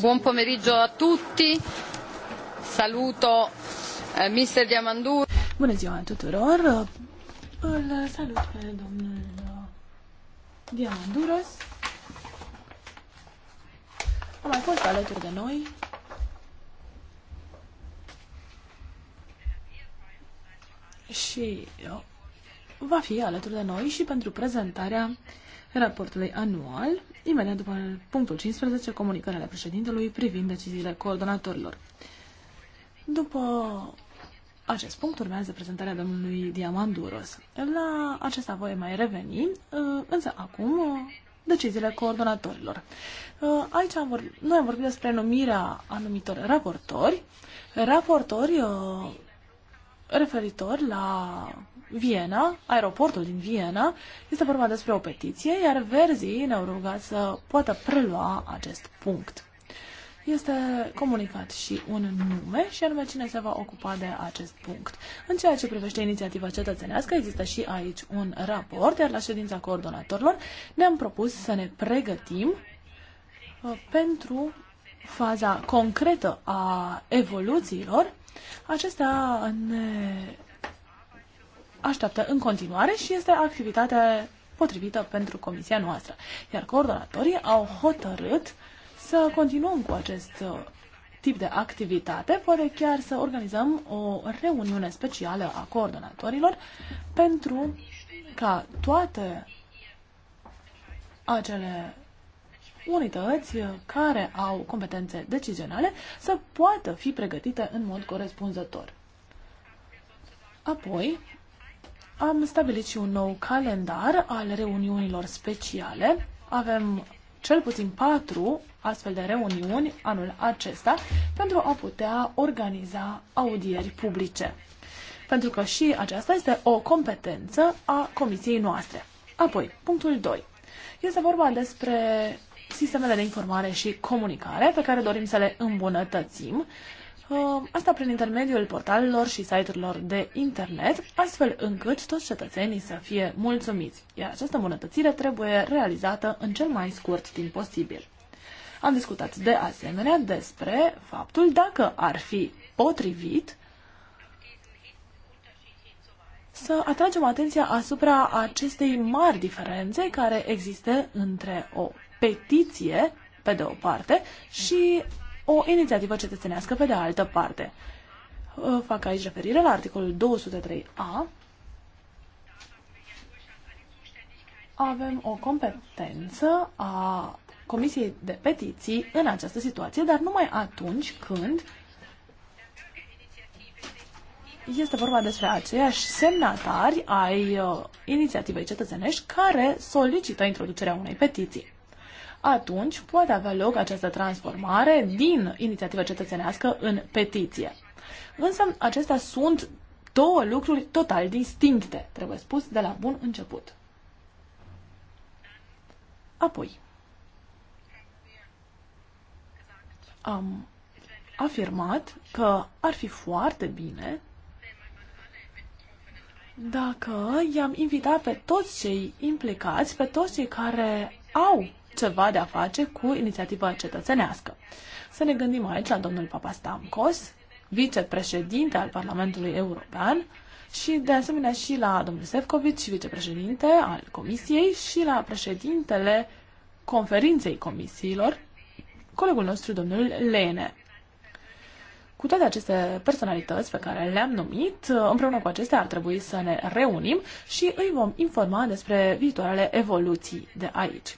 Buon pomeriggio a tutti. Saluto eh, Mr. Diamandur. Bună ziua tuturor. Îl salut pe domnul Diamanduros. A mai fost alături de noi și uh, va fi alături de noi și pentru prezentarea raportului anual, imediat după punctul 15, comunicarea președintelui privind deciziile coordonatorilor. După acest punct urmează prezentarea domnului Diamanduros. La acesta voi mai reveni, uh, însă acum uh, deciziile coordonatorilor. Uh, aici am vorbit, noi am vorbit despre numirea anumitor raportori, raportori referitor la Viena, aeroportul din Viena. Este vorba despre o petiție, iar verzii ne-au rugat să poată prelua acest punct. Este comunicat și un nume și anume cine se va ocupa de acest punct. În ceea ce privește inițiativa cetățenească, există și aici un raport, iar la ședința coordonatorilor ne-am propus să ne pregătim uh, pentru faza concretă a evoluțiilor. Acestea ne așteaptă în continuare și este activitate potrivită pentru comisia noastră. Iar coordonatorii au hotărât să continuăm cu acest uh, tip de activitate, poate chiar să organizăm o reuniune specială a coordonatorilor pentru ca toate acele unități care au competențe decizionale să poată fi pregătite în mod corespunzător. Apoi, am stabilit și un nou calendar al reuniunilor speciale. Avem cel puțin patru astfel de reuniuni anul acesta pentru a putea organiza audieri publice. Pentru că și aceasta este o competență a comisiei noastre. Apoi, punctul 2. Este vorba despre sistemele de informare și comunicare pe care dorim să le îmbunătățim Uh, asta prin intermediul portalelor și site-urilor de internet, astfel încât toți cetățenii să fie mulțumiți, iar această îmbunătățire trebuie realizată în cel mai scurt timp posibil. Am discutat de asemenea despre faptul dacă ar fi potrivit să atragem atenția asupra acestei mari diferențe care există între o petiție, pe de o parte, și o inițiativă cetățenească pe de altă parte. Fac aici referire la articolul 203a. Avem o competență a Comisiei de Petiții în această situație, dar numai atunci când este vorba despre aceiași semnatari ai uh, inițiativei cetățenești care solicită introducerea unei petiții atunci poate avea loc această transformare din inițiativă cetățenească în petiție. Însă acestea sunt două lucruri total distincte, trebuie spus de la bun început. Apoi, am afirmat că ar fi foarte bine dacă i-am invitat pe toți cei implicați, pe toți cei care au ceva de a face cu inițiativa cetățenească. Să ne gândim aici la domnul Papastamkos, vicepreședinte al Parlamentului European, și de asemenea și la domnul Sefcovic, vicepreședinte al Comisiei și la președintele conferinței comisiilor, colegul nostru, domnul Lene. Cu toate aceste personalități pe care le-am numit, împreună cu acestea ar trebui să ne reunim și îi vom informa despre viitoarele evoluții de aici.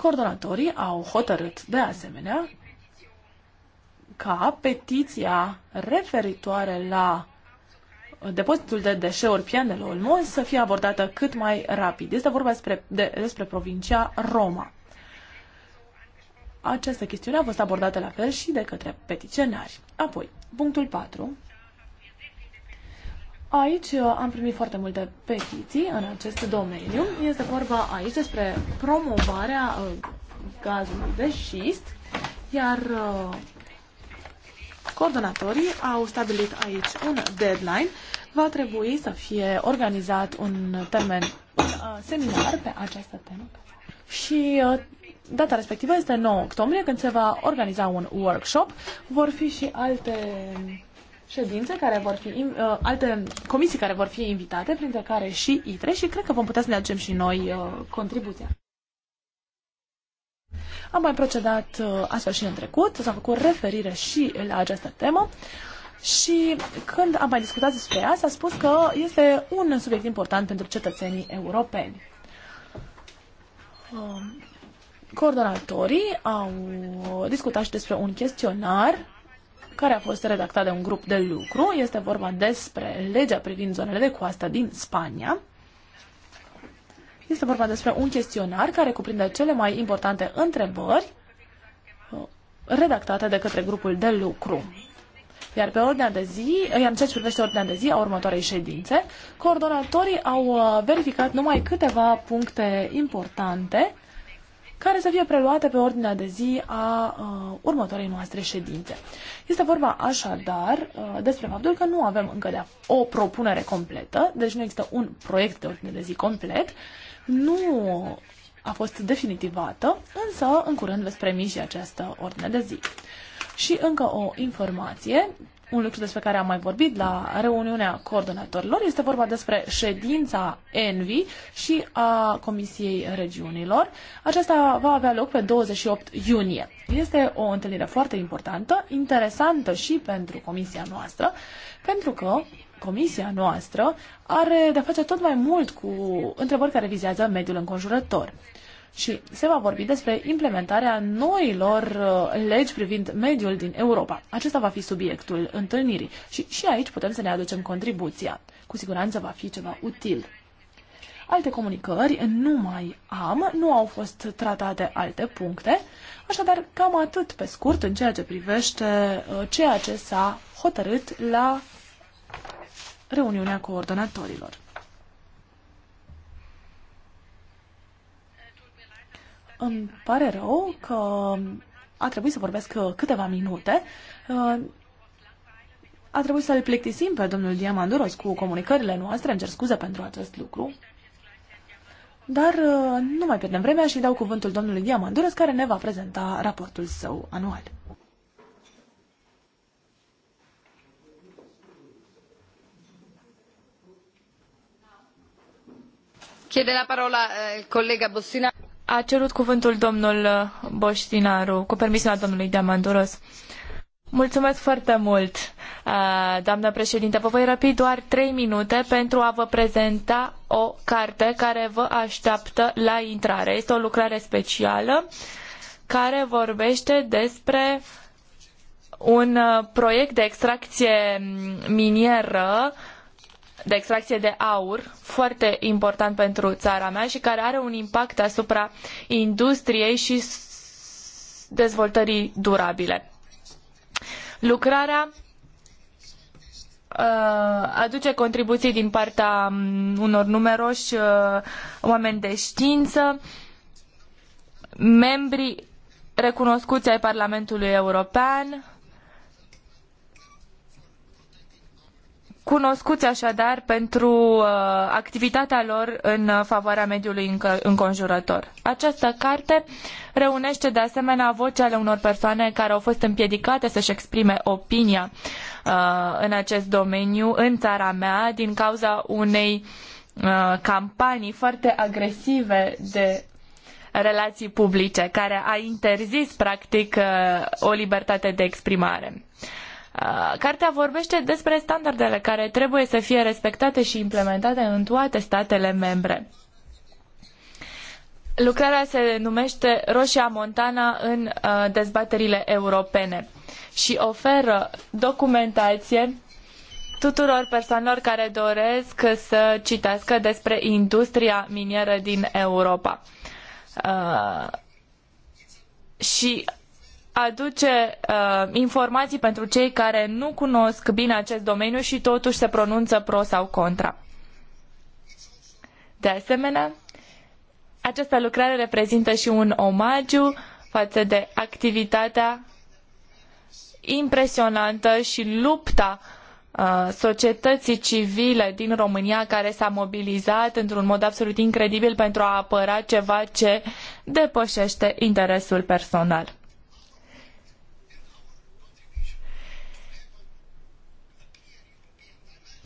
Coordonatorii au hotărât de asemenea ca petiția referitoare la depozitul de deșeuri Pian de Olmos să fie abordată cât mai rapid. Este vorba despre, de, despre provincia Roma. Această chestiune a fost abordată la fel și de către peticionari. Apoi, punctul 4. Aici uh, am primit foarte multe petiții în acest domeniu. Este vorba aici despre promovarea uh, gazului de șist, iar uh, coordonatorii au stabilit aici un deadline. Va trebui să fie organizat un termen un seminar pe această temă și data respectivă este 9 octombrie când se va organiza un workshop. Vor fi și alte ședințe care vor fi, uh, alte comisii care vor fi invitate, printre care și ITRE și cred că vom putea să ne aducem și noi uh, contribuția. Am mai procedat uh, astfel și în trecut, s-a făcut referire și la această temă și când am mai discutat despre ea s-a spus că este un subiect important pentru cetățenii europeni. Uh, coordonatorii au discutat și despre un chestionar care a fost redactat de un grup de lucru. Este vorba despre legea privind zonele de coastă din Spania. Este vorba despre un chestionar care cuprinde cele mai importante întrebări uh, redactate de către grupul de lucru. Iar pe ordinea de zi, în ceea ce privește ordinea de zi a următoarei ședințe, coordonatorii au uh, verificat numai câteva puncte importante care să fie preluate pe ordinea de zi a uh, următoarei noastre ședințe. Este vorba așadar uh, despre faptul că nu avem încă de o propunere completă, deci nu există un proiect de ordine de zi complet, nu a fost definitivată, însă în curând veți primi și această ordine de zi. Și încă o informație, un lucru despre care am mai vorbit la reuniunea coordonatorilor, este vorba despre ședința ENVI și a Comisiei Regiunilor. Aceasta va avea loc pe 28 iunie. Este o întâlnire foarte importantă, interesantă și pentru Comisia noastră, pentru că Comisia noastră are de face tot mai mult cu întrebări care vizează mediul înconjurător și se va vorbi despre implementarea noilor uh, legi privind mediul din Europa. Acesta va fi subiectul întâlnirii și și aici putem să ne aducem contribuția. Cu siguranță va fi ceva util. Alte comunicări nu mai am, nu au fost tratate alte puncte, așadar cam atât pe scurt în ceea ce privește uh, ceea ce s-a hotărât la reuniunea coordonatorilor. Îmi pare rău că a trebuit să vorbesc uh, câteva minute. Uh, a trebuit să-l plictisim pe domnul Diamanduros cu comunicările noastre. Îmi cer scuze pentru acest lucru. Dar uh, nu mai pierdem vremea și dau cuvântul domnului Diamanduros care ne va prezenta raportul său anual. Chiede la parola eh, colega Bossina a cerut cuvântul domnul uh, Boștinaru, cu permisiunea domnului Diamanduros. Mulțumesc foarte mult, uh, doamnă președinte. Vă voi răpi doar trei minute pentru a vă prezenta o carte care vă așteaptă la intrare. Este o lucrare specială care vorbește despre un uh, proiect de extracție minieră uh, de extracție de aur, foarte important pentru țara mea și care are un impact asupra industriei și dezvoltării durabile. Lucrarea uh, aduce contribuții din partea mm, unor numeroși uh, oameni de știință, membri recunoscuți ai Parlamentului European, cunoscuți așadar pentru uh, activitatea lor în uh, favoarea mediului înconjurător. Această carte reunește de asemenea vocea ale unor persoane care au fost împiedicate să-și exprime opinia uh, în acest domeniu în țara mea din cauza unei campanii foarte agresive de relații publice care a interzis practic o libertate de exprimare. Uh, cartea vorbește despre standardele care trebuie să fie respectate și implementate în toate statele membre. Lucrarea se numește Roșia Montana în uh, dezbaterile europene și oferă documentație tuturor persoanelor care doresc să citească despre industria minieră din Europa. Uh, și aduce uh, informații pentru cei care nu cunosc bine acest domeniu și totuși se pronunță pro sau contra. De asemenea, această lucrare reprezintă și un omagiu față de activitatea impresionantă și lupta uh, societății civile din România care s-a mobilizat într-un mod absolut incredibil pentru a apăra ceva ce depășește interesul personal.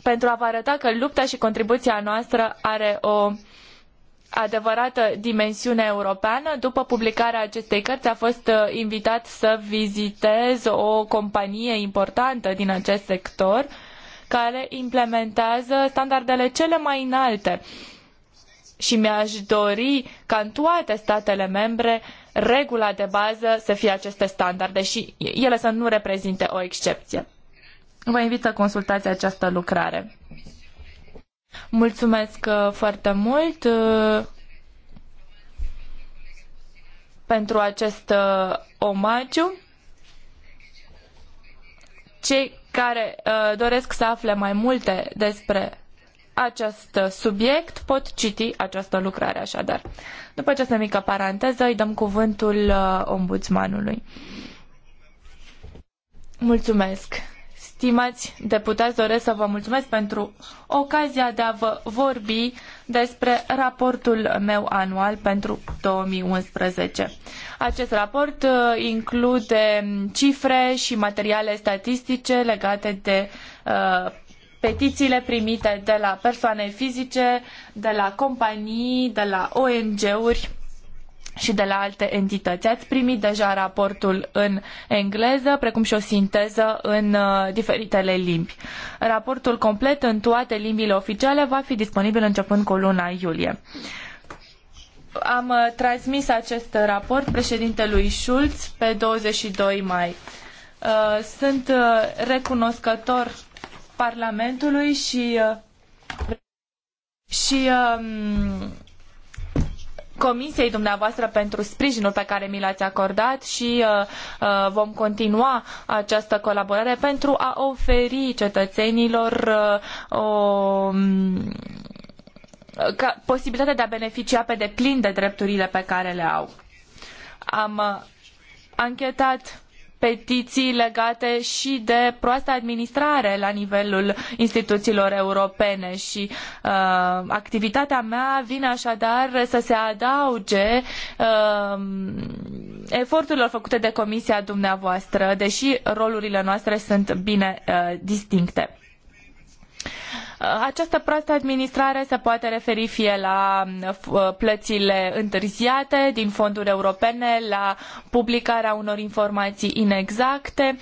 pentru a vă arăta că lupta și contribuția noastră are o adevărată dimensiune europeană. După publicarea acestei cărți a fost uh, invitat să vizitez o companie importantă din acest sector care implementează standardele cele mai înalte și mi-aș dori ca în toate statele membre regula de bază să fie aceste standarde și ele să nu reprezinte o excepție. Vă invit să consultați această lucrare. Mulțumesc uh, foarte mult uh, pentru acest uh, omagiu. Cei care doresc să afle mai multe despre acest subiect pot citi această lucrare așadar. După această mică paranteză îi dăm cuvântul ombudsmanului. Mulțumesc! Stimați deputați, doresc să vă mulțumesc pentru ocazia de a vă vorbi despre raportul meu anual pentru 2011. Acest raport uh, include cifre și materiale statistice legate de uh, petițiile primite de la persoane fizice, de la companii, de la ONG-uri și de la alte entități. Ați primit deja raportul în engleză, precum și o sinteză în uh, diferitele limbi. Raportul complet în toate limbile oficiale va fi disponibil începând cu luna iulie. Am uh, transmis acest raport președintelui Schulz pe 22 mai. Uh, sunt recunoscător Parlamentului și și um, Comisiei dumneavoastră pentru sprijinul pe care mi l-ați acordat și uh, uh, vom continua această colaborare pentru a oferi cetățenilor uh, o mm, posibilitatea de a beneficia pe deplin de drepturile pe care le au. Am anchetat petiții legate și de proasta administrare la nivelul instituțiilor europene și uh, activitatea mea vine așadar să se adauge uh, eforturilor făcute de comisia dumneavoastră, deși rolurile noastre sunt bine uh, distincte. Această proastă administrare se poate referi fie la plățile întârziate din fonduri europene, la publicarea unor informații inexacte.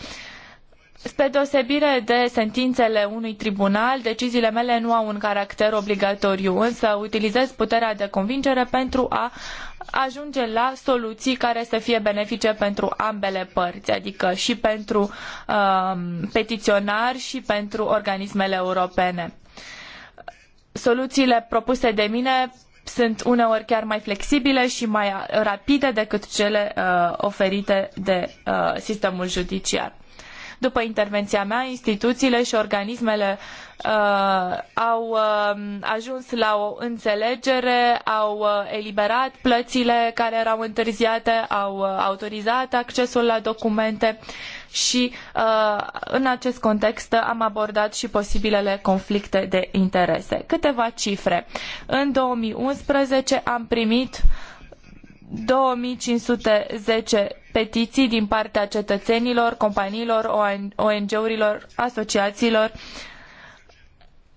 Spre deosebire de sentințele unui tribunal, deciziile mele nu au un caracter obligatoriu, însă utilizez puterea de convingere pentru a ajunge la soluții care să fie benefice pentru ambele părți, adică și pentru um, petiționari și pentru organismele europene soluțiile propuse de mine sunt uneori chiar mai flexibile și mai rapide decât cele uh, oferite de uh, sistemul judiciar. După intervenția mea, instituțiile și organismele uh, au uh, ajuns la o înțelegere, au uh, eliberat plățile care erau întârziate, au uh, autorizat accesul la documente și uh, în acest context am abordat și posibilele conflicte de interese. Câteva cifre. În 2011 am primit 2510 petiții din partea cetățenilor, companiilor, ONG-urilor, asociațiilor.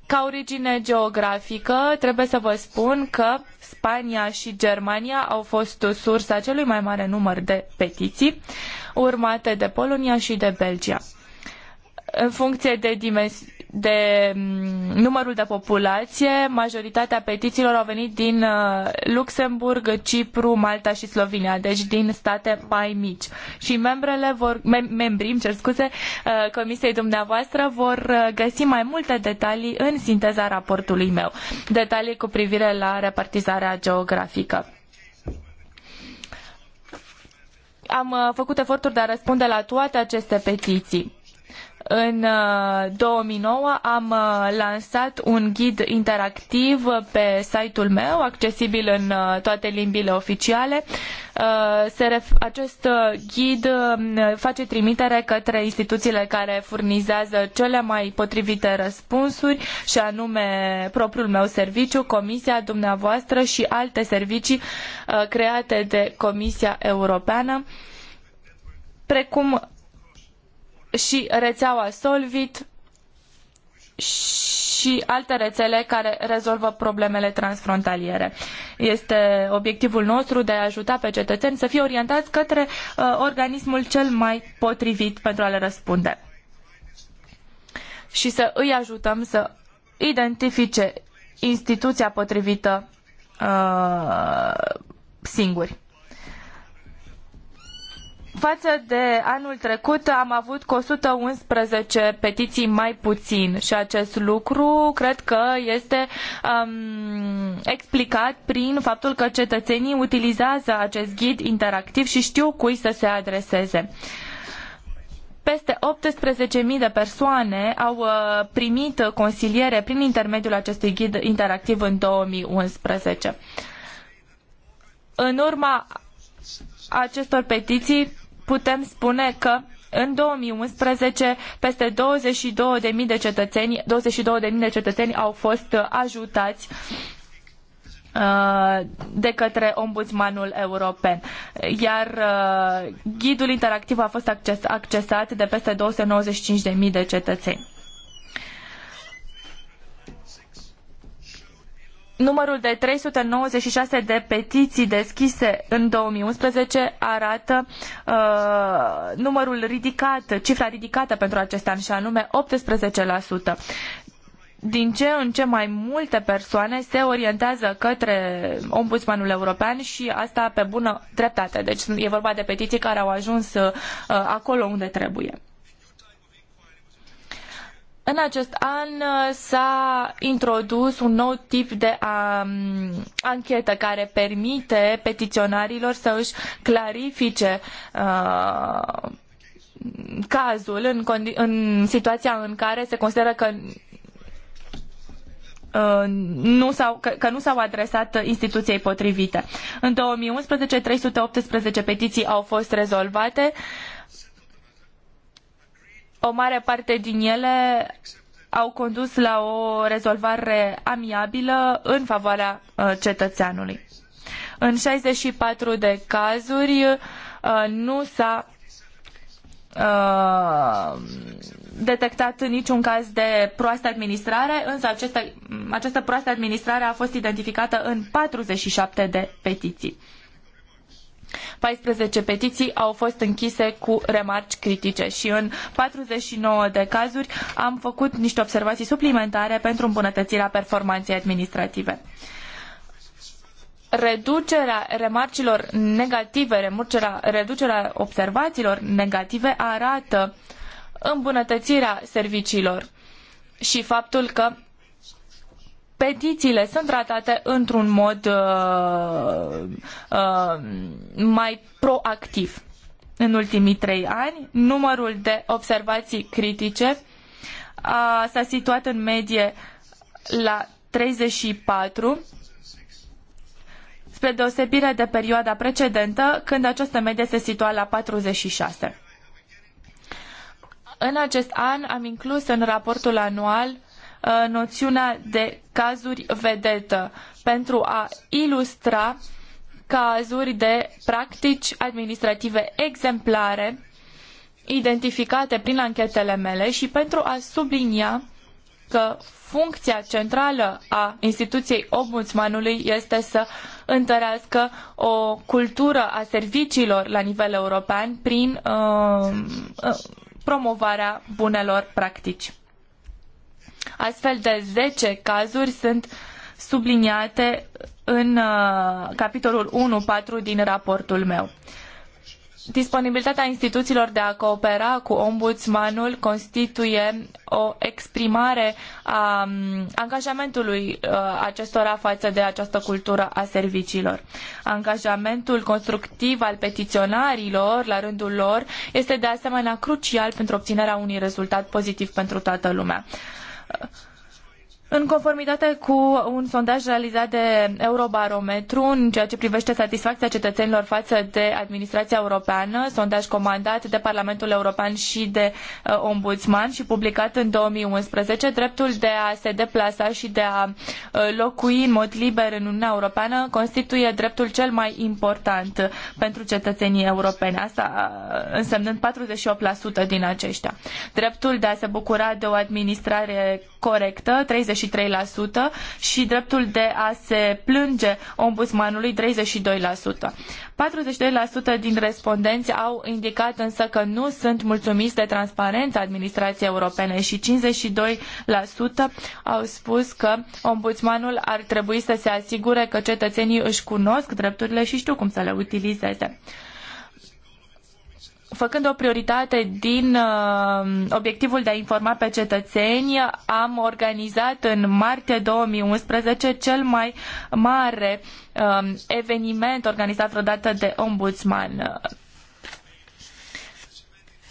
Ca origine geografică, trebuie să vă spun că Spania și Germania au fost sursa celui mai mare număr de petiții, urmate de Polonia și de Belgia. În funcție de dimensiune de mm, numărul de populație, majoritatea petițiilor au venit din uh, Luxemburg, Cipru, Malta și Slovenia, deci din state mai mici. Și membrele vor, mem- membrii, îmi cer scuze, uh, comisiei dumneavoastră vor uh, găsi mai multe detalii în sinteza raportului meu, detalii cu privire la repartizarea geografică am făcut eforturi de a răspunde la toate aceste petiții. În 2009 uh, am uh, lansat un ghid interactiv uh, pe site-ul meu, accesibil în toate limbile oficiale. Acest ghid um, face trimitere către instituțiile care furnizează cele mai potrivite răspunsuri și anume propriul meu serviciu, Comisia dumneavoastră și alte servicii create de Comisia Europeană precum și rețeaua Solvit și alte rețele care rezolvă problemele transfrontaliere. Este obiectivul nostru de a ajuta pe cetățeni să fie orientați către uh, organismul cel mai potrivit pentru a le răspunde și să îi ajutăm să identifice instituția potrivită uh, singuri. Față de anul trecut am avut cu 111 petiții mai puțin și acest lucru cred că este um, explicat prin faptul că cetățenii utilizează acest ghid interactiv și știu cui să se adreseze. Peste 18.000 de persoane au uh, primit consiliere prin intermediul acestui ghid interactiv în 2011. În urma acestor petiții, putem spune că în 2011 peste 22.000 de cetățeni, 22.000 de cetățeni au fost uh, ajutați uh, de către ombudsmanul european. Iar uh, ghidul interactiv a fost accesat de peste 295.000 de cetățeni. Numărul de 396 de petiții deschise în 2011 arată uh, numărul ridicat, cifra ridicată pentru acest an și anume 18%. Din ce în ce mai multe persoane se orientează către Ombudsmanul European și asta pe bună dreptate. Deci e vorba de petiții care au ajuns uh, acolo unde trebuie. În acest an uh, s-a introdus un nou tip de um, anchetă care permite petiționarilor să își clarifice uh, cazul în, în situația în care se consideră că uh, nu s-au, că, că nu s-au adresat instituției potrivite. În 2011, 318 petiții au fost rezolvate. Uh, o mare parte din ele au condus la o rezolvare amiabilă în favoarea uh, cetățeanului. În 64 de cazuri uh, nu s-a uh, detectat niciun caz de proastă administrare, însă această proastă administrare a fost identificată în 47 de petiții. 14 petiții au fost închise cu remarci critice și în 49 de cazuri am făcut niște observații suplimentare pentru îmbunătățirea performanței administrative. Reducerea remarcilor negative, reducerea observațiilor negative arată îmbunătățirea serviciilor și faptul că petițiile sunt tratate într-un mod uh, uh, mai proactiv. În ultimii trei ani, numărul de observații critice a, s-a situat în medie la 34, spre deosebire de perioada precedentă, când această medie se situa la 46. În acest an am inclus în raportul anual Uh, noțiunea de cazuri vedetă pentru a ilustra cazuri de practici administrative exemplare identificate prin anchetele mele și pentru a sublinia că funcția centrală a instituției ombudsmanului este să întărească o cultură a serviciilor la nivel european prin uh, uh promovarea bunelor practici. Astfel de zece cazuri sunt subliniate în uh, capitolul 1.4 din raportul meu. Disponibilitatea instituțiilor de a coopera cu ombudsmanul constituie o exprimare a mm, angajamentului uh, acestora față de această cultură a serviciilor. Angajamentul constructiv al petiționarilor, la rândul lor, este de asemenea crucial pentru obținerea unui rezultat pozitiv pentru toată lumea uh, în conformitate cu un sondaj realizat de Eurobarometru în ceea ce privește satisfacția cetățenilor față de administrația europeană, sondaj comandat de Parlamentul European și de uh, Ombudsman și publicat în 2011, dreptul de a se deplasa și de a uh, locui în mod liber în Uniunea Europeană constituie dreptul cel mai important pentru cetățenii europeni, asta uh, însemnând 48% din aceștia. Dreptul de a se bucura de o administrare corectă, 38 și dreptul de a se plânge ombudsmanului 32%. 42% din respondenți au indicat însă că nu sunt mulțumiți de transparența administrației europene și 52% au spus că ombudsmanul ar trebui să se asigure că cetățenii își cunosc drepturile și știu cum să le utilizeze făcând o prioritate din uh, obiectivul de a informa pe cetățeni, am organizat în martie 2011 cel mai mare uh, eveniment organizat vreodată de ombudsman.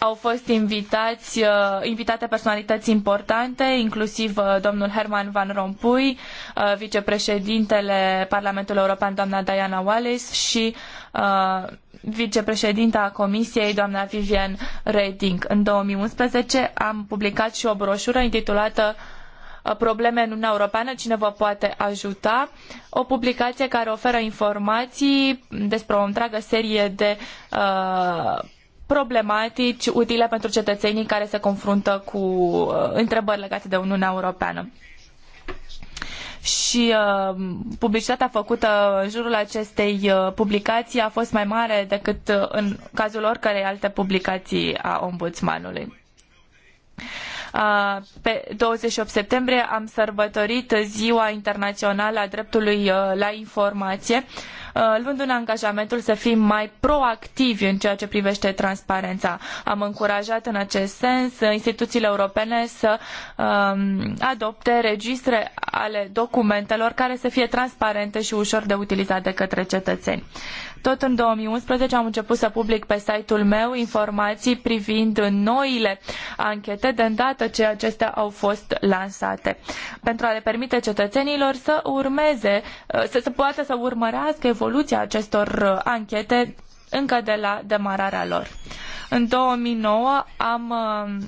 Au fost invitați, uh, invitate personalități importante, inclusiv uh, domnul Herman Van Rompuy, uh, vicepreședintele Parlamentului European, doamna Diana Wallis și vicepreședinta Comisiei, doamna Vivian Reding. În 2011 am publicat și o broșură intitulată probleme în Uniunea Europeană, cine vă poate ajuta. O publicație care oferă informații despre o întreagă serie de uh, problematici utile pentru cetățenii care se confruntă cu uh, întrebări legate de Uniunea Europeană și uh, publicitatea făcută în jurul acestei uh, publicații a fost mai mare decât uh, în cazul oricărei alte publicații a ombudsmanului. Uh, pe 28 septembrie am sărbătorit Ziua Internațională a Dreptului uh, la Informație. Uh, Uh, luându-ne angajamentul să fim mai proactivi în ceea ce privește transparența. Am încurajat în acest sens instituțiile europene să um, adopte registre ale documentelor care să fie transparente și ușor de utilizat de către cetățeni. Tot în 2011 am început să public pe site-ul meu informații privind noile anchete de îndată ce acestea au fost lansate, pentru a le permite cetățenilor să urmeze, să, să poată să urmărească evoluția acestor uh, anchete încă de la demararea lor. În 2009 am uh,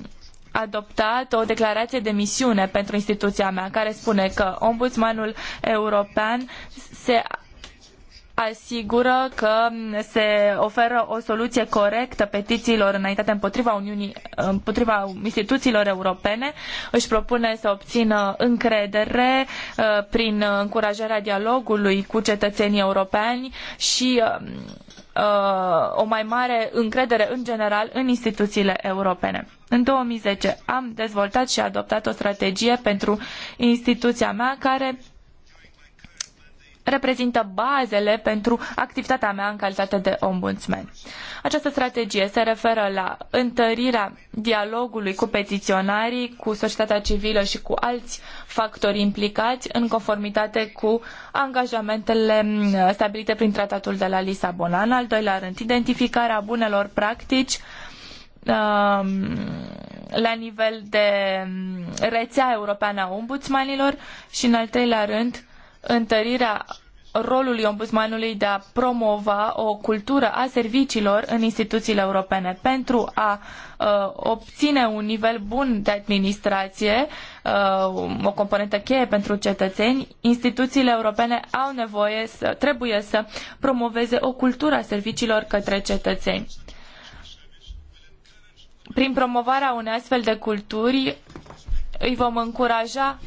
adoptat o declarație de misiune pentru instituția mea care spune că ombudsmanul european se asigură că se oferă o soluție corectă petițiilor înaintate împotriva, Uniunii, împotriva instituțiilor europene, își propune să obțină încredere uh, prin încurajarea dialogului cu cetățenii europeni și uh, uh, o mai mare încredere în general în instituțiile europene. În 2010 am dezvoltat și adoptat o strategie pentru instituția mea care reprezintă bazele pentru activitatea mea în calitate de ombudsman. Această strategie se referă la întărirea dialogului cu petiționarii, cu societatea civilă și cu alți factori implicați în conformitate cu angajamentele mm, stabilite prin tratatul de la Lisabona. În al doilea rând, identificarea bunelor practici um, la nivel de mm, rețea europeană a ombudsmanilor și în al treilea rând întărirea rolului ombudsmanului de a promova o cultură a serviciilor în instituțiile europene pentru a uh, obține un nivel bun de administrație, uh, o componentă cheie pentru cetățeni, instituțiile europene au nevoie să trebuie să promoveze o cultură a serviciilor către cetățeni. Prin promovarea unei astfel de culturi îi vom încuraja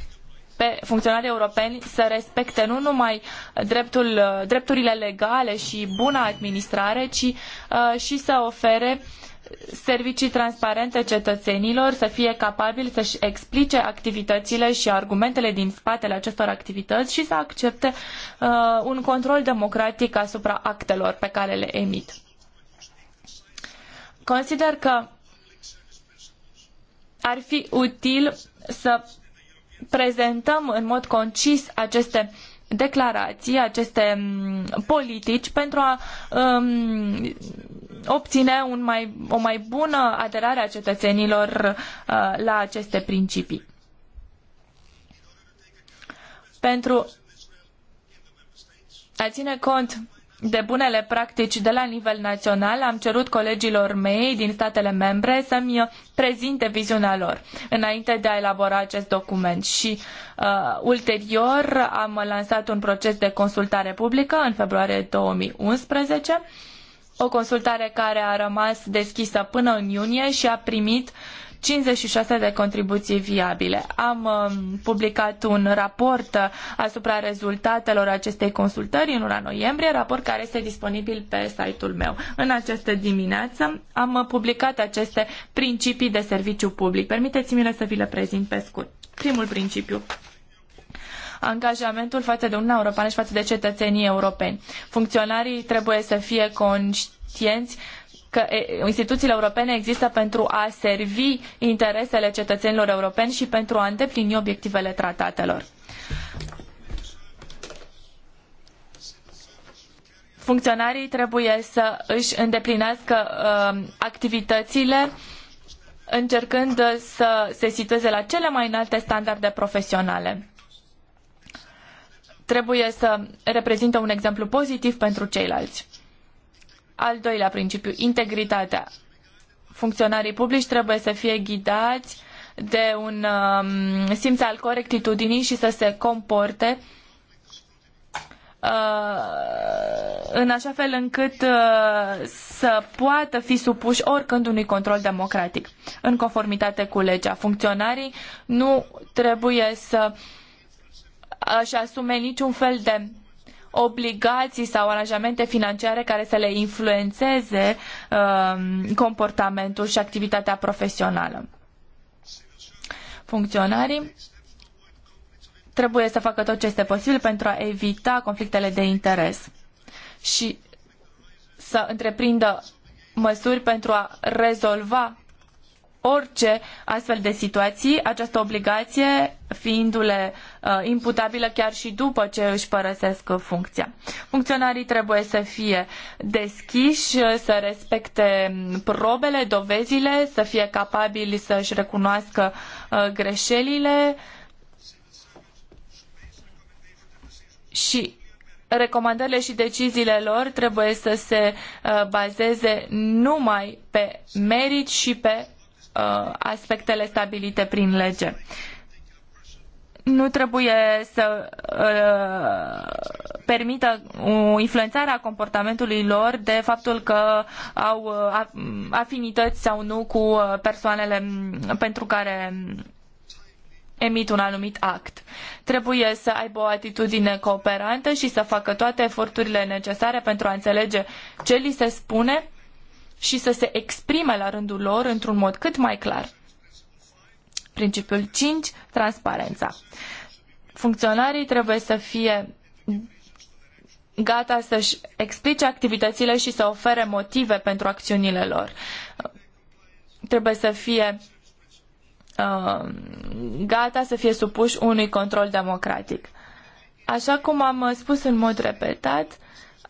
pe funcționarii europeni să respecte nu numai dreptul, drepturile legale și buna administrare, ci uh, și să ofere servicii transparente cetățenilor, să fie capabili să-și explice activitățile și argumentele din spatele acestor activități și să accepte uh, un control democratic asupra actelor pe care le emit. Consider că ar fi util să prezentăm în mod concis aceste declarații, aceste mm, politici pentru a um, obține un mai, o mai bună aderare a cetățenilor uh, la aceste principii. Pentru a ține cont de bunele practici de la nivel național, am cerut colegilor mei din statele membre să-mi prezinte viziunea lor înainte de a elabora acest document și uh, ulterior am lansat un proces de consultare publică în februarie 2011, o consultare care a rămas deschisă până în iunie și a primit 56 de contribuții viabile. Am um, publicat un raport uh, asupra rezultatelor acestei consultări în luna noiembrie, raport care este disponibil pe site-ul meu. În această dimineață am uh, publicat aceste principii de serviciu public. Permiteți-mi să vi le prezint pe scurt. Primul principiu angajamentul față de Uniunea Europeană și față de cetățenii europeni. Funcționarii trebuie să fie conștienți că instituțiile europene există pentru a servi interesele cetățenilor europeni și pentru a îndeplini obiectivele tratatelor. Funcționarii trebuie să își îndeplinească uh, activitățile încercând să se situeze la cele mai înalte standarde profesionale. Trebuie să reprezintă un exemplu pozitiv pentru ceilalți. Al doilea principiu, integritatea. Funcționarii publici trebuie să fie ghidați de un um, simț al corectitudinii și să se comporte uh, în așa fel încât uh, să poată fi supuși oricând unui control democratic, în conformitate cu legea. Funcționarii nu trebuie să își asume niciun fel de obligații sau aranjamente financiare care să le influențeze um, comportamentul și activitatea profesională. Funcționarii trebuie să facă tot ce este posibil pentru a evita conflictele de interes și să întreprindă măsuri pentru a rezolva orice astfel de situații, această obligație fiindu-le uh, imputabilă chiar și după ce își părăsesc funcția. Funcționarii trebuie să fie deschiși, să respecte um, probele, dovezile, să fie capabili să-și recunoască uh, greșelile și recomandările și deciziile lor trebuie să se uh, bazeze numai pe merit și pe Uh, aspectele stabilite prin lege. Nu trebuie să uh, permită influențarea comportamentului lor de faptul că au uh, afinități sau nu cu persoanele pentru care emit un anumit act. Trebuie să aibă o atitudine cooperantă și să facă toate eforturile necesare pentru a înțelege ce li se spune și să se exprime la rândul lor într-un mod cât mai clar. Principiul 5. Transparența. Funcționarii trebuie să fie gata să-și explice activitățile și să ofere motive pentru acțiunile lor. Trebuie să fie uh, gata să fie supuși unui control democratic. Așa cum am spus în mod repetat,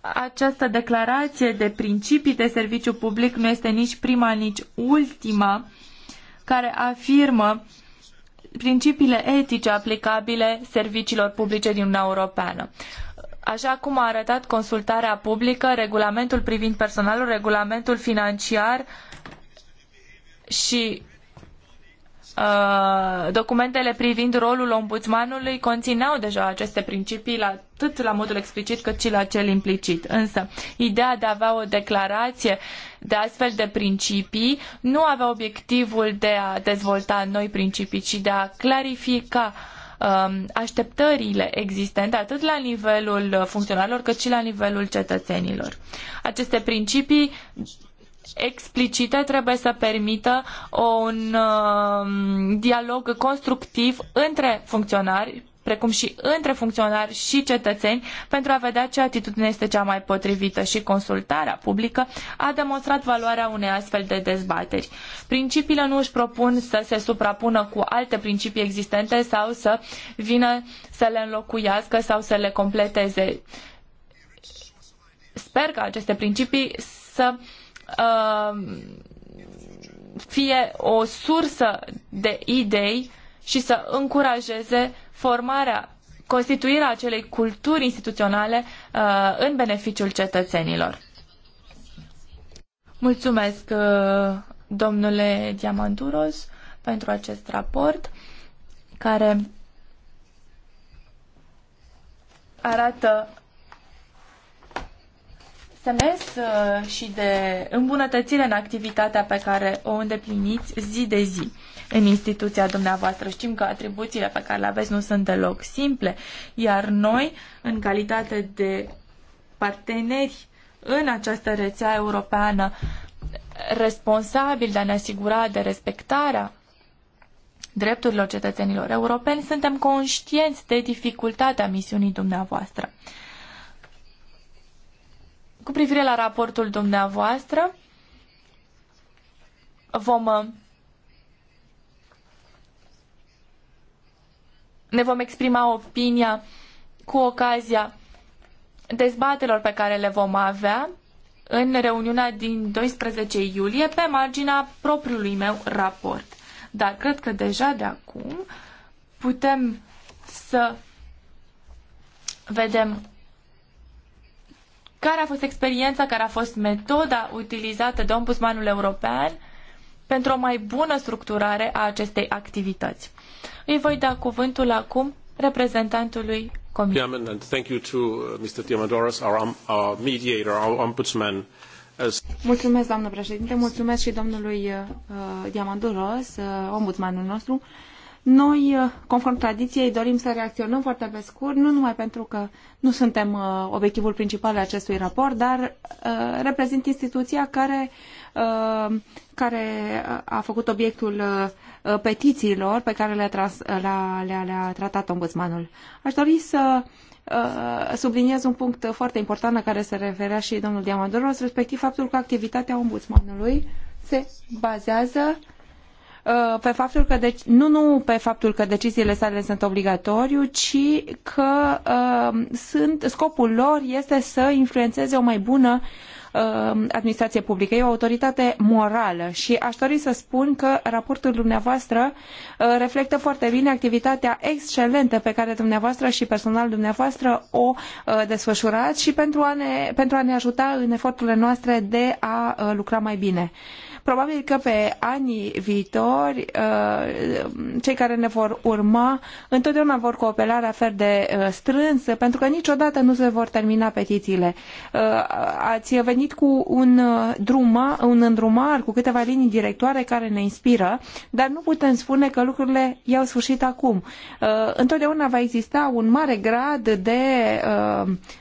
această declarație de principii de serviciu public nu este nici prima, nici ultima care afirmă principiile etice aplicabile serviciilor publice din Uniunea Europeană. Așa cum a arătat consultarea publică, regulamentul privind personalul, regulamentul financiar și Uh, documentele privind rolul ombudsmanului conțineau deja aceste principii la, atât la modul explicit cât și la cel implicit. Însă, ideea de a avea o declarație de astfel de principii nu avea obiectivul de a dezvolta noi principii, ci de a clarifica um, așteptările existente atât la nivelul funcționarilor cât și la nivelul cetățenilor. Aceste principii explicite trebuie să permită un um, dialog constructiv între funcționari precum și între funcționari și cetățeni, pentru a vedea ce atitudine este cea mai potrivită și consultarea publică a demonstrat valoarea unei astfel de dezbateri. Principiile nu își propun să se suprapună cu alte principii existente sau să vină să le înlocuiască sau să le completeze. Sper că aceste principii să Uh, fie o sursă de idei și să încurajeze formarea, constituirea acelei culturi instituționale uh, în beneficiul cetățenilor. Mulțumesc, uh, domnule Diamanduros, pentru acest raport care arată SMS uh, și de îmbunătățire în activitatea pe care o îndepliniți zi de zi în instituția dumneavoastră. Știm că atribuțiile pe care le aveți nu sunt deloc simple, iar noi, în calitate de parteneri în această rețea europeană, responsabili de a ne asigura de respectarea drepturilor cetățenilor europeni, suntem conștienți de dificultatea misiunii dumneavoastră. Uh, cu privire la raportul dumneavoastră, vom uh, ne vom exprima opinia cu ocazia dezbatelor pe care le vom avea în reuniunea din 12 iulie pe marginea propriului meu raport. Dar cred că deja de acum putem să vedem care a fost experiența, care a fost metoda utilizată de Ombudsmanul European pentru o mai bună structurare a acestei activități. Îi voi da cuvântul acum reprezentantului Comisiei. and thank you to uh, Mr. Diamandouros, our, um, our mediator, our ombudsman. Mulțumesc, doamnă președinte, mulțumesc și domnului uh, Diamandouros, uh, ombudsmanul nostru. Uh, noi, uh, conform tradiției, dorim să reacționăm foarte pe scurt, nu numai pentru că nu suntem uh, obiectivul principal al acestui raport, dar uh, reprezint instituția care, uh, care a făcut obiectul uh, uh petițiilor pe care le-a, le le le tratat ombudsmanul. Aș dori să subliniez un punct foarte important la care se referea și domnul Diamandoros, respectiv faptul că activitatea ombudsmanului se bazează Uh, pe faptul că deci, nu, nu pe faptul că deciziile sale sunt obligatoriu, ci că uh, sunt, scopul lor este să influențeze o mai bună uh, administrație publică. E o autoritate morală și aș dori să spun că raportul dumneavoastră reflectă foarte bine activitatea excelentă pe care dumneavoastră și personalul dumneavoastră o desfășurați și pentru a ne, pentru a ne ajuta în eforturile noastre de a lucra mai bine. Uh, Probabil că pe anii viitori, uh, cei care ne vor urma, întotdeauna vor coopera la fel de uh, strâns, pentru că niciodată nu se vor termina petițiile. Uh, ați venit cu un, druma, un îndrumar, cu câteva linii directoare care ne inspiră, dar nu putem spune că lucrurile iau sfârșit acum. Întotdeauna va exista un mare grad de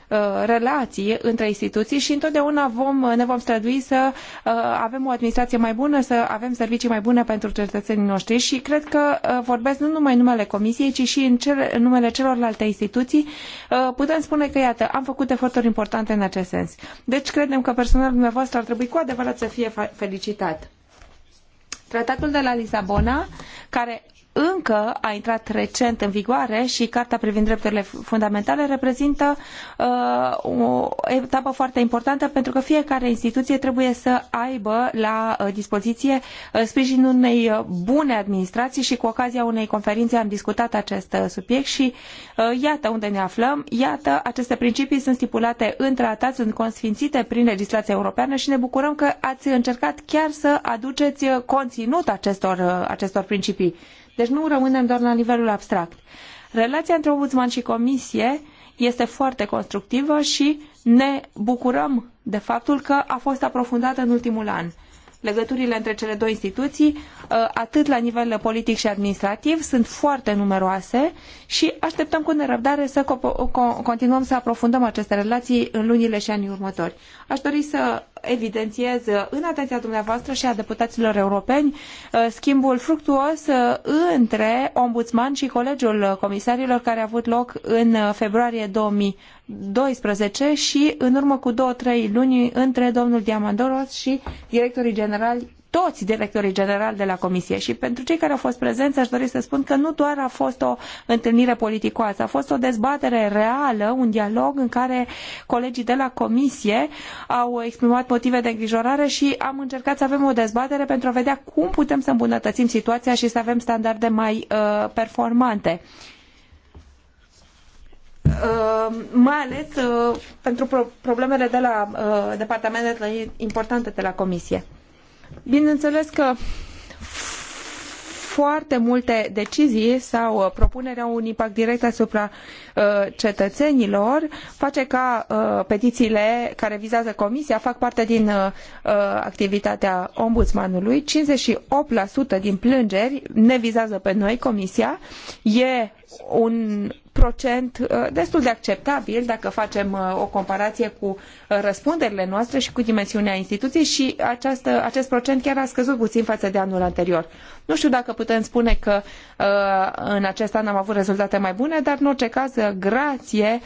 Uh, relații între instituții și întotdeauna vom, ne vom strădui să uh, avem o administrație mai bună, să avem servicii mai bune pentru cetățenii noștri și cred că uh, vorbesc nu numai în numele Comisiei, ci și în, cele, în numele celorlalte instituții. Putem spune că, iată, am făcut eforturi importante în acest sens. Deci credem că personalul dumneavoastră ar trebui cu adevărat să fie felicitat. Tratatul de la Lisabona, care încă a intrat recent în vigoare și Carta privind drepturile fundamentale reprezintă uh, o etapă foarte importantă pentru că fiecare instituție trebuie să aibă la uh, dispoziție uh, sprijinul unei uh, bune administrații și cu ocazia unei conferințe am discutat acest subiect și uh, iată unde ne aflăm, iată aceste principii sunt stipulate în tratat, sunt consfințite prin legislația europeană și ne bucurăm că ați încercat chiar să aduceți conținut acestor, acestor principii. Deci nu rămânem doar la nivelul abstract. Relația între ombudsman și comisie este foarte constructivă și ne bucurăm de faptul că a fost aprofundată în ultimul an legăturile între cele două instituții, uh, atât la nivel politic și administrativ, sunt foarte numeroase și așteptăm cu nerăbdare să continuăm să aprofundăm aceste relații în lunile și anii următori. Aș dori să evidențiez uh, în atenția dumneavoastră și a deputaților europeni uh, schimbul fructuos uh, între ombudsman și colegiul comisarilor care a avut loc în februarie 2012 și în urmă cu două-trei luni între domnul Diamandoros și directorii generali toți directorii generali de la Comisie și pentru cei care au fost prezenți aș dori să spun că nu doar a fost o întâlnire politicoasă, a fost o dezbatere reală, un dialog în care colegii de la Comisie au exprimat motive de îngrijorare și am încercat să avem o dezbatere pentru a vedea cum putem să îmbunătățim situația și să avem standarde mai uh, performante. Uh, mai ales uh, pentru pro problemele de la uh, departamentele importante de la Comisie. Bineînțeles că foarte multe decizii sau uh, propuneri au un impact direct asupra uh, cetățenilor, face ca uh, petițiile care vizează comisia fac parte din uh, uh activitatea ombudsmanului. 58% din plângeri ne vizează pe noi comisia. E un procent uh, destul de acceptabil dacă facem uh, o comparație cu uh, răspunderile noastre și cu dimensiunea instituției și această, acest procent chiar a scăzut puțin față de anul anterior. Nu știu dacă putem spune că în acest an am avut rezultate mai bune, dar în orice caz, grație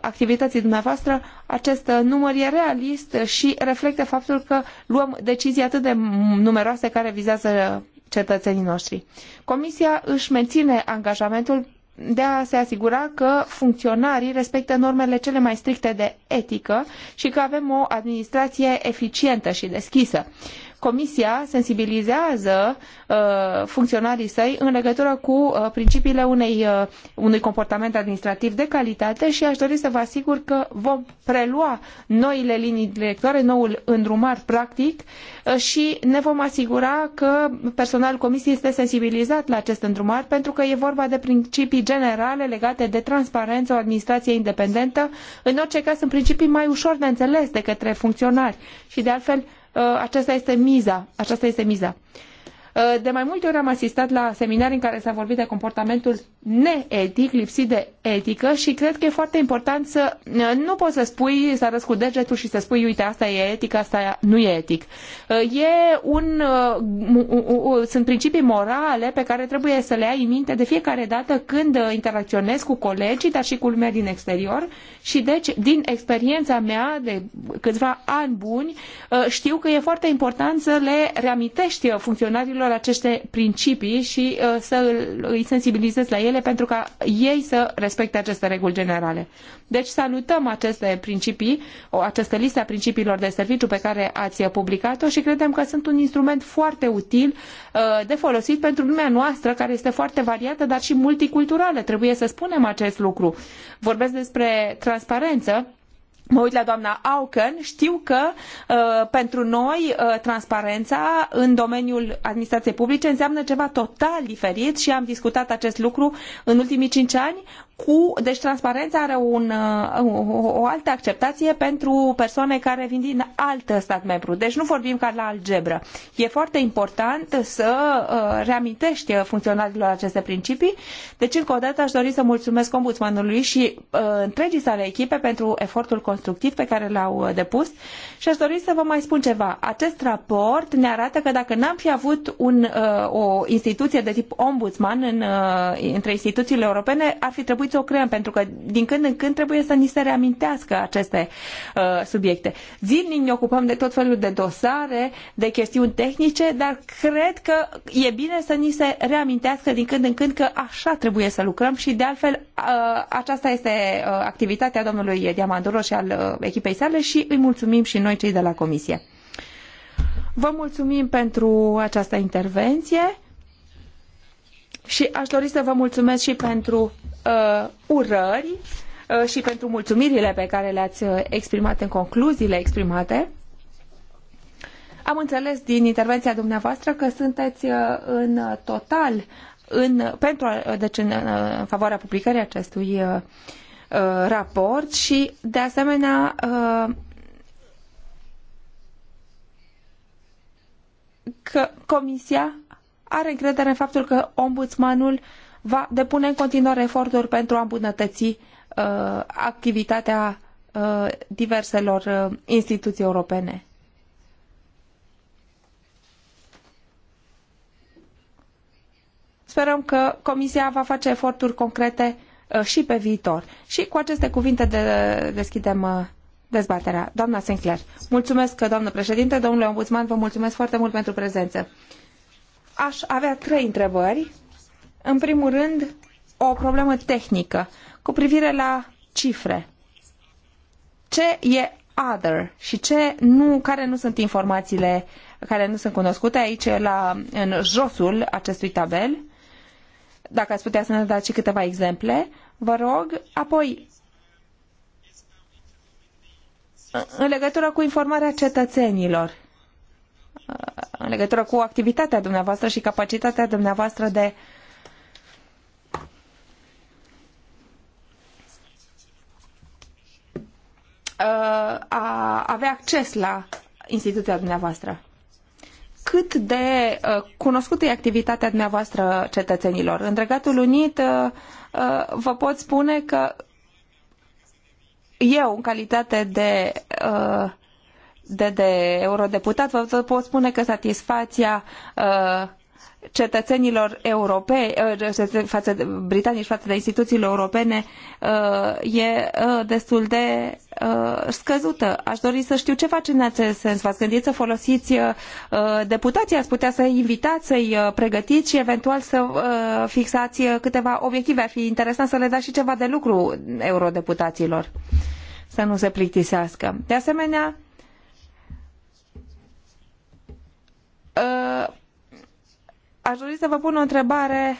activității dumneavoastră, acest număr e realist și reflectă faptul că luăm decizii atât de numeroase care vizează cetățenii noștri. Comisia își menține angajamentul de a se asigura că funcționarii respectă normele cele mai stricte de etică și că avem o administrație eficientă și deschisă. Uh, Comisia sensibilizează uh, funcționarii săi în legătură cu uh, principiile unei, uh, unui comportament administrativ de calitate și aș dori să vă asigur că vom prelua noile linii directoare, noul îndrumar practic uh, și ne vom asigura că personalul Comisiei este sensibilizat la acest îndrumar pentru că e vorba de principii generale legate de transparență, o administrație independentă. În orice caz sunt principii mai ușor de înțeles de către funcționari și de altfel Uh, aceasta este miza. Aceasta este miza. Eh, de mai multe ori am asistat la seminarii în care s-a vorbit de comportamentul neetic, lipsit de etică și cred că e foarte important să eh, nu poți să spui, să arăți cu degetul și să spui, uite, asta e etic, asta nu e etic. Eh, e un, sunt principii morale pe care trebuie să le ai în minte de fiecare dată când interacționezi cu colegii, dar și cu lumea din exterior și deci din experiența mea de câțiva ani buni știu că e foarte important să le reamintești funcționarilor copiilor aceste principii și uh, să îi sensibilizez la ele pentru ca ei să respecte aceste reguli generale. Deci salutăm aceste principii, această listă a principiilor de serviciu pe care ați publicat-o și credem că sunt un instrument foarte util uh, de folosit pentru lumea noastră care este foarte variată, dar și multiculturală. Trebuie să spunem acest lucru. Vorbesc despre transparență mă uit la doamna Auken, știu că uh, pentru noi uh, transparența în domeniul administrației publice înseamnă ceva total diferit și am discutat acest lucru în ultimii cinci ani cu, deci transparența are un, uh, o, altă acceptație pentru persoane care vin din alt stat membru. Deci nu vorbim ca la algebră. E foarte important să uh, reamintești funcționarilor aceste principii. Deci încă o dată aș dori să mulțumesc ombudsmanului și uh, întregii sale echipe pentru efortul constructiv pe care l-au depus și aș dori să vă mai spun ceva. Acest raport ne arată că dacă n-am fi avut un, o instituție de tip ombudsman în, între instituțiile europene, ar fi trebuit trebuit să o creăm, pentru că din când în când trebuie să ni se reamintească aceste uh, subiecte. Zilnic ne ocupăm de tot felul de dosare, de chestiuni tehnice, dar cred că e bine să ni se reamintească din când în când că așa trebuie să lucrăm și de altfel uh, aceasta este uh, activitatea domnului Diamanduro și al uh, echipei sale și îi mulțumim și noi cei de la comisie. Vă mulțumim pentru această intervenție și aș dori să vă mulțumesc și pentru uh, urări uh, și pentru mulțumirile pe care le-ați uh, exprimat în concluziile exprimate. Am înțeles din intervenția dumneavoastră că sunteți uh, în total în, pentru, uh, deci în, în favoarea publicării acestui uh, raport și, de asemenea, uh, că Comisia are încredere în faptul că ombudsmanul uh, va depune în continuare eforturi pentru a îmbunătăți uh, activitatea uh, diverselor uh, instituții europene. Sperăm că Comisia va face eforturi concrete uh, și pe viitor. Și cu aceste cuvinte de, deschidem uh, dezbaterea. Doamna Sinclair, mulțumesc, doamnă președinte, domnule ombudsman, vă mulțumesc foarte mult pentru prezență. Aș avea trei întrebări în primul rând, o problemă tehnică cu privire la cifre. Ce e other și ce nu, care nu sunt informațiile care nu sunt cunoscute aici la, în josul acestui tabel. Dacă ați putea să ne dați și câteva exemple, vă rog. Apoi, în legătură cu informarea cetățenilor, în legătură cu activitatea dumneavoastră și capacitatea dumneavoastră de uh, Uh, a avea acces la instituția dumneavoastră. Cât de uh, cunoscută e activitatea dumneavoastră cetățenilor? În Regatul Unit uh, vă pot spune că eu, în calitate de, de, de eurodeputat, vă pot spune că satisfacția cetățenilor europei, eh, față, britanici față de instituțiile europene eh, e eh, destul de scăzută. Aș dori să știu ce face în acest sens. V-ați gândit să folosiți deputații, ați putea să-i invitați, să-i pregătiți și eventual să fixați câteva obiective. Ar fi interesant să le dați și ceva de lucru eurodeputaților să nu se plictisească. De asemenea, Aș dori să vă pun o întrebare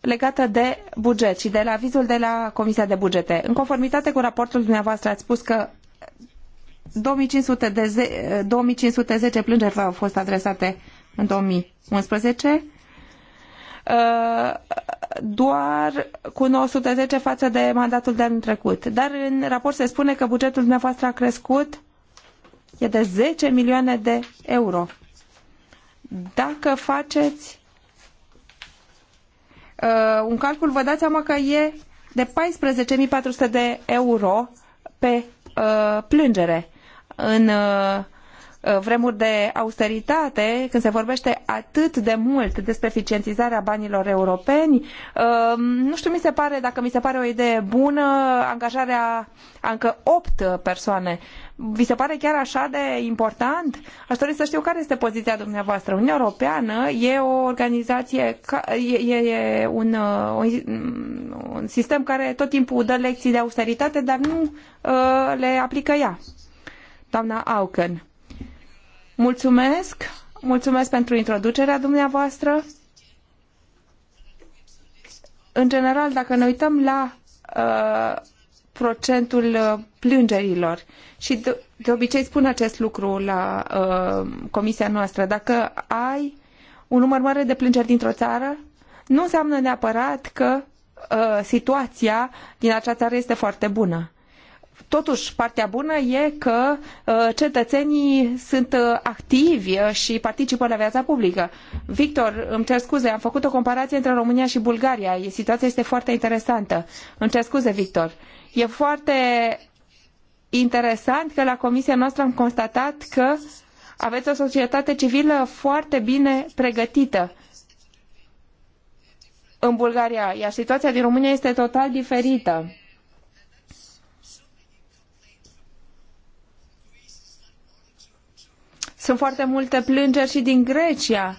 legată de buget și de la avizul de la Comisia de Bugete. În conformitate cu raportul dumneavoastră ați spus că 2500 de ze- 2510 plângeri au fost adresate în 2011 uh, doar cu 910 față de mandatul de anul trecut. Dar în raport se spune că bugetul dumneavoastră a crescut e de 10 milioane de euro. Dacă faceți uh, un calcul, vă dați seama că e de 14.400 de euro pe uh, plângere. În uh, Uh, vremuri de austeritate, când se vorbește atât de mult despre eficientizarea banilor europeni, uh, nu știu, mi se pare, dacă mi se pare o idee bună, angajarea a încă opt persoane. Vi se pare chiar așa de important? Aș dori să știu care este poziția dumneavoastră. Uniunea Europeană e o organizație, e, e uh, un, un sistem care tot timpul dă lecții de austeritate, dar nu le aplică ea. Doamna Auken. Mulțumesc! Mulțumesc pentru introducerea dumneavoastră. În general, dacă ne uităm la uh, procentul uh, plângerilor și de, de obicei spun acest lucru la uh, comisia noastră, dacă ai un număr mare de plângeri dintr-o țară, nu înseamnă neapărat că uh, situația din acea țară este foarte bună. Totuși, partea bună e că uh, cetățenii sunt uh, activi uh, și participă la viața publică. Victor, îmi cer scuze, am făcut o comparație între România și Bulgaria. Situația este foarte interesantă. Îmi cer scuze, Victor. E foarte interesant că la comisia noastră am constatat că aveți o societate civilă foarte bine pregătită în Bulgaria, iar situația din România este total diferită. Sunt foarte multe plângeri și din Grecia.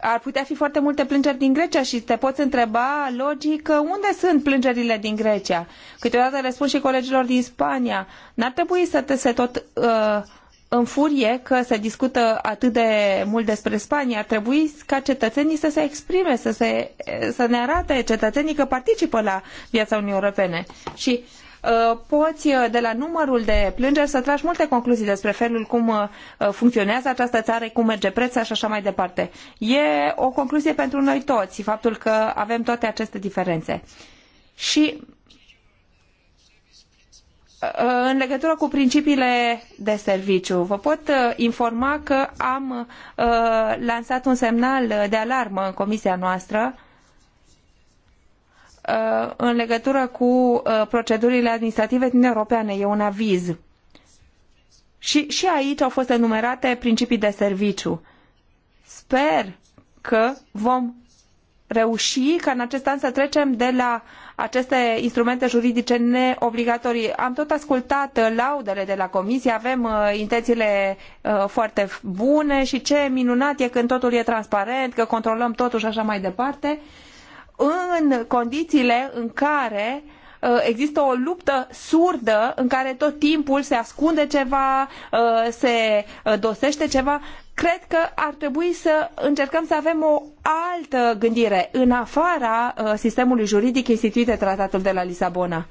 Ar putea fi foarte multe plângeri din Grecia și te poți întreba logic unde sunt plângerile din Grecia. Câteodată răspund și colegilor din Spania. N-ar trebui să te se tot uh, înfurie că se discută atât de mult despre Spania. Ar trebui ca cetățenii să se exprime, să, se, să ne arate cetățenii că participă la viața Uniunii Europene. Și uh, Uh, poți uh, de la numărul de plângeri să tragi multe concluzii despre felul cum uh, funcționează această țară, cum merge prețul și așa mai departe. E o concluzie pentru noi toți, faptul că avem toate aceste diferențe. Și în legătură cu principiile de serviciu, vă pot informa că am lansat un semnal de alarmă în comisia noastră Uh, în legătură cu uh, procedurile administrative din europeane. E un aviz. Și, și aici au fost enumerate principii de serviciu. Sper că vom reuși ca în acest an să trecem de la aceste instrumente juridice neobligatorii. Am tot ascultat laudele de la comisie, avem uh, intențiile foarte bune și ce minunat e când totul e transparent, că controlăm totul și așa mai departe. Uh, în condițiile în care uh, există o luptă surdă în care tot timpul se ascunde ceva, uh, se uh, dosește ceva. Cred că ar trebui să încercăm să avem o altă gândire în afara sistemului juridic instituit de Tratatul de la Lisabona.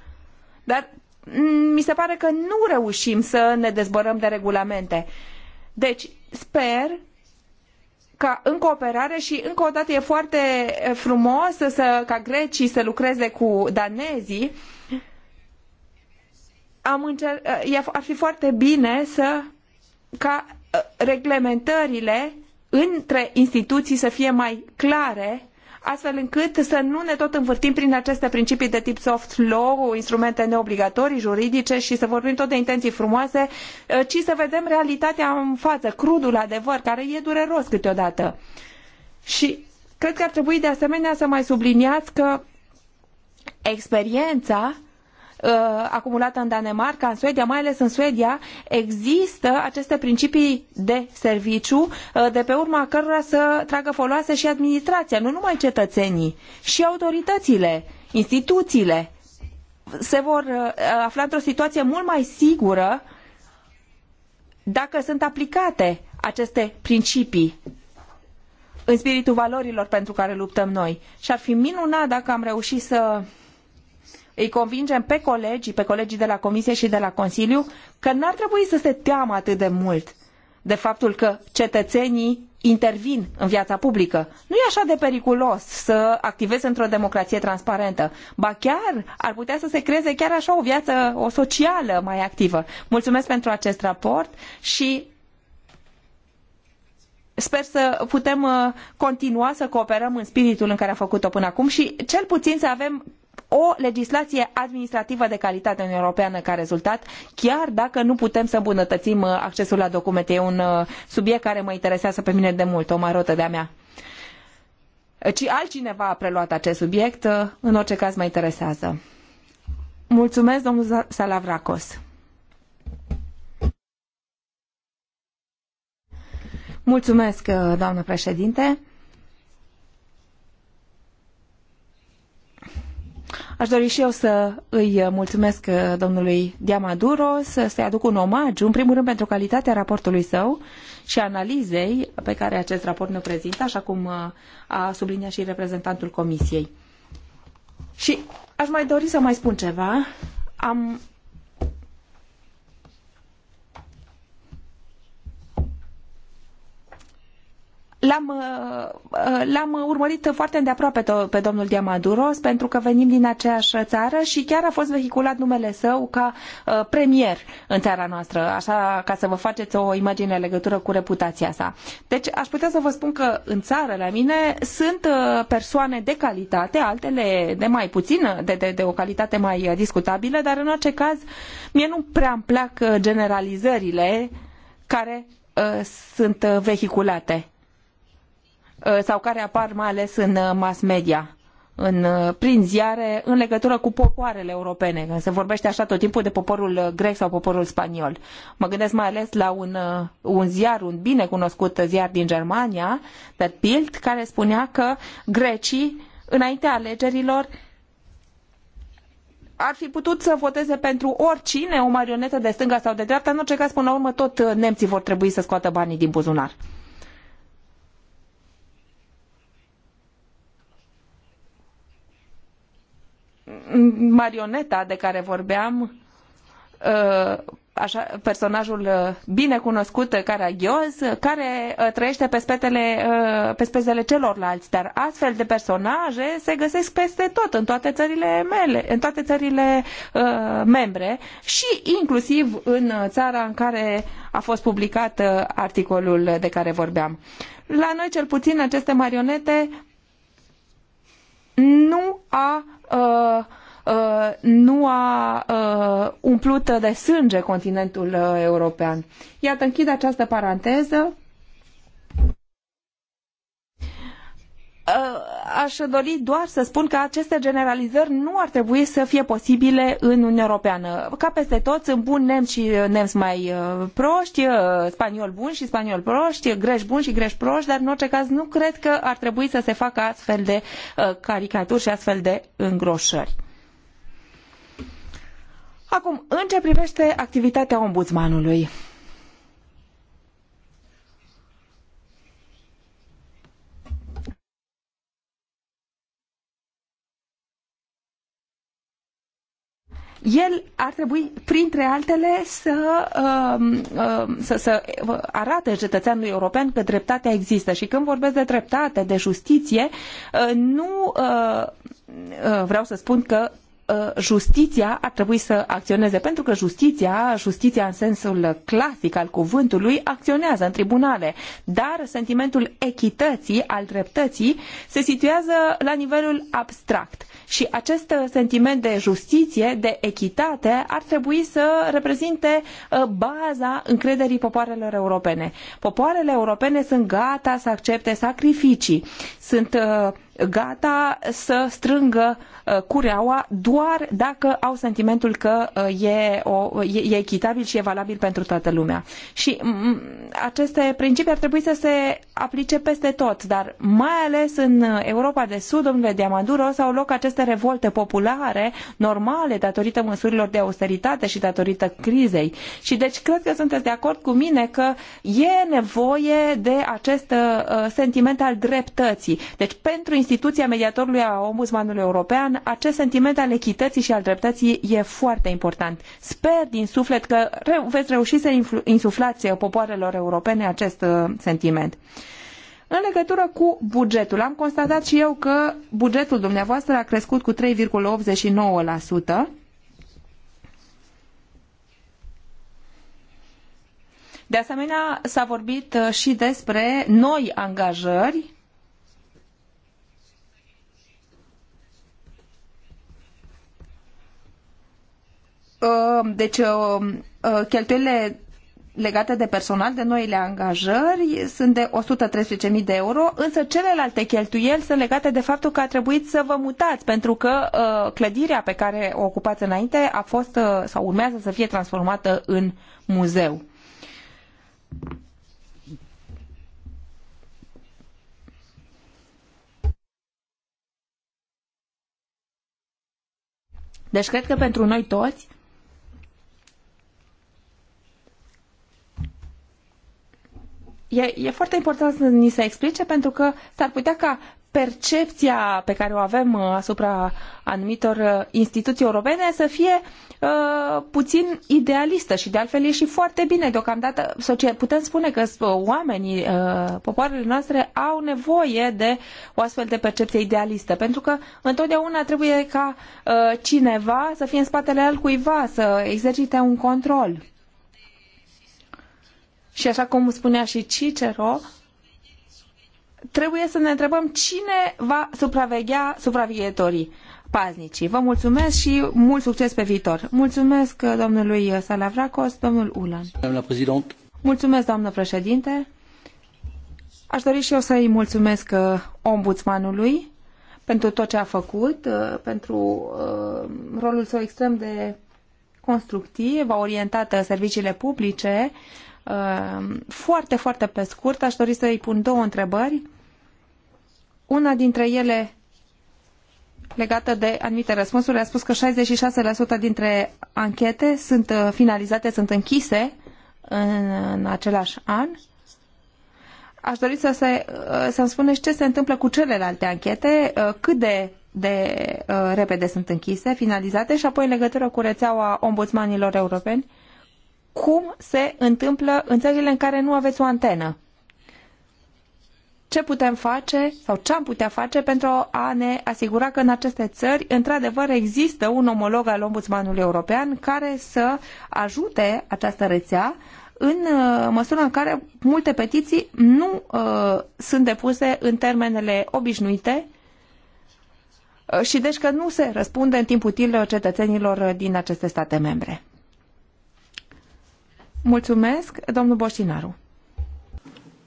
Dar mm, mi se pare că nu reușim să ne dezbărăm de regulamente. Deci, sper ca în cooperare și încă o dată e foarte frumos să, ca grecii să lucreze cu danezii. Am încer- ar fi foarte bine să ca reglementările între instituții să fie mai clare astfel încât să nu ne tot învârtim prin aceste principii de tip soft law, instrumente neobligatorii, juridice și să vorbim tot de intenții frumoase, eh, ci să vedem realitatea în față, crudul adevăr, care e dureros câteodată. Și cred că ar trebui de asemenea să mai subliniați că experiența Uh, acumulată în Danemarca, în Suedia, mai ales în Suedia, există aceste principii de serviciu, uh, de pe urma cărora să tragă foloase și administrația, nu numai cetățenii, și autoritățile, instituțiile se vor uh, afla într-o situație mult mai sigură dacă sunt aplicate aceste principii în spiritul valorilor pentru care luptăm noi. Și ar fi minunat dacă am reușit să îi convingem pe colegii, pe colegii de la Comisie și de la Consiliu că n-ar trebui să se teamă atât de mult de faptul că cetățenii intervin în viața publică. Nu e așa de periculos să activezi într-o democrație transparentă. Ba chiar ar putea să se creeze chiar așa o viață o socială mai activă. Mulțumesc pentru acest raport și sper să putem uh, continua să cooperăm în spiritul în care a făcut-o până acum și cel puțin să avem o legislație administrativă de calitate în europeană ca rezultat, chiar dacă nu putem să îmbunătățim uh, accesul la documente. E un uh, subiect care mă interesează pe mine de mult, o marotă de-a mea. Ci altcineva a preluat acest subiect, uh, în orice caz mă interesează. Mulțumesc, domnul Salavracos. Mulțumesc, doamnă președinte. Aș dori și eu să îi mulțumesc uh, domnului Diamaduro, să se aduc un omagiu, în primul rând pentru calitatea raportului său și analizei pe care acest raport ne prezintă, așa cum uh, a subliniat și reprezentantul Comisiei. Și aș mai dori să mai spun ceva. Am L-am, uh, uh, l-am urmărit foarte îndeaproape pe domnul Diamanduros pentru că venim din aceeași țară și chiar a fost vehiculat numele său ca uh, premier în țara noastră, așa ca să vă faceți o imagine în legătură cu reputația sa. Deci aș putea să vă spun că în țară la mine sunt persoane de calitate, altele de mai puțin, de, de, de o calitate mai discutabilă, dar în orice caz mie nu prea îmi plac generalizările care sunt vehiculate Uh, sau care apar mai ales în uh, mass media, în, uh, prin ziare, în legătură cu popoarele europene, când se vorbește așa tot timpul de poporul grec sau poporul spaniol. Mă gândesc mai ales la un, un ziar, un bine cunoscut ziar din Germania, Der Bild, care spunea că grecii, înaintea alegerilor, ar fi putut să voteze pentru oricine, o marionetă de stânga sau de dreapta, în orice caz, până la urmă, tot nemții vor trebui să scoată banii din buzunar. marioneta de care vorbeam, uh, așa, personajul uh, cunoscut, uh, Caragios, care trăiește pe, spetele, pe spetele celorlalți, dar astfel de personaje se găsesc peste tot, în toate țările mele, în toate țările membre și inclusiv în țara în care a fost publicat articolul de care vorbeam. La noi, cel puțin, aceste marionete nu a uh, uh, nu a uh, umplut de sânge continentul uh, european. Iată, închid această paranteză Uh, aș dori doar să spun că aceste generalizări nu ar trebui să fie posibile în Uniunea Europeană. Ca peste tot, sunt buni nemți și nemți mai uh, proști, uh, spanioli buni și spanioli proști, greși buni și greși proști, dar în orice caz nu cred că ar trebui să se facă astfel de caricaturi și astfel de îngroșări. Acum, în ce privește activitatea ombudsmanului? el ar trebui, printre altele, să, um, um, să, să arate cetățeanului european că dreptatea există. Și când vorbesc de dreptate, de justiție, uh, nu uh, uh, vreau să spun că Uh, justiția ar trebui să acționeze, pentru că justiția, justiția în sensul clasic al cuvântului, acționează în tribunale, dar sentimentul echității, al dreptății, se situează la nivelul abstract. Și acest sentiment de justiție, de echitate, ar trebui să reprezinte uh, baza încrederii popoarelor europene. Popoarele europene sunt gata să accepte sacrificii, sunt uh, gata să strângă uh, cureaua doar dacă au sentimentul că uh, e, o, e, e echitabil și e valabil pentru toată lumea. Și aceste principii ar trebui să se aplice peste tot, dar mai ales în uh, Europa de Sud, domnule Diamanduro, s-au loc aceste revolte populare normale datorită măsurilor de austeritate și datorită crizei. Și deci cred că sunteți de acord cu mine că e nevoie de acest sentiment al dreptății. Deci pentru instituția mediatorului a ombudsmanului european, acest sentiment al echității și al dreptății e foarte important. Sper din suflet că veți reuși să insuflați uh, popoarelor europene acest uh, sentiment. În legătură cu bugetul, am constatat și eu că bugetul dumneavoastră a crescut cu 3,89%. De asemenea, s-a vorbit uh, și despre noi angajări Uh, deci uh, uh, cheltuielile legate de personal, de noile angajări, sunt de 113.000 de euro, însă celelalte cheltuieli sunt legate de faptul că a trebuit să vă mutați, pentru că uh, clădirea pe care o ocupați înainte a fost uh, sau urmează să fie transformată în muzeu. Deci cred că pentru noi toți e, e foarte important să ni se explice pentru că s-ar putea ca percepția pe care o avem uh, asupra anumitor uh, instituții europene să fie uh, puțin idealistă și de altfel e și foarte bine. Deocamdată putem spune că uh, oamenii, uh, popoarele noastre au nevoie de o astfel de percepție idealistă pentru că întotdeauna trebuie ca uh, cineva să fie în spatele al cuiva, să exercite un control. Și așa cum spunea și Cicero, trebuie să ne întrebăm cine va supraveghea supravighetorii paznicii. Vă mulțumesc și mult succes pe viitor. Mulțumesc uh, domnului uh, Salavracos, domnul Ulan. președinte. Mulțumesc, doamnă președinte. Aș dori și eu să-i mulțumesc uh, ombudsmanului pentru tot ce a făcut, pentru rolul său extrem de constructiv, a orientat serviciile publice Ehm, foarte, foarte pe scurt, aș dori să îi pun două întrebări. Una dintre ele legată de anumite răspunsuri. A spus că 66% dintre anchete sunt uh, finalizate, sunt închise în, în același an. Aș dori să se, uh, să-mi spuneți ce se întâmplă cu celelalte anchete, uh, cât de, de repede sunt închise, finalizate și apoi în legătură cu rețeaua ombudsmanilor europeni cum se întâmplă în țările în care nu aveți o antenă. Ce putem face sau ce am putea face pentru a ne asigura că în aceste țări, într-adevăr, există un omolog al ombudsmanului european care să ajute această rețea în uh, măsura în care multe petiții nu uh, sunt depuse în termenele obișnuite uh, și deci că nu se răspunde în timp util cetățenilor din aceste state membre. Mulțumesc, domnul Boștinaru.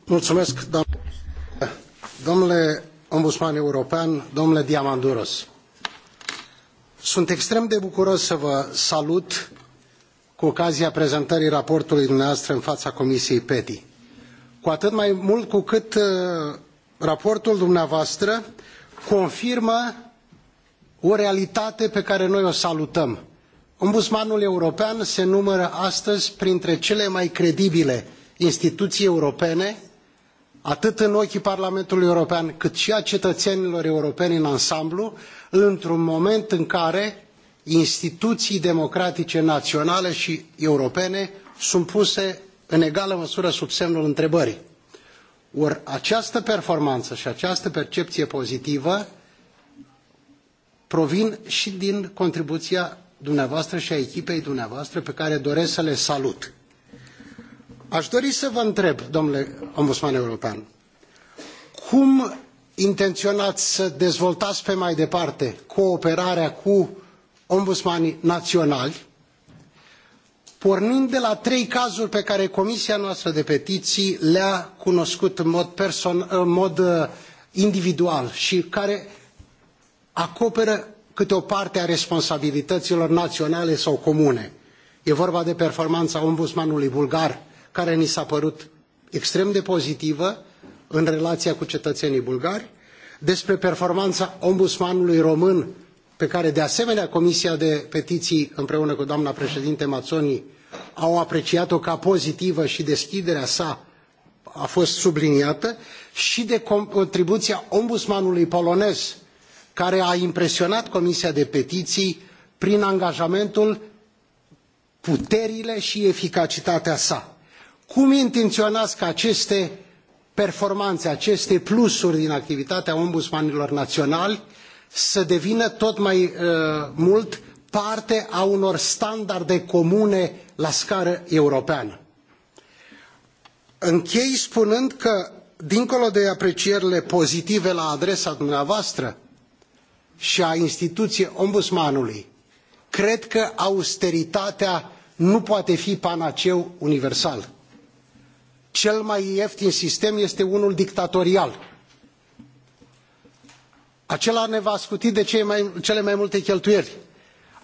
Mulțumesc, domnule ombudsman european, domnule Diamanduros. Sunt extrem de bucuros să vă salut cu ocazia prezentării raportului dumneavoastră în fața Comisiei PETI. Cu atât mai mult cu cât uh, raportul dumneavoastră confirmă o realitate pe care noi o salutăm Ombudsmanul european se numără astăzi printre cele mai credibile instituții europene, atât în ochii Parlamentului European, cât și a cetățenilor europeni în ansamblu, într-un moment în care instituții democratice naționale și europene sunt puse în egală măsură sub semnul întrebării. Ori această performanță și această percepție pozitivă provin și din contribuția dumneavoastră și a echipei dumneavoastră pe care doresc să le salut. Aș dori să vă întreb, domnule ombudsman european, cum intenționați să dezvoltați pe mai departe cooperarea cu ombudsmanii naționali, pornind de la trei cazuri pe care Comisia noastră de petiții le-a cunoscut în mod, person, în mod uh, individual și care acoperă câte o parte a responsabilităților naționale sau comune. E vorba de performanța ombudsmanului bulgar, care ni s-a părut extrem de pozitivă în relația cu cetățenii bulgari, despre performanța ombudsmanului român, pe care de asemenea Comisia de Petiții, împreună cu doamna președinte Mazzoni, au apreciat-o ca pozitivă și deschiderea sa a fost subliniată, și de contribuția ombudsmanului polonez, care a impresionat Comisia de Petiții prin angajamentul, puterile și eficacitatea sa. Cum intenționați ca aceste performanțe, aceste plusuri din activitatea ombudsmanilor naționali să devină tot mai uh, mult parte a unor standarde comune la scară europeană. Închei spunând că, dincolo de aprecierile pozitive la adresa dumneavoastră, și a instituției ombudsmanului, cred că austeritatea nu poate fi panaceu universal. Cel mai ieftin sistem este unul dictatorial. Acela ne va scuti de cele mai multe cheltuieli.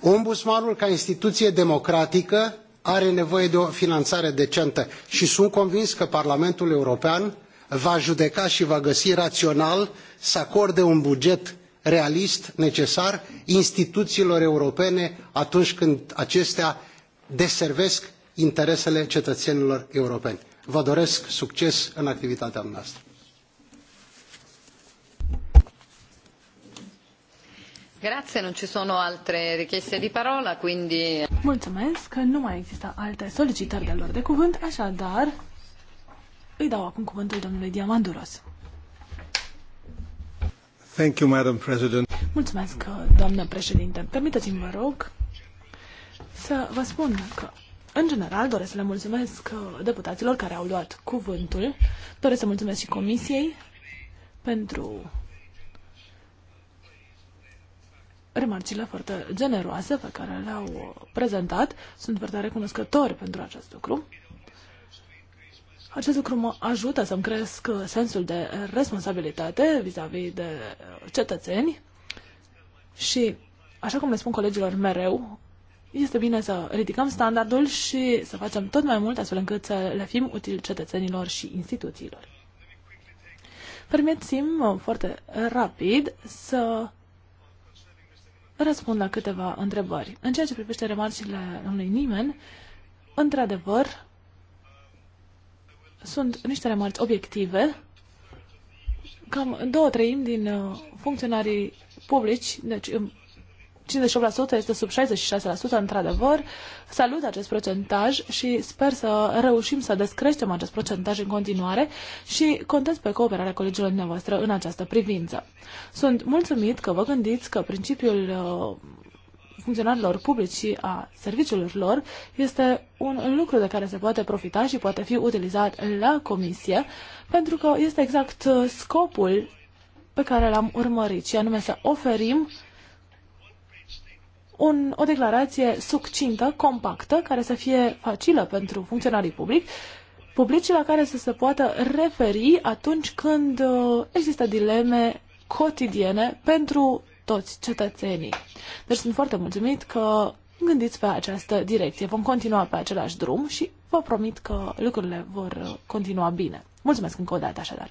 Ombudsmanul, ca instituție democratică, are nevoie de o finanțare decentă și sunt convins că Parlamentul European va judeca și va găsi rațional să acorde un buget realist, necesar instituțiilor europene atunci când acestea deservesc interesele cetățenilor europeni. Vă doresc succes în activitatea dumneavoastră. Grazie, non ci sono altre richieste di parola, quindi... Mulțumesc, nu mai există alte solicitări de lor de cuvânt, așadar îi dau acum cuvântul domnului Diamanduros. Mulțumesc, doamnă președinte. Permiteți-mi, vă rog, să vă spun că în general, doresc să le mulțumesc uh, deputaților care au luat cuvântul. Doresc să mulțumesc și Comisiei pentru remarcile foarte generoase pe care le-au uh, prezentat. Sunt foarte recunoscători pentru acest lucru. Acest lucru mă ajută să-mi cresc sensul de responsabilitate vis-a-vis -vis de uh, cetățeni și, așa cum le spun colegilor mereu, este bine să ridicăm standardul și să facem tot mai mult astfel încât să le fim utili cetățenilor și instituțiilor. Permiteți-mi uh, foarte rapid să răspund la câteva întrebări. În ceea ce privește remarcile unui nimeni, într-adevăr, sunt niște remarci obiective. Cam două treimi din uh, funcționarii publici, deci 58% um, este sub 66% într-adevăr. Salut acest procentaj și sper să reușim să descreștem acest procentaj în continuare și contez pe cooperarea colegilor dumneavoastră în această privință. Sunt mulțumit că vă gândiți că principiul uh, funcționarilor publici și a serviciilor lor este un lucru de care se poate profita și poate fi utilizat la comisie, pentru că este exact uh, scopul pe care l-am urmărit, și anume să oferim un, o declarație succintă, compactă, care să fie facilă pentru funcționarii publici, publici la care să se poată referi atunci când uh, există dileme cotidiene pentru toți cetățenii. Deci sunt foarte mulțumit că gândiți pe această direcție. Vom continua pe același drum și vă promit că lucrurile vor continua bine. Mulțumesc încă o dată așadar.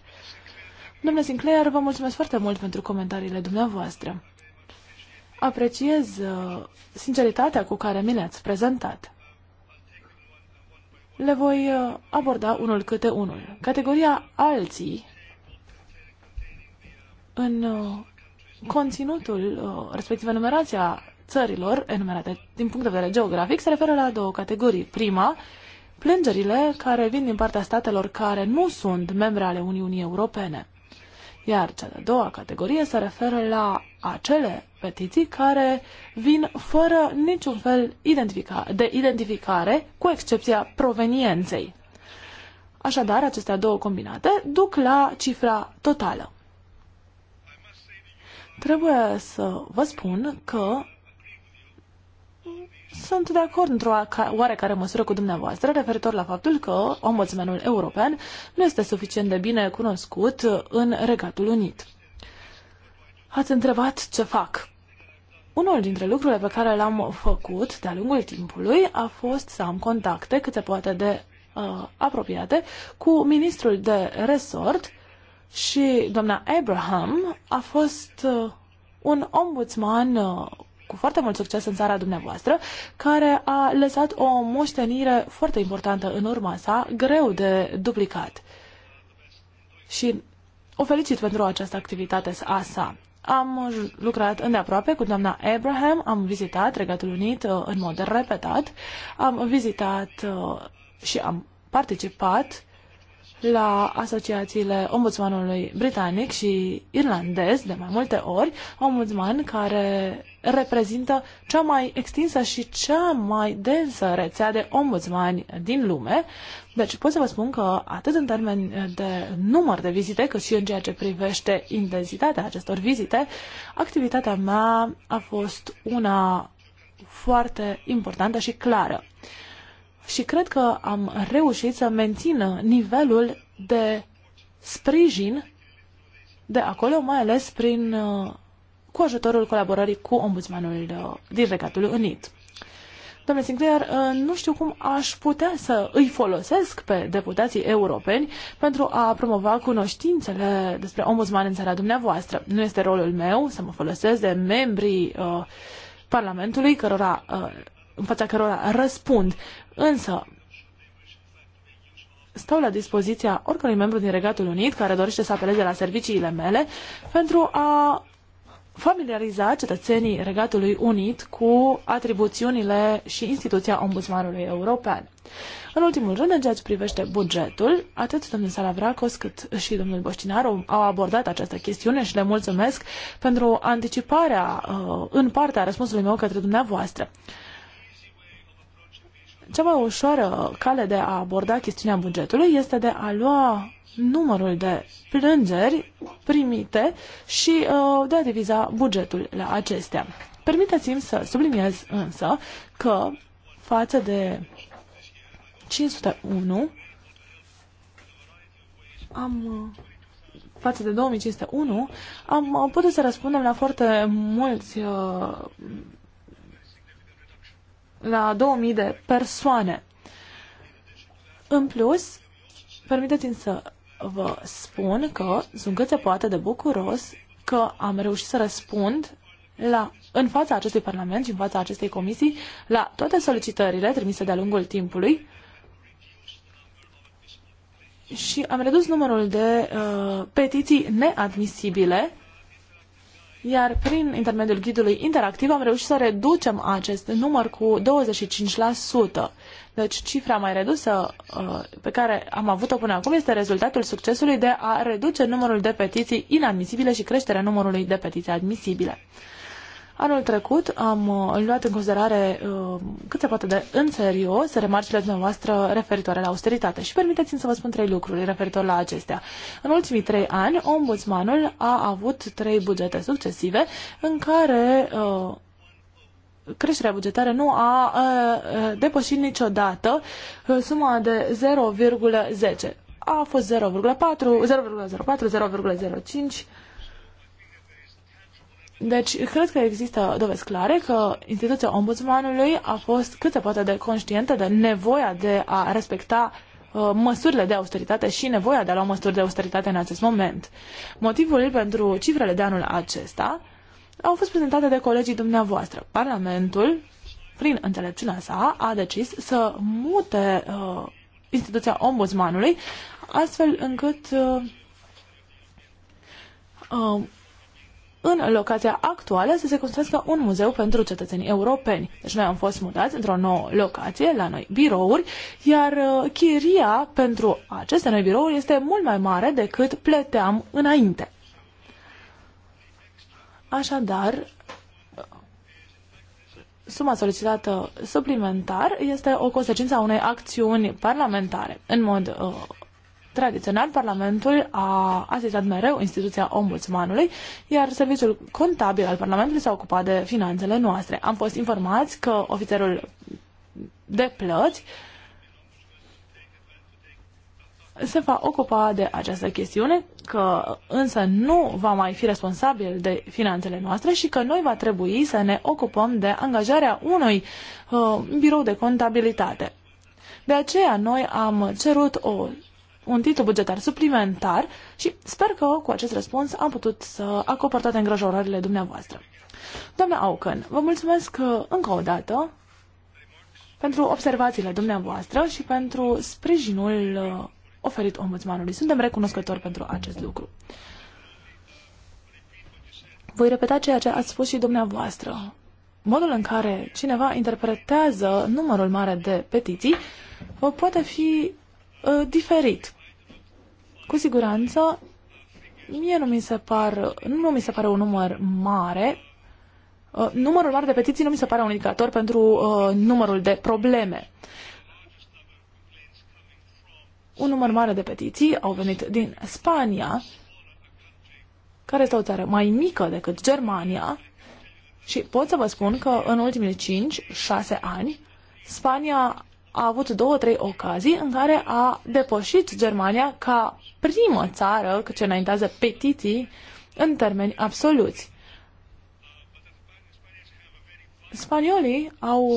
Domnule Sinclair, vă mulțumesc foarte mult pentru comentariile dumneavoastră. Apreciez uh, sinceritatea cu care mi le-ați prezentat. Le voi uh, aborda unul câte unul. Categoria alții în uh, conținutul, uh, respectiv enumerația țărilor enumerate din punct de vedere geografic se referă la două categorii. Prima, plângerile care vin din partea statelor care nu sunt membre ale Uniunii Europene. Iar cea de-a doua categorie se referă la acele petiții care vin fără niciun fel de identificare, cu excepția provenienței. Așadar, acestea două combinate duc la cifra totală. Trebuie să vă spun că sunt de acord într-o oarecare măsură cu dumneavoastră referitor la faptul că ombudsmanul european nu este suficient de bine cunoscut în Regatul Unit. Ați întrebat ce fac. Unul dintre lucrurile pe care le am făcut de-a lungul timpului a fost să am contacte cât se poate de uh, apropiate cu ministrul de resort și doamna Abraham a fost uh, un ombudsman uh, cu foarte mult succes în țara dumneavoastră, care a lăsat o moștenire foarte importantă în urma sa, greu de duplicat. Și o felicit pentru această activitate a sa. Am lucrat îndeaproape cu doamna Abraham, am vizitat Regatul Unit uh, în mod repetat, am vizitat și am participat la asociațiile ombudsmanului britanic și irlandez de mai multe ori, ombudsman care reprezintă cea mai extinsă și cea mai densă rețea de ombudsmani din lume. Deci pot să vă spun că atât în termen de număr de vizite, cât și în ceea ce privește intensitatea acestor vizite, activitatea mea a fost una foarte importantă și clară și cred că am reușit să mențină nivelul de sprijin de acolo, mai ales prin, uh, cu ajutorul colaborării cu ombudsmanul uh, din Regatul Unit. Domnule Sinclair, uh, nu știu cum aș putea să îi folosesc pe deputații europeni pentru a promova cunoștințele despre ombudsman în țara dumneavoastră. Nu este rolul meu să mă folosesc de membrii uh, Parlamentului, cărora uh, în fața cărora răspund. Însă, stau la dispoziția oricărui membru din Regatul Unit care dorește să apeleze la serviciile mele pentru a familiariza cetățenii Regatului Unit cu atribuțiunile și instituția Ombudsmanului European. În ultimul rând, în ceea ce privește bugetul, atât domnul Salavracos cât și domnul Boștinaru au abordat această chestiune și le mulțumesc pentru anticiparea uh, în partea răspunsului meu către dumneavoastră. Cea mai ușoară cale de a aborda chestiunea bugetului este de a lua numărul de plângeri primite și uh, de a diviza bugetul la acestea. Permiteți-mi să subliniez însă că față de 501 am față de 2501 am uh, putut să răspundem la foarte mulți uh, la 2000 de persoane. În plus, permiteți-mi să vă spun că sunt cât se poate de bucuros că am reușit să răspund la, în fața acestui Parlament și în fața acestei comisii la toate solicitările trimise de-a lungul timpului și am redus numărul de uh, petiții neadmisibile iar prin intermediul ghidului interactiv am reușit să reducem acest număr cu 25%. Deci cifra mai redusă uh, pe care am avut-o până acum este rezultatul succesului de a reduce numărul de petiții inadmisibile și creșterea numărului de petiții admisibile. Anul trecut uh, am luat în considerare uh, cât se poate de în serios remarcile dumneavoastră referitoare la austeritate și permiteți-mi să vă spun trei lucruri referitor la acestea. În ultimii trei ani, ombudsmanul a avut trei bugete succesive în care uh, creșterea bugetară nu a uh, depășit niciodată suma de 0,10. A fost 0,4, 0,04, 0,05 deci, cred că există dovezi clare că instituția ombudsmanului a fost cât se poate de conștientă de nevoia de a respecta uh, măsurile de austeritate și nevoia de a lua măsuri de austeritate în acest moment. Motivul pentru cifrele de anul acesta au fost prezentate de colegii dumneavoastră. Parlamentul, prin înțelepciunea sa, a decis să mute uh, instituția ombudsmanului, astfel încât uh, uh, în locația actuală să se construiască un muzeu pentru cetățenii europeni. Deci noi am fost mutați într-o nouă locație, la noi birouri, iar uh, chiria pentru aceste noi birouri este mult mai mare decât plăteam înainte. Așadar, suma solicitată suplimentar este o consecință a unei acțiuni parlamentare. În mod uh, Tradițional, Parlamentul a asistat mereu instituția ombudsmanului, iar serviciul contabil al Parlamentului s-a ocupat de finanțele noastre. Am fost informați că ofițerul de plăți se va ocupa de această chestiune, că însă nu va mai fi responsabil de finanțele noastre și că noi va trebui să ne ocupăm de angajarea unui uh, birou de contabilitate. De aceea noi am cerut o un titlu bugetar suplimentar și sper că cu acest răspuns am putut să acopăr toate îngrijorările dumneavoastră. Doamna Auken, vă mulțumesc uh, încă o dată pentru observațiile dumneavoastră și pentru sprijinul uh, oferit ombudsmanului. Suntem recunoscători pentru acest lucru. Voi repeta ceea ce ați spus și dumneavoastră. Modul în care cineva interpretează numărul mare de petiții poate fi uh, diferit. Cu siguranță, mie nu mi se, par, nu mi se pare un număr mare. Uh, numărul mare de petiții nu mi se pare un indicator pentru uh, numărul de probleme. Un număr mare de petiții au venit din Spania, care este o țară mai mică decât Germania, și pot să vă spun că în ultimii 5-6 ani, Spania a avut două, trei ocazii în care a depășit Germania ca primă țară ce înaintează petiții în termeni absoluți. Spaniolii au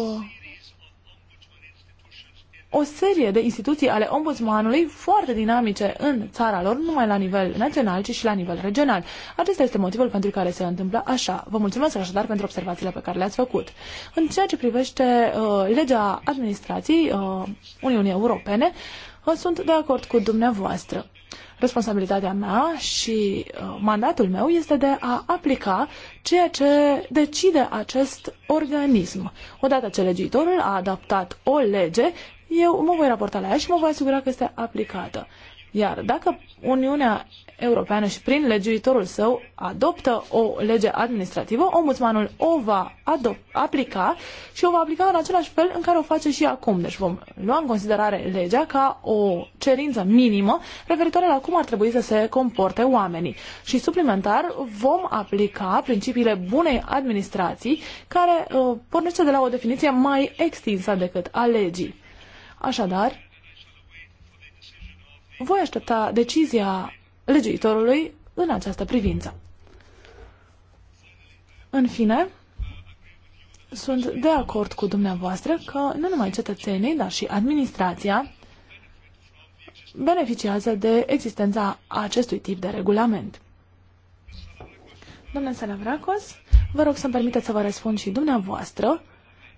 o serie de instituții ale ombudsmanului foarte dinamice în țara lor, nu numai la nivel național, ci și la nivel regional. Acesta este motivul pentru care se întâmplă așa. Vă mulțumesc așadar pentru observațiile pe care le-ați făcut. În ceea ce privește uh, legea administrației uh, Uniunii Europene, uh, sunt de acord cu dumneavoastră. Responsabilitatea mea și uh, mandatul meu este de a aplica ceea ce decide acest organism. Odată ce legiuitorul a adaptat o lege, eu mă voi raporta la ea și mă voi asigura că este aplicată. Iar dacă Uniunea Europeană și prin legiuitorul său adoptă o lege administrativă, ombudsmanul o va aplica și o va aplica în același fel în care o face și acum. Deci vom lua în considerare legea ca o cerință minimă referitoare la cum ar trebui să se comporte oamenii. Și suplimentar vom aplica principiile bunei administrații care uh, pornește de la o definiție mai extinsă decât a legii. Așadar, voi aștepta decizia legiuitorului în această privință. În fine, sunt de acord cu dumneavoastră că nu numai cetățenii, dar și administrația beneficiază de existența acestui tip de regulament. Domnule Salavracos, vă rog să-mi permiteți să vă răspund și dumneavoastră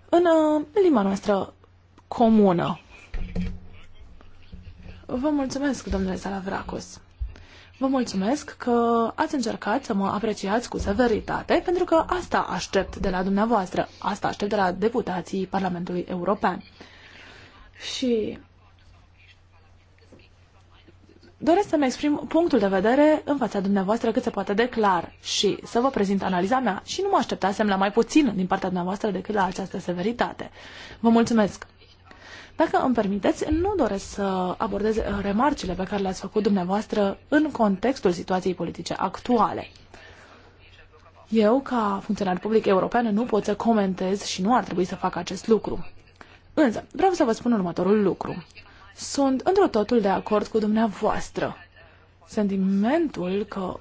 în uh, limba noastră comună. Vă mulțumesc, domnule Salavracos. Vă mulțumesc că ați încercat să mă apreciați cu severitate, pentru că asta aștept de la dumneavoastră, asta aștept de la deputații Parlamentului European. Și doresc să-mi exprim punctul de vedere în fața dumneavoastră cât se poate de clar și să vă prezint analiza mea și nu mă așteptasem la mai puțin din partea dumneavoastră decât la această severitate. Vă mulțumesc! Dacă îmi permiteți, nu doresc să abordez uh, remarcile pe care le-ați făcut dumneavoastră în contextul situației politice actuale. Eu, ca funcționar public european, nu pot să comentez și nu ar trebui să fac acest lucru. Însă, vreau să vă spun următorul lucru. Sunt într-o totul de acord cu dumneavoastră. Sentimentul că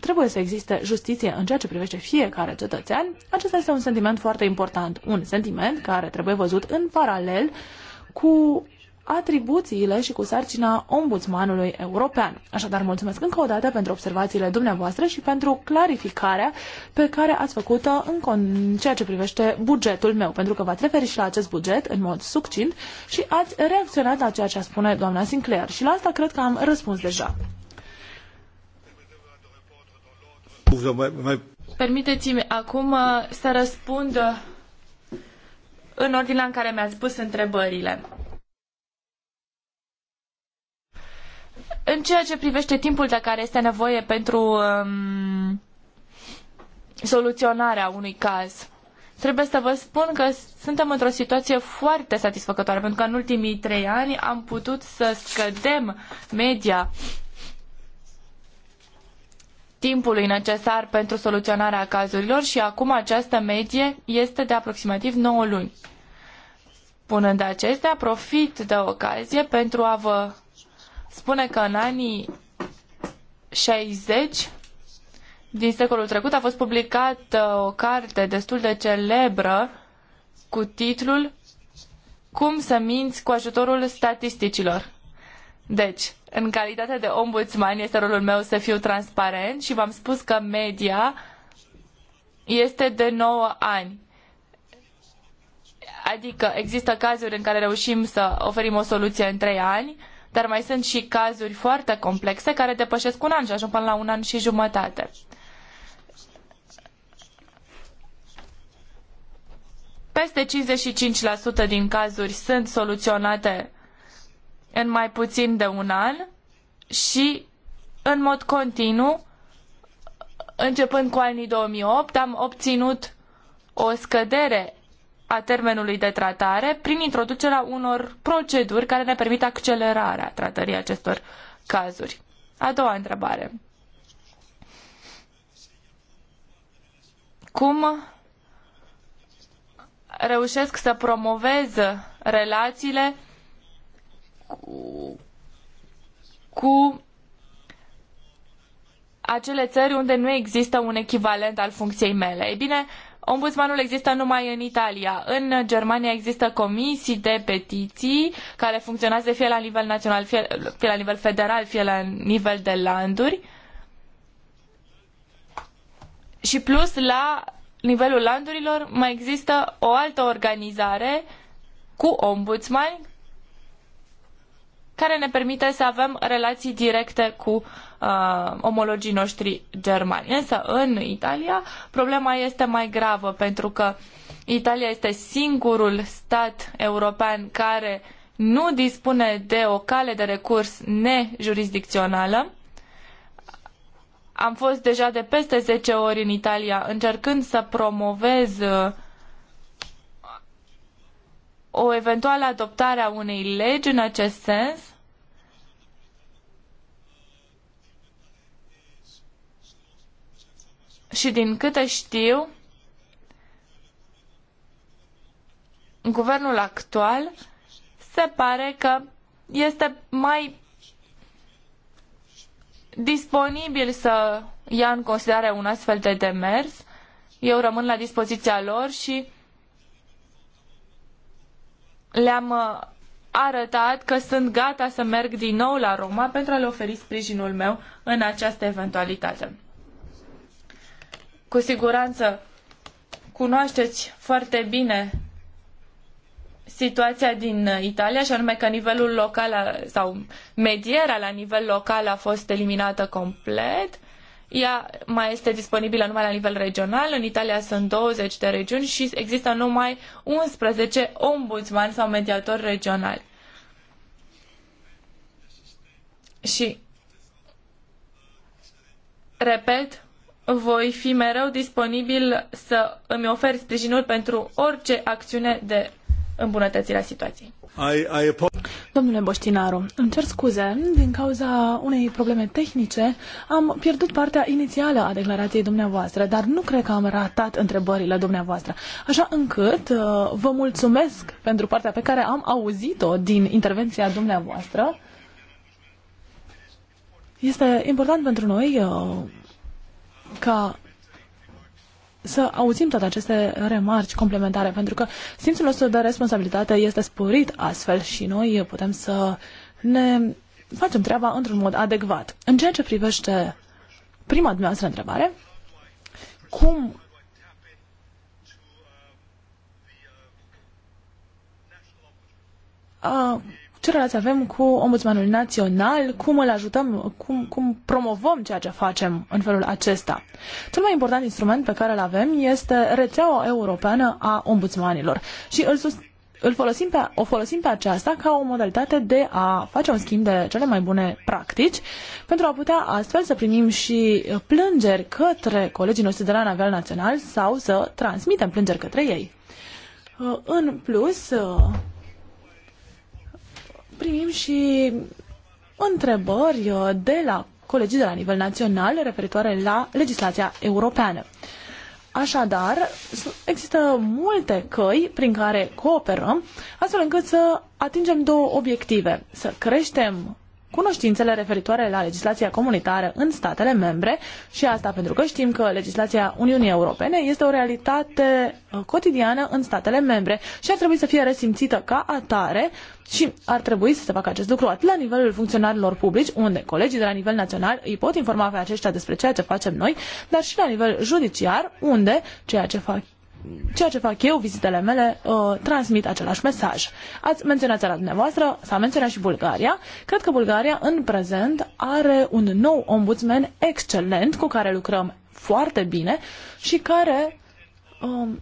trebuie să existe justiție în ceea ce privește fiecare cetățean, acesta este un sentiment foarte important, un sentiment care trebuie văzut în paralel cu atribuțiile și cu sarcina ombudsmanului european. Așadar, mulțumesc încă o dată pentru observațiile dumneavoastră și pentru clarificarea pe care ați făcut-o în ceea ce privește bugetul meu, pentru că v-ați referit și la acest buget în mod succint și ați reacționat la ceea ce a spune doamna Sinclair. Și la asta cred că am răspuns deja. Permiteți-mi acum uh, să răspund uh, în ordinea în care mi-ați pus întrebările. În ceea ce privește timpul de care este nevoie pentru um, soluționarea unui caz, trebuie să vă spun că suntem într-o situație foarte satisfăcătoare, pentru că în ultimii trei ani am putut să scădem media timpului necesar pentru soluționarea cazurilor și acum această medie este de aproximativ 9 luni. Punând acestea, profit de ocazie pentru a vă spune că în anii 60 din secolul trecut a fost publicată o carte destul de celebră cu titlul Cum să minți cu ajutorul statisticilor. Deci, în calitate de ombudsman este rolul meu să fiu transparent și v-am spus că media este de 9 ani. Adică există cazuri în care reușim să oferim o soluție în 3 ani, dar mai sunt și cazuri foarte complexe care depășesc un an și ajung până la un an și jumătate. Peste 55% din cazuri sunt soluționate în mai puțin de un an și în mod continuu, începând cu anii 2008, am obținut o scădere a termenului de tratare prin introducerea unor proceduri care ne permit accelerarea tratării acestor cazuri. A doua întrebare. Cum reușesc să promovez relațiile cu, acele țări unde nu există un echivalent al funcției mele. Ei bine, Ombudsmanul există numai în Italia. În Germania există comisii de petiții care funcționează fie la nivel național, fie, fie la nivel federal, fie la nivel de landuri. Și plus, la nivelul landurilor mai există o altă organizare cu ombudsmani care ne permite să avem relații directe cu uh, omologii noștri germani. Însă, în Italia, problema este mai gravă, pentru că Italia este singurul stat european care nu dispune de o cale de recurs nejurisdicțională. Am fost deja de peste zece ori în Italia încercând să promovez uh, o eventuală adoptare a unei legi în acest sens și din câte știu, guvernul actual se pare că este mai disponibil să ia în considerare un astfel de demers. Eu rămân la dispoziția lor și le-am uh, arătat că sunt gata să merg din nou la Roma pentru a le oferi sprijinul meu în această eventualitate. Cu siguranță cunoașteți foarte bine situația din uh, Italia, și anume că nivelul local sau medierea la nivel local a fost eliminată complet ea mai este disponibilă numai la nivel regional. În Italia sunt 20 de regiuni și există numai 11 ombudsmani sau mediatori regionali. Și, repet, voi fi mereu disponibil să îmi ofer sprijinul pentru orice acțiune de îmbunătățire a situației. Domnule Boștinaru, îmi cer scuze, din cauza unei probleme tehnice am pierdut partea inițială a declarației dumneavoastră, dar nu cred că am ratat întrebările dumneavoastră, așa încât uh, vă mulțumesc pentru partea pe care am auzit-o din intervenția dumneavoastră. Este important pentru noi uh, ca să auzim toate aceste remarci complementare, pentru că simțul nostru de responsabilitate este sporit astfel și noi putem să ne facem treaba într-un mod adecvat. În ceea ce privește prima dumneavoastră întrebare, cum uh, ce relație avem cu ombudsmanul național, cum îl ajutăm, cum, cum promovăm ceea ce facem în felul acesta. Cel mai important instrument pe care îl avem este rețeaua europeană a ombudsmanilor și îl sus îl folosim pe, o folosim pe aceasta ca o modalitate de a face un schimb de cele mai bune practici pentru a putea astfel să primim și plângeri către colegii noștri de la nivel național sau să transmitem plângeri către ei. În plus, primim și întrebări uh, de la colegii de la nivel național referitoare la legislația europeană. Așadar, există multe căi prin care cooperăm, astfel încât să atingem două obiective. Să creștem cunoștințele referitoare la legislația comunitară în statele membre și asta pentru că știm că legislația Uniunii Europene este o realitate uh, cotidiană în statele membre și ar trebui să fie resimțită ca atare și ar trebui să se facă acest lucru atât la nivelul funcționarilor publici, unde colegii de la nivel național îi pot informa pe aceștia despre ceea ce facem noi, dar și la nivel judiciar, unde ceea ce fac ceea ce fac eu, vizitele mele, uh, transmit același mesaj. Ați menționat țara dumneavoastră, s-a menționat și Bulgaria. Cred că Bulgaria în prezent are un nou ombudsman excelent cu care lucrăm foarte bine și care um,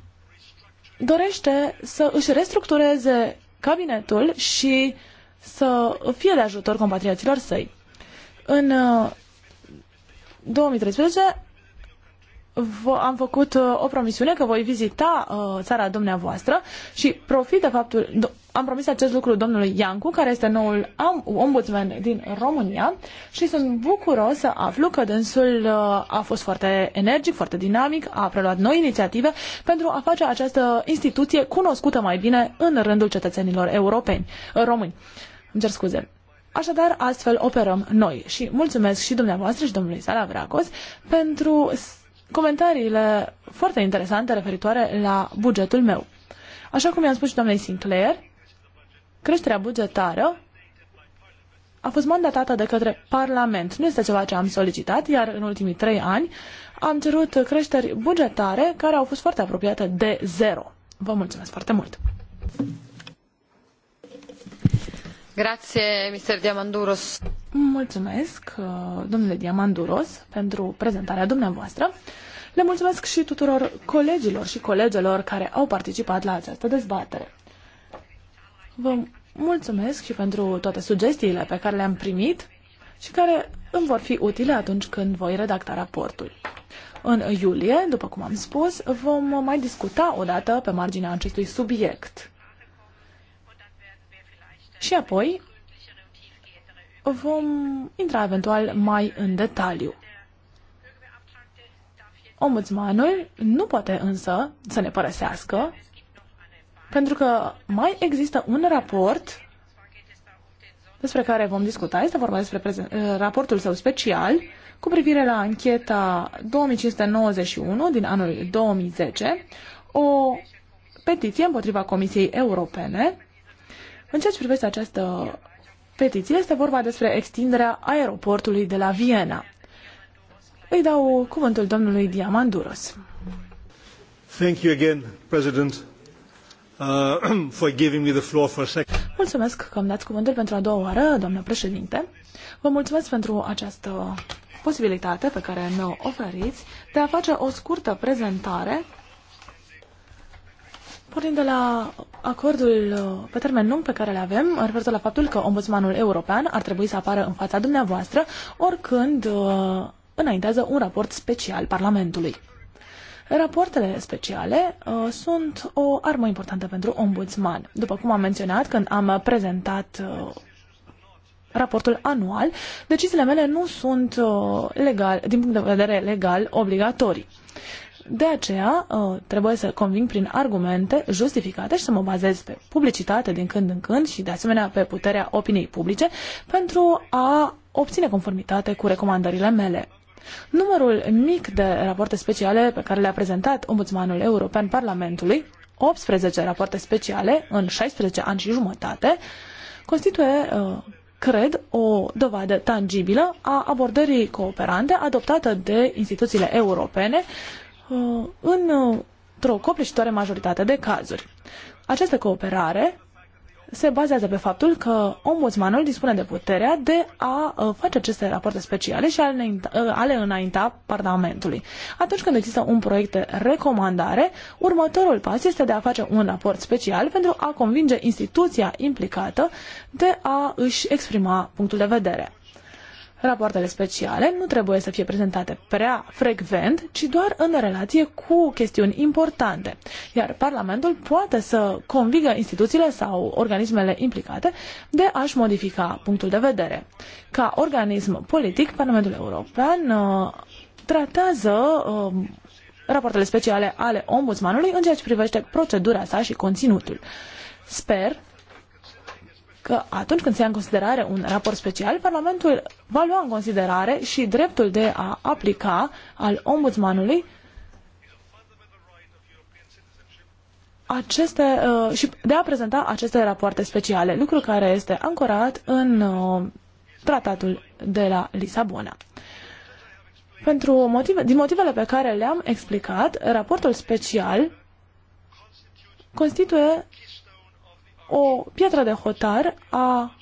dorește să își restructureze cabinetul și să fie de ajutor compatrioților săi. În uh, 2013 am făcut uh, o promisiune că voi vizita uh, țara dumneavoastră și profit de faptul, am promis acest lucru domnului Iancu, care este noul ombudsman din România și sunt bucuros să aflu că dânsul uh, a fost foarte energic, foarte dinamic, a preluat noi inițiative pentru a face această instituție cunoscută mai bine în rândul cetățenilor europeni, uh, români. Îmi cer scuze. Așadar, astfel operăm noi și mulțumesc și dumneavoastră și domnului Sara Vracos pentru comentariile foarte interesante referitoare la bugetul meu. Așa cum i-am spus și doamnei Sinclair, creșterea bugetară a fost mandatată de către Parlament. Nu este ceva ce am solicitat, iar în ultimii trei ani am cerut creșteri bugetare care au fost foarte apropiate de zero. Vă mulțumesc foarte mult! Grazie, Mr. Diamanduros. Mulțumesc, uh, domnule Diamanduros, pentru prezentarea dumneavoastră. Le mulțumesc și tuturor colegilor și colegelor care au participat la această dezbatere. Vă mulțumesc și pentru toate sugestiile pe care le-am primit și care îmi vor fi utile atunci când voi redacta raportul. În iulie, după cum am spus, vom mai discuta odată pe marginea acestui subiect și apoi vom intra eventual mai în detaliu. Ombudsmanul nu poate însă să ne părăsească, pentru că mai există un raport despre care vom discuta. Este vorba despre raportul său special cu privire la ancheta 2591 din anul 2010, o petiție împotriva Comisiei Europene în ceea ce privește această petiție, este vorba despre extinderea aeroportului de la Viena. Îi dau cuvântul domnului Diamanduros. Thank you again, President, uh, for giving me the floor for a second. Mulțumesc că îmi dați cuvântul pentru a doua oară, doamnă președinte. Vă mulțumesc pentru această posibilitate pe care ne-o oferiți de a face o scurtă prezentare Pornind de la acordul uh, pe termen lung pe care le avem, referitor la faptul că ombudsmanul european ar trebui să apară în fața dumneavoastră oricând uh, înaintează un raport special Parlamentului. Rapoartele speciale uh, sunt o armă importantă pentru ombudsman. După cum am menționat când am prezentat uh, raportul anual, deciziile mele nu sunt uh, legal, din punct de vedere legal obligatorii. De aceea ă, trebuie să conving prin argumente justificate și să mă bazez pe publicitate din când în când și de asemenea pe puterea opiniei publice pentru a obține conformitate cu recomandările mele. Numărul mic de rapoarte speciale pe care le-a prezentat Ombudsmanul European Parlamentului, 18 rapoarte speciale în 16 ani și jumătate, constituie ă, cred, o dovadă tangibilă a abordării cooperante adoptată de instituțiile europene Uh, uh, într-o copleșitoare majoritate de cazuri. Această cooperare se bazează pe faptul că ombudsmanul dispune de puterea de a uh, face aceste rapoarte speciale și a le înainta Parlamentului. Atunci când există un proiect de recomandare, următorul pas este de a face un raport special pentru a convinge instituția implicată de a își exprima punctul de vedere. Rapoartele speciale nu trebuie să fie prezentate prea frecvent, ci doar în relație cu chestiuni importante. Iar Parlamentul poate să convingă instituțiile sau organismele implicate de a-și modifica punctul de vedere. Ca organism politic, Parlamentul European uh, tratează uh, rapoartele speciale ale ombudsmanului în ceea ce privește procedura sa și conținutul. Sper că atunci când se ia în considerare un raport special, Parlamentul va lua în considerare și dreptul de a aplica al ombudsmanului aceste, uh, și de a prezenta aceste rapoarte speciale, lucru care este ancorat în uh, tratatul de la Lisabona. Pentru motive, din motivele pe care le-am explicat, raportul special constituie o piatră de hotar a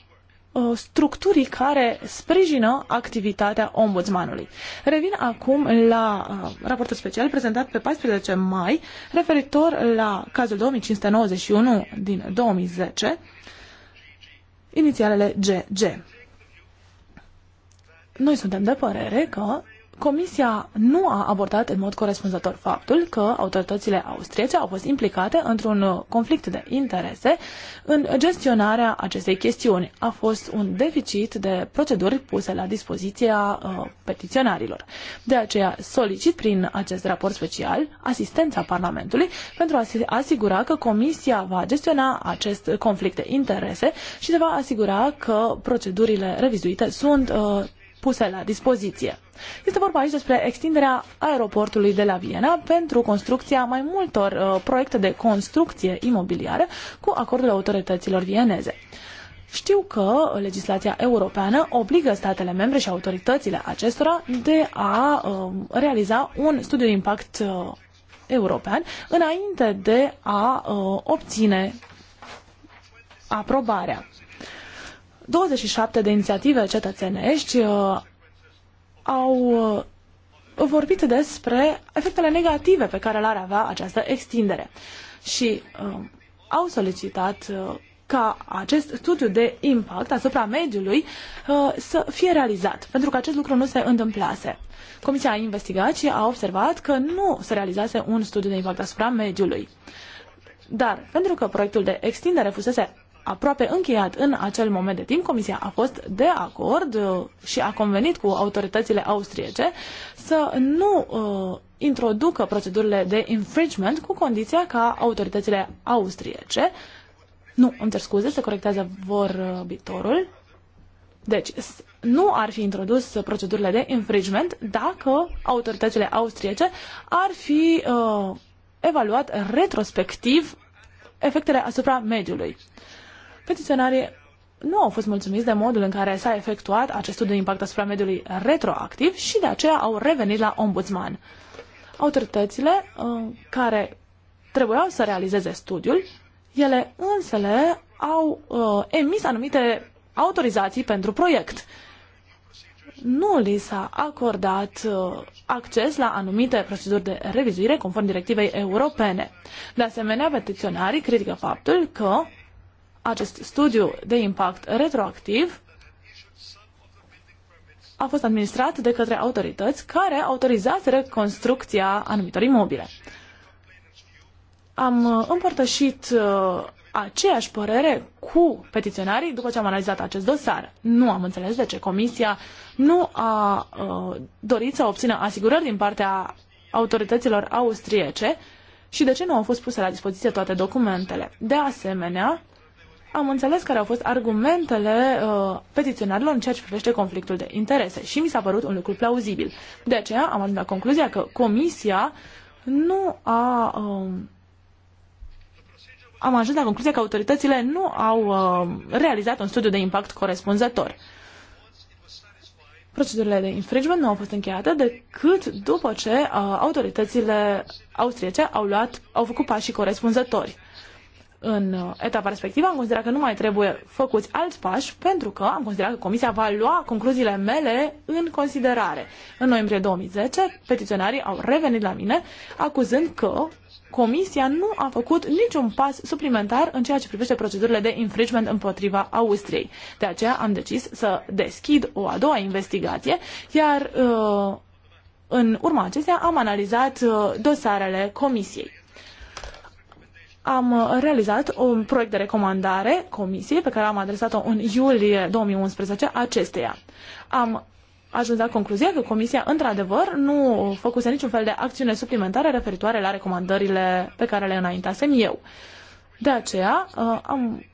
structurii care sprijină activitatea ombudsmanului. Revin acum la raportul special prezentat pe 14 mai referitor la cazul 2591 din 2010, inițialele GG. Noi suntem de părere că Comisia nu a abordat în mod corespunzător faptul că autoritățile austriece au fost implicate într-un uh, conflict de interese în gestionarea acestei chestiuni. A fost un deficit de proceduri puse la dispoziția uh, petiționarilor. De aceea solicit prin acest raport special asistența Parlamentului pentru a se asigura că Comisia va gestiona acest conflict de interese și se va asigura că procedurile revizuite sunt uh, puse la dispoziție. Este vorba aici despre extinderea aeroportului de la Viena pentru construcția mai multor uh, proiecte de construcție imobiliare cu acordul autorităților vieneze. Știu că legislația europeană obligă statele membre și autoritățile acestora de a uh, realiza un studiu de impact uh, european înainte de a uh, obține aprobarea. 27 de inițiative cetățenești uh, au uh, vorbit despre efectele negative pe care le-ar avea această extindere și uh, au solicitat ca acest studiu de impact asupra mediului uh, să fie realizat, pentru că acest lucru nu se întâmplase. Comisia a investigat și a observat că nu se realizase un studiu de impact asupra mediului. Dar, pentru că proiectul de extindere fusese aproape încheiat în acel moment de timp, Comisia a fost de acord uh, și a convenit cu autoritățile austriece să nu uh, introducă procedurile de infringement cu condiția ca autoritățile austriece nu, îmi cer scuze, se corectează vorbitorul. Deci, nu ar fi introdus procedurile de infringement dacă autoritățile austriece ar fi uh, evaluat retrospectiv efectele asupra mediului. Petiționarii nu au fost mulțumiți de modul în care s-a efectuat acest studiu de impact asupra mediului retroactiv și de aceea au revenit la ombudsman. Autoritățile uh, care trebuiau să realizeze studiul, ele însele au uh, emis anumite autorizații pentru proiect. Nu li s-a acordat uh, acces la anumite proceduri de revizuire conform directivei europene. De asemenea, petiționarii critică faptul că acest studiu de impact retroactiv a fost administrat de către autorități care autorizează construcția anumitor imobile. Am uh, împărtășit uh, aceeași părere cu petiționarii după ce am analizat acest dosar. Nu am înțeles de ce Comisia nu a uh, dorit să obțină asigurări din partea autorităților austriece și de ce nu au fost puse la dispoziție toate documentele. De asemenea, am înțeles care au fost argumentele uh, petiționarilor în ceea ce privește conflictul de interese și mi s-a părut un lucru plauzibil. De aceea am ajuns la concluzia că comisia nu a... Uh, am ajuns la concluzia că autoritățile nu au uh, realizat un studiu de impact corespunzător. Procedurile de infringement nu au fost încheiate decât după ce uh, autoritățile austriece au, luat, au făcut pașii corespunzători. În uh, etapa respectivă am considerat că nu mai trebuie făcuți alți pași pentru că am considerat că Comisia va lua concluziile mele în considerare. În noiembrie 2010, petiționarii au revenit la mine acuzând că Comisia nu a făcut niciun pas suplimentar în ceea ce privește procedurile de infringement împotriva Austriei. De aceea am decis să deschid o a doua investigație, iar uh, în urma acestea am analizat uh, dosarele Comisiei am uh, realizat un proiect de recomandare comisiei pe care am adresat-o în iulie 2011 acesteia. Am ajuns la concluzia că comisia, într-adevăr, nu făcuse niciun fel de acțiune suplimentară referitoare la recomandările pe care le înaintasem eu. De aceea uh, am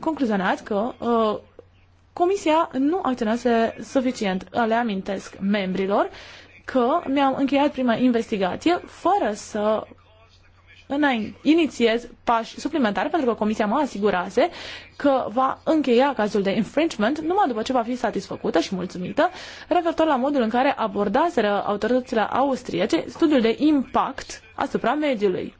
concluzionat că uh, comisia nu acționase suficient. Le amintesc membrilor că mi-am încheiat prima investigație fără să inițiez pași suplimentari pentru că Comisia mă asigurase că va încheia cazul de infringement numai după ce va fi satisfăcută și mulțumită referitor la modul în care abordaseră autoritățile austriece studiul de impact asupra mediului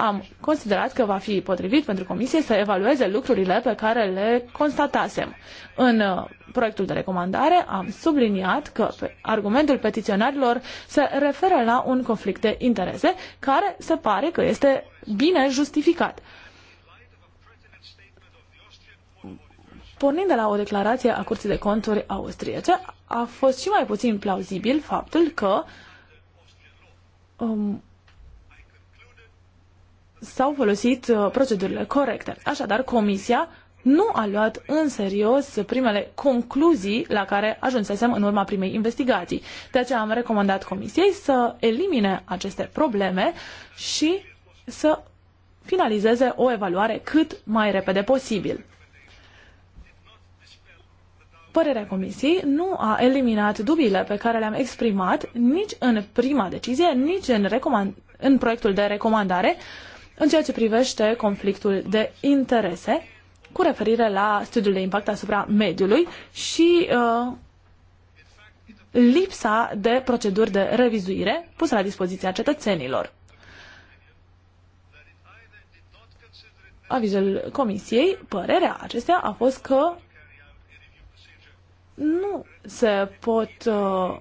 am considerat că va fi potrivit pentru comisie să evalueze lucrurile pe care le constatasem. În uh, proiectul de recomandare am subliniat că argumentul petiționarilor se referă la un conflict de interese care se pare că este bine justificat. Pornind de la o declarație a Curții de Conturi austriece, a fost și mai puțin plauzibil faptul că um, s-au folosit uh, procedurile corecte. Așadar, Comisia nu a luat în serios primele concluzii la care ajunsesem în urma primei investigații. De aceea am recomandat Comisiei să elimine aceste probleme și să finalizeze o evaluare cât mai repede posibil. Părerea Comisiei nu a eliminat dubiile pe care le-am exprimat nici în prima decizie, nici în, recomand- în proiectul de recomandare, uh, în ceea ce privește conflictul de interese cu referire la studiul de impact asupra mediului și uh, lipsa de proceduri de revizuire pusă la dispoziția cetățenilor. Avizul comisiei, părerea acestea a fost că nu se pot uh,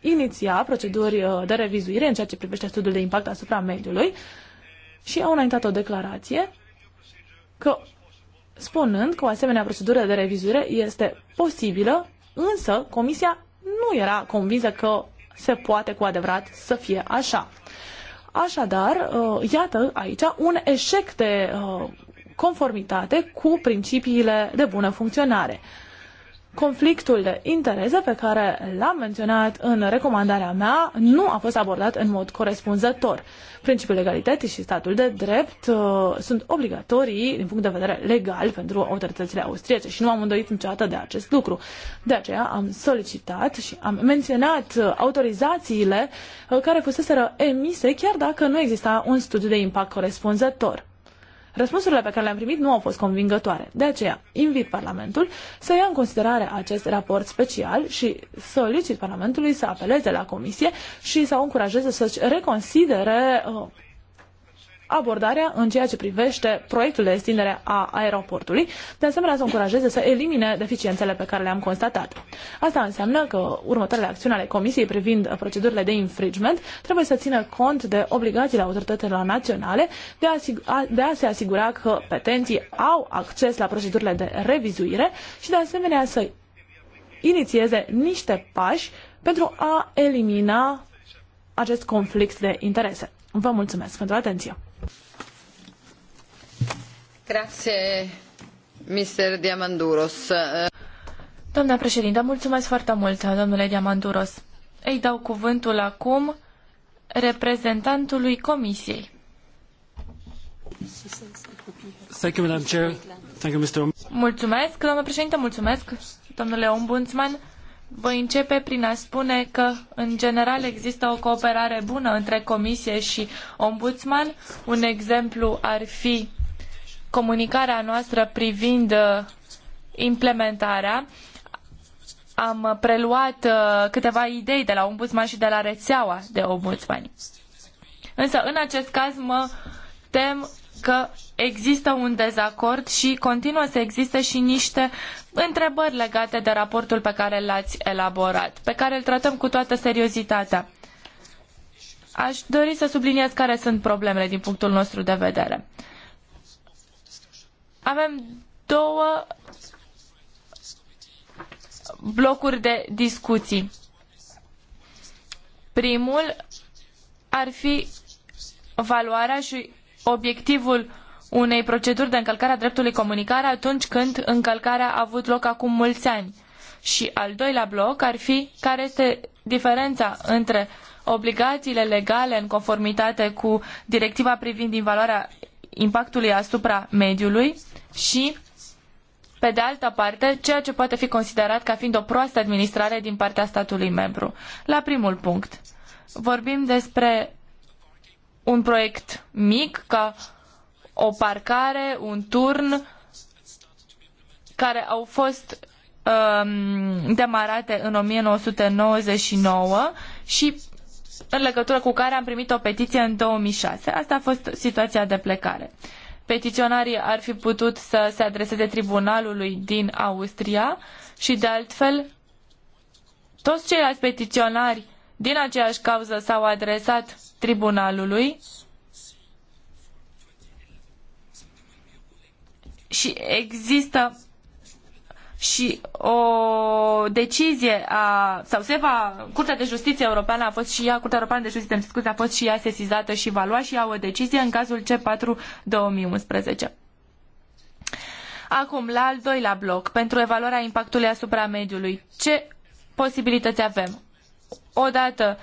iniția proceduri uh, de revizuire în ceea ce privește studiul de impact asupra mediului uh, și au înaintat o declarație că, spunând că o asemenea procedură de revizuire este posibilă, însă Comisia nu era convinsă că se poate cu adevărat să fie așa. Așadar, uh, iată aici un eșec de uh, conformitate cu principiile de bună funcționare conflictul de interese pe care l-am menționat în recomandarea mea nu a fost abordat în mod corespunzător. Principiul legalității și statul de drept uh, sunt obligatorii din punct de vedere legal pentru autoritățile austriece și nu am îndoit niciodată de acest lucru. De aceea am solicitat și am menționat uh, autorizațiile uh, care fuseseră emise chiar dacă nu exista un studiu de impact corespunzător. Răspunsurile pe care le-am primit nu au fost convingătoare. De aceea, invit Parlamentul să ia în considerare acest raport special și solicit Parlamentului să apeleze la Comisie și să o încurajeze să-și reconsidere uh, abordarea în ceea ce privește proiectul de extindere a aeroportului, de asemenea să încurajeze să elimine deficiențele pe care le-am constatat. Asta înseamnă că următoarele acțiuni ale Comisiei privind procedurile de infringement trebuie să țină cont de obligațiile autorităților naționale de a, de a se asigura că petenții au acces la procedurile de revizuire și de asemenea să inițieze niște pași pentru a elimina acest conflict de interese. Vă mulțumesc pentru atenție! Grazie, Doamna președintă, mulțumesc foarte mult, domnule Diamanduros. Îi dau cuvântul acum reprezentantului Comisiei. Thank you, Madam Chair. Thank you, Mr. Mulțumesc, doamnă președinte, mulțumesc, domnule ombudsman. Voi începe prin a spune că, în general, există o cooperare bună între Comisie și Ombudsman. Un exemplu ar fi comunicarea noastră privind uh, implementarea, am preluat uh, câteva idei de la ombudsman și de la rețeaua de ombudsmani. Însă, în acest caz, mă tem că există un dezacord și continuă să existe și niște întrebări legate de raportul pe care l-ați elaborat, pe care îl tratăm cu toată seriozitatea. Aș dori să subliniez care sunt problemele din punctul nostru de vedere avem două blocuri de discuții. Primul ar fi valoarea și obiectivul unei proceduri de încălcare a dreptului comunicare atunci când încălcarea a avut loc acum mulți ani. Și al doilea bloc ar fi care este diferența între obligațiile legale în conformitate cu directiva privind invaluarea impactului asupra mediului și pe de altă parte, ceea ce poate fi considerat ca fiind o proastă administrare din partea statului membru. La primul punct, vorbim despre un proiect mic, ca o parcare, un turn, care au fost um, demarate în 1999 și în legătură cu care am primit o petiție în 2006. Asta a fost situația de plecare. Uh, petiționarii ar fi putut să se adreseze tribunalului din Austria și de altfel toți ceilalți petiționari din aceeași cauză s-au adresat tribunalului și există și o decizie a, sau se va, Curtea de Justiție Europeană a fost și ea, Curtea Europeană de Justiție, îmi scuze, a fost și ea sesizată și va lua și ea o decizie în cazul C4 2011. Acum, la al doilea bloc, pentru evaluarea impactului asupra mediului, ce posibilități avem? Odată,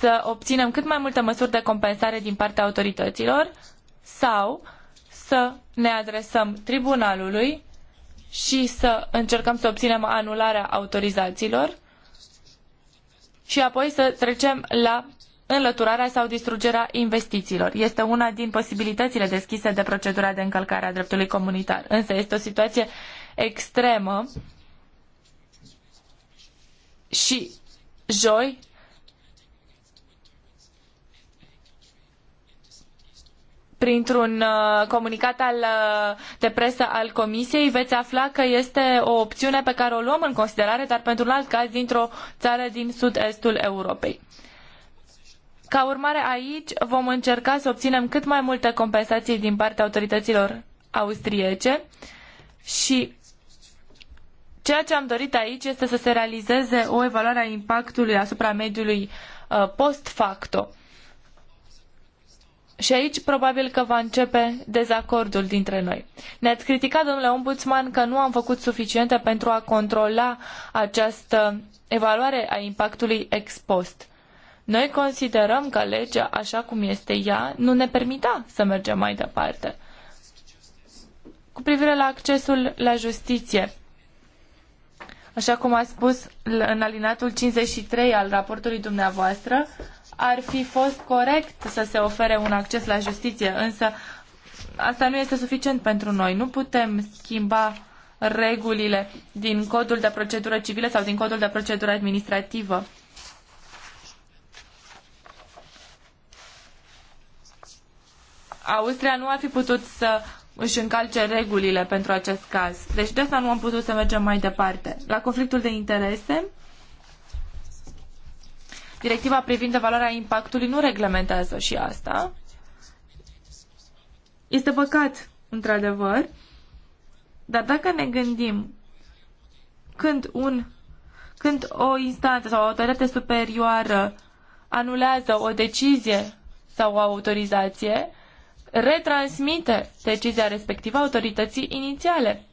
să obținem cât mai multe măsuri de compensare din partea autorităților sau să ne adresăm tribunalului și să încercăm să obținem anularea autorizațiilor și apoi să trecem la înlăturarea sau distrugerea investițiilor. Este una din posibilitățile deschise de procedura de încălcare a dreptului comunitar. Însă este o situație extremă și joi printr-un uh, comunicat al, uh, de presă al Comisiei, veți afla că este o opțiune pe care o luăm în considerare, dar pentru un alt caz dintr-o țară din sud-estul Europei. Ca urmare aici vom încerca să obținem cât mai multe compensații din partea autorităților austriece și ceea ce am dorit aici este să se realizeze o evaluare a impactului asupra mediului uh, post facto. Și aici probabil că va începe dezacordul dintre noi. Ne-ați criticat, domnule ombudsman, că nu am făcut suficiente pentru a controla această evaluare a impactului ex post. Noi considerăm că legea, așa cum este ea, nu ne permita să mergem mai departe. Cu privire la accesul la justiție, așa cum a spus în alinatul 53 al raportului dumneavoastră, ar fi fost corect să se ofere un acces la justiție, însă asta nu este suficient pentru noi. Nu putem schimba regulile din codul de procedură civilă sau din codul de procedură administrativă. Austria nu ar fi putut să își încalce regulile pentru acest caz. Deci de asta nu am putut să mergem mai departe. La conflictul de interese, Directiva privind evaluarea impactului nu reglementează și asta. Este păcat, într-adevăr, dar dacă ne gândim când, un, când o instanță sau o autoritate superioară anulează o decizie sau o autorizație, retransmite decizia respectivă autorității inițiale.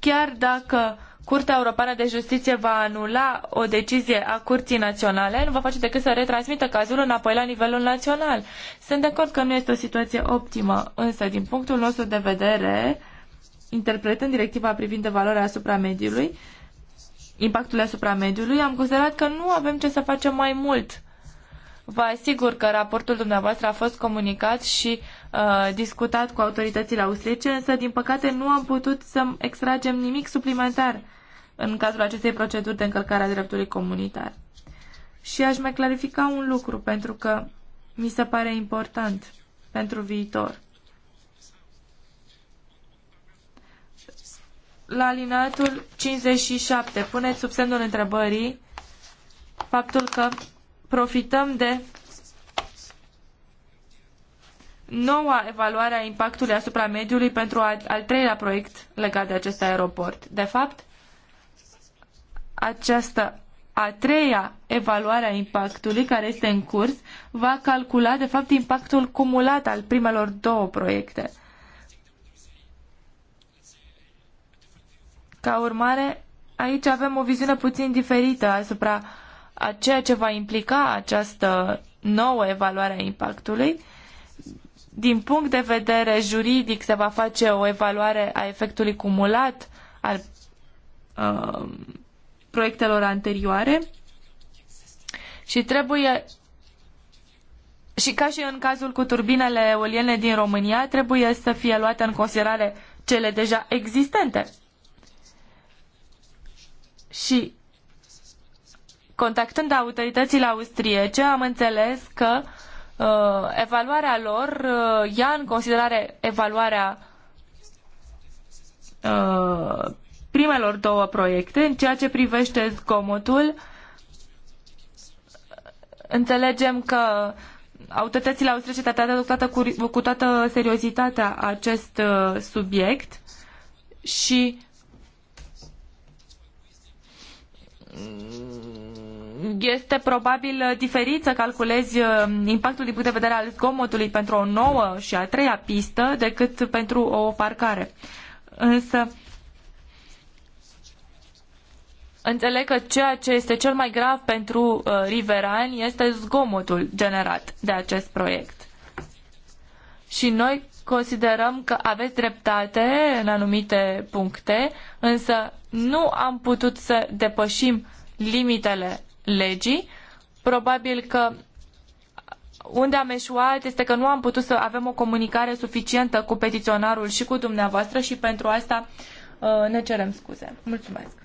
Chiar dacă Curtea Europeană de Justiție va anula o decizie a Curții Naționale, nu va face decât să retransmită cazul înapoi la nivelul național. Sunt de acord că nu este o situație optimă, însă din punctul nostru de vedere, interpretând directiva privind evaluarea asupra mediului, impactul asupra mediului, am considerat că nu avem ce să facem mai mult. Vă asigur că raportul dumneavoastră a fost comunicat și uh, discutat cu autoritățile austriece, însă din păcate nu am putut să extragem nimic suplimentar în cazul acestei proceduri de încălcare a dreptului comunitar. Și aș mai clarifica un lucru, pentru că mi se pare important pentru viitor. La alineatul 57 puneți sub semnul întrebării faptul că profităm de noua evaluare a impactului asupra mediului pentru al, al treilea proiect legat de acest aeroport. De fapt, această a treia evaluare a impactului, care este în curs, va calcula, de fapt, impactul cumulat al primelor două proiecte. Ca urmare, aici avem o viziune puțin diferită asupra a ceea ce va implica această nouă evaluare a impactului. Din punct de vedere juridic, se va face o evaluare a efectului cumulat al uh, proiectelor anterioare și trebuie și ca și în cazul cu turbinele eoliene din România, trebuie să fie luate în considerare cele deja existente. Și contactând autoritățile austriece, am înțeles că uh, evaluarea lor uh, ia în considerare evaluarea uh, primelor două proiecte. În ceea ce privește zgomotul, înțelegem că autoritățile austriece tratează cu toată, cu, toată seriozitatea acest uh, subiect și este probabil diferit să calculezi uh, impactul din punct de vedere al zgomotului pentru o nouă și a treia pistă decât pentru o parcare. Însă înțeleg că ceea ce este cel mai grav pentru uh, riverani este zgomotul generat de acest proiect. Și noi considerăm că aveți dreptate în anumite puncte, însă nu am putut să depășim limitele legii. Probabil că unde am eșuat este că nu am putut să avem o comunicare suficientă cu petiționarul și cu dumneavoastră și pentru asta uh, ne cerem scuze. Mulțumesc!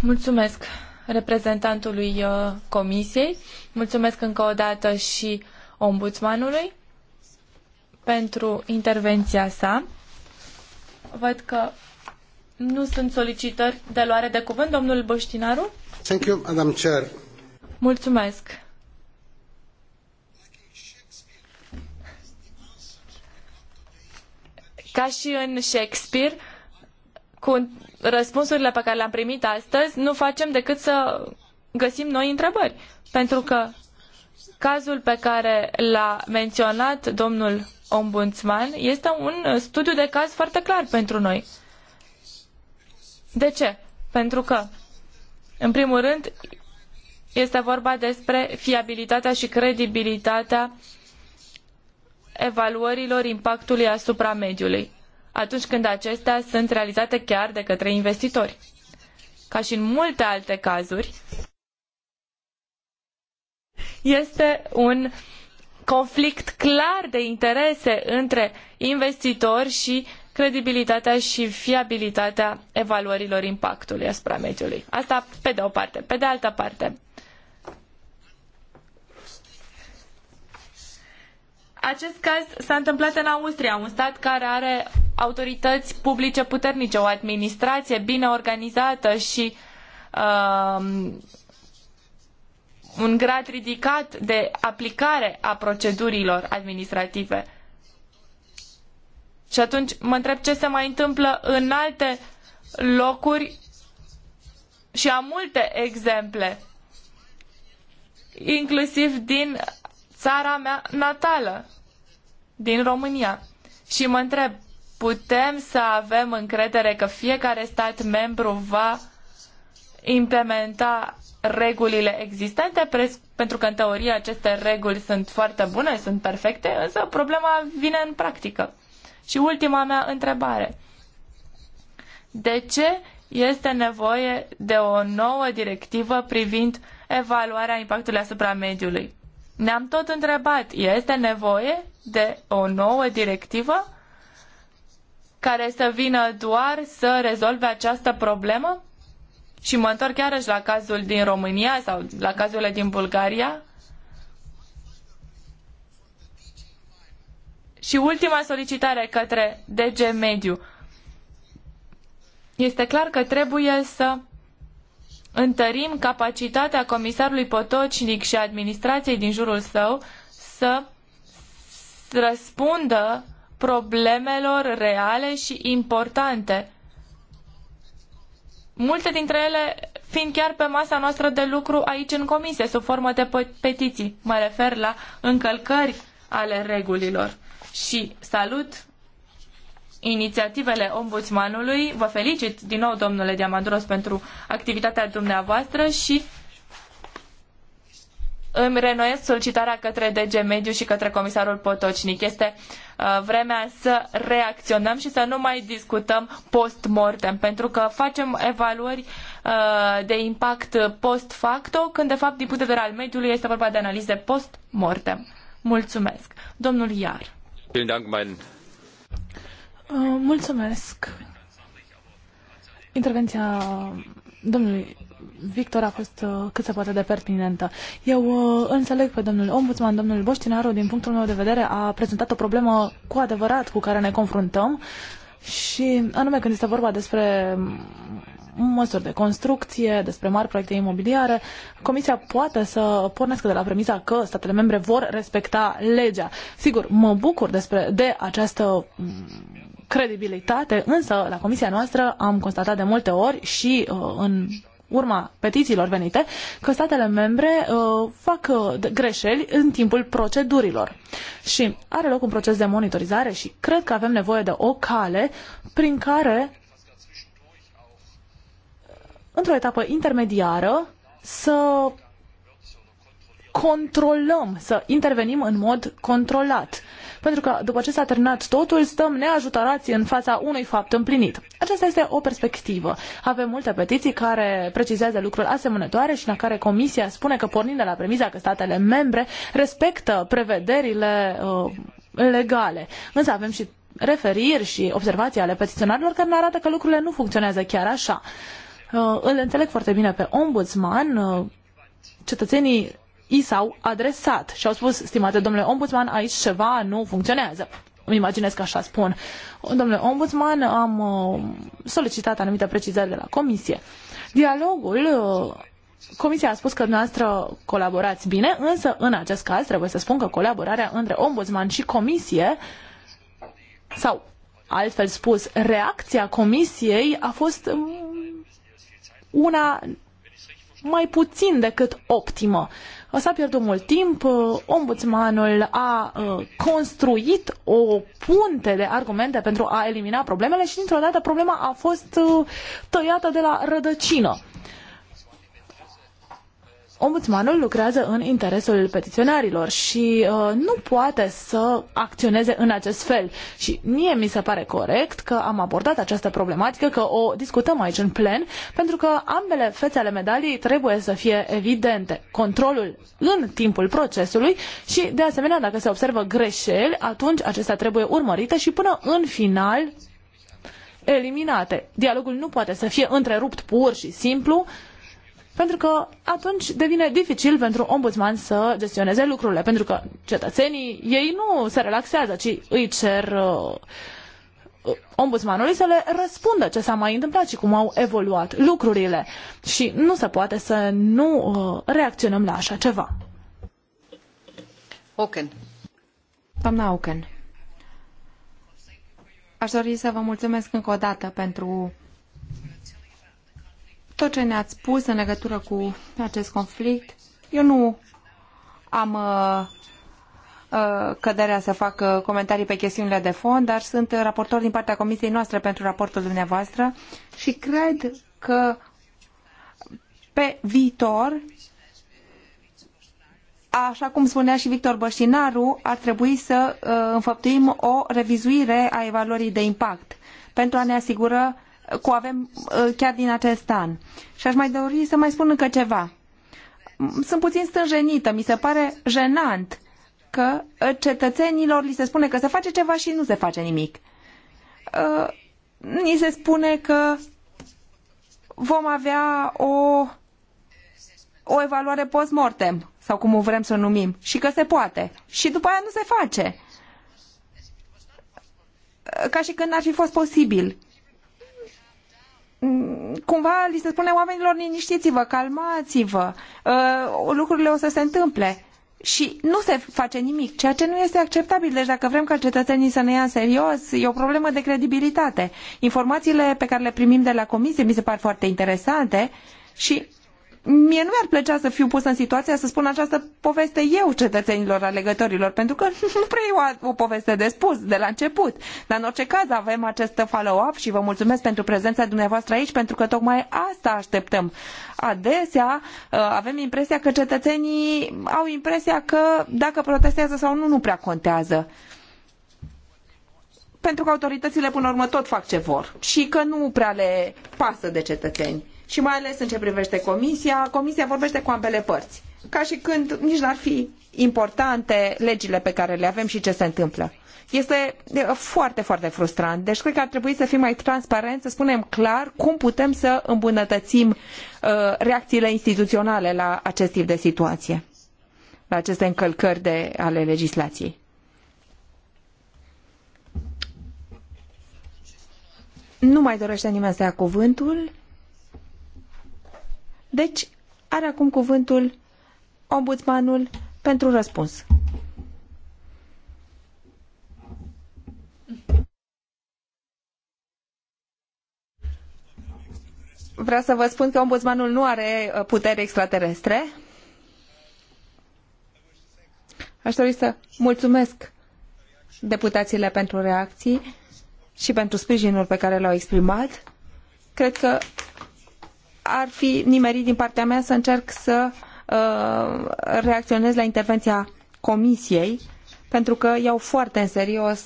Mulțumesc reprezentantului uh, Comisiei, mulțumesc încă o dată și ombudsmanului pentru intervenția sa. Văd că nu sunt solicitări de luare de cuvânt. Domnul Băștinaru? Thank you, Madam Chair. Mulțumesc. Ca și în Shakespeare, cu răspunsurile pe care le-am primit astăzi, nu facem decât să găsim noi întrebări. Pentru că cazul pe care l-a menționat domnul ombudsman este un studiu de caz foarte clar pentru noi. De ce? Pentru că, în primul rând, este vorba despre fiabilitatea și credibilitatea evaluărilor impactului asupra mediului atunci când acestea sunt realizate chiar de către investitori. Ca și în multe alte cazuri, este un conflict clar de interese între investitori și credibilitatea și fiabilitatea evaluărilor impactului asupra mediului. Asta pe de o parte. Pe de altă parte, Acest caz s-a întâmplat în Austria, un stat care are autorități publice puternice, o administrație bine organizată și uh, un grad ridicat de aplicare a procedurilor administrative. Și atunci mă întreb ce se mai întâmplă în alte locuri și am multe exemple, inclusiv din țara mea natală, din România. Și mă întreb, putem să avem încredere că fiecare stat membru va implementa regulile existente, pentru că în teorie aceste reguli sunt foarte bune, sunt perfecte, însă problema vine în practică. Și ultima mea întrebare. De ce este nevoie de o nouă directivă privind evaluarea impactului asupra mediului? Ne-am tot întrebat, este nevoie de o nouă directivă care să vină doar să rezolve această problemă? Și mă întorc iarăși la cazul din România sau la cazurile din Bulgaria. Și ultima solicitare către DG Mediu. Este clar că trebuie să întărim capacitatea comisarului Potocnic și administrației din jurul său să răspundă problemelor reale și importante. Multe dintre ele fiind chiar pe masa noastră de lucru aici în comisie, sub formă de petiții. Mă refer la încălcări ale regulilor. Și salut inițiativele ombudsmanului. Vă felicit din nou, domnule diamandros pentru activitatea dumneavoastră și îmi renoiesc solicitarea către DG Mediu și către comisarul Potocnic. Este uh, vremea să reacționăm și să nu mai discutăm post-mortem, pentru că facem evaluări uh, de impact post-facto, când de fapt din punct de vedere al mediului este vorba de analize post-mortem. Mulțumesc. Domnul Iar. Mulțumesc. Uh, mulțumesc. Intervenția domnului Victor a fost uh, cât se poate de pertinentă. Eu uh, înțeleg pe domnul ombudsman, domnul Boștinaru, din punctul meu de vedere, a prezentat o problemă cu adevărat cu care ne confruntăm și anume când este vorba despre măsuri de construcție, despre mari proiecte imobiliare, Comisia poate să pornească de la premisa că statele membre vor respecta legea. Sigur, mă bucur despre, de această credibilitate, însă la comisia noastră am constatat de multe ori și uh, în urma petițiilor venite că statele membre uh, fac uh, greșeli în timpul procedurilor. Și are loc un proces de monitorizare și cred că avem nevoie de o cale prin care într-o etapă intermediară să controlăm, să intervenim în mod controlat pentru că după ce s-a terminat totul, stăm neajutarați în fața unui fapt împlinit. Aceasta este o perspectivă. Avem multe petiții care precizează lucruri asemănătoare și la care Comisia spune că pornind de la premiza că statele membre respectă prevederile uh, legale. Însă avem și referiri și observații ale petiționarilor care ne arată că lucrurile nu funcționează chiar așa. Uh, îl înțeleg foarte bine pe ombudsman. Uh, cetățenii i s-au adresat și au spus, stimate domnule ombudsman, aici ceva nu funcționează. Îmi imaginez că așa spun. Domnule ombudsman, am uh, solicitat anumite precizări de la comisie. Dialogul uh, Comisia a spus că dumneavoastră colaborați bine, însă în acest caz trebuie să spun că colaborarea între ombudsman și comisie sau altfel spus, reacția comisiei a fost um, una mai puțin decât optimă. S-a pierdut mult timp, ombudsmanul a uh, construit o punte de argumente pentru a elimina problemele și dintr-o dată problema a fost uh, tăiată de la rădăcină ombudsmanul lucrează în interesul petiționarilor și uh, nu poate să acționeze în acest fel. Și mie mi se pare corect că am abordat această problematică, că o discutăm aici în plen, pentru că ambele fețe ale medaliei trebuie să fie evidente. Controlul în timpul procesului și, de asemenea, dacă se observă greșeli, atunci acestea trebuie urmărite și până în final eliminate. Dialogul nu poate să fie întrerupt pur și simplu, uh, pentru că atunci devine dificil pentru ombudsman să gestioneze lucrurile, pentru că cetățenii ei nu se relaxează, ci îi cer uh, ombudsmanului să le răspundă ce s-a mai întâmplat și cum au evoluat lucrurile. Și nu se poate să nu uh, reacționăm la așa ceva. Oken. Doamna Oken, aș dori să vă mulțumesc încă o dată pentru tot ce ne-ați spus în legătură cu acest conflict. Eu nu am uh, uh, căderea să fac uh, comentarii pe chestiunile de fond, dar sunt raportor din partea comisiei noastre pentru raportul dumneavoastră și cred că pe viitor așa cum spunea și Victor Bășinaru, ar trebui să înfăptuim o revizuire a evaluării de impact pentru a ne asigura cu avem uh, chiar din acest an. Și aș mai dori să mai spun încă ceva. Sunt puțin stânjenită, mi se pare jenant că uh, cetățenilor li se spune că se face ceva și nu se face nimic. Uh, ni se spune că vom avea o, o evaluare post-mortem, sau cum o vrem să o numim, și că se poate. Și după aia nu se face. Ca și când n-ar fi fost posibil Mm, cumva li se spune oamenilor liniștiți-vă, calmați-vă, uh, lucrurile o să se întâmple. Și nu se face nimic, ceea ce nu este acceptabil. Deci dacă vrem ca cetățenii să ne ia în serios, e o problemă de credibilitate. Informațiile pe care le primim de la comisie mi se par foarte interesante și Mie nu mi-ar plăcea să fiu pusă în situația să spun această poveste eu cetățenilor alegătorilor, pentru că nu prea e o, o poveste de spus de la început. Dar în orice caz avem acest follow-up și vă mulțumesc pentru prezența dumneavoastră aici, pentru că tocmai asta așteptăm. Adesea uh, avem impresia că cetățenii au impresia că dacă protestează sau nu, nu prea contează pentru că autoritățile până la urmă tot fac ce vor și că nu prea le pasă de cetățeni și mai ales în ce privește comisia, comisia vorbește cu ambele părți, ca și când nici n-ar fi importante legile pe care le avem și ce se întâmplă. Este foarte, foarte frustrant. Deci cred că ar trebui să fim mai transparenți, să spunem clar cum putem să îmbunătățim uh, reacțiile instituționale la acest tip de situație, la aceste încălcări de, ale legislației. Nu mai dorește nimeni să ia cuvântul. Deci, are acum cuvântul ombudsmanul pentru răspuns. Vreau să vă spun că ombudsmanul nu are uh, puteri extraterestre. Aș dori să mulțumesc deputațiile pentru reacții și pentru sprijinul pe care l-au exprimat. Cred că ar fi nimerit din partea mea să încerc să uh, reacționez la intervenția Comisiei, pentru că iau foarte în serios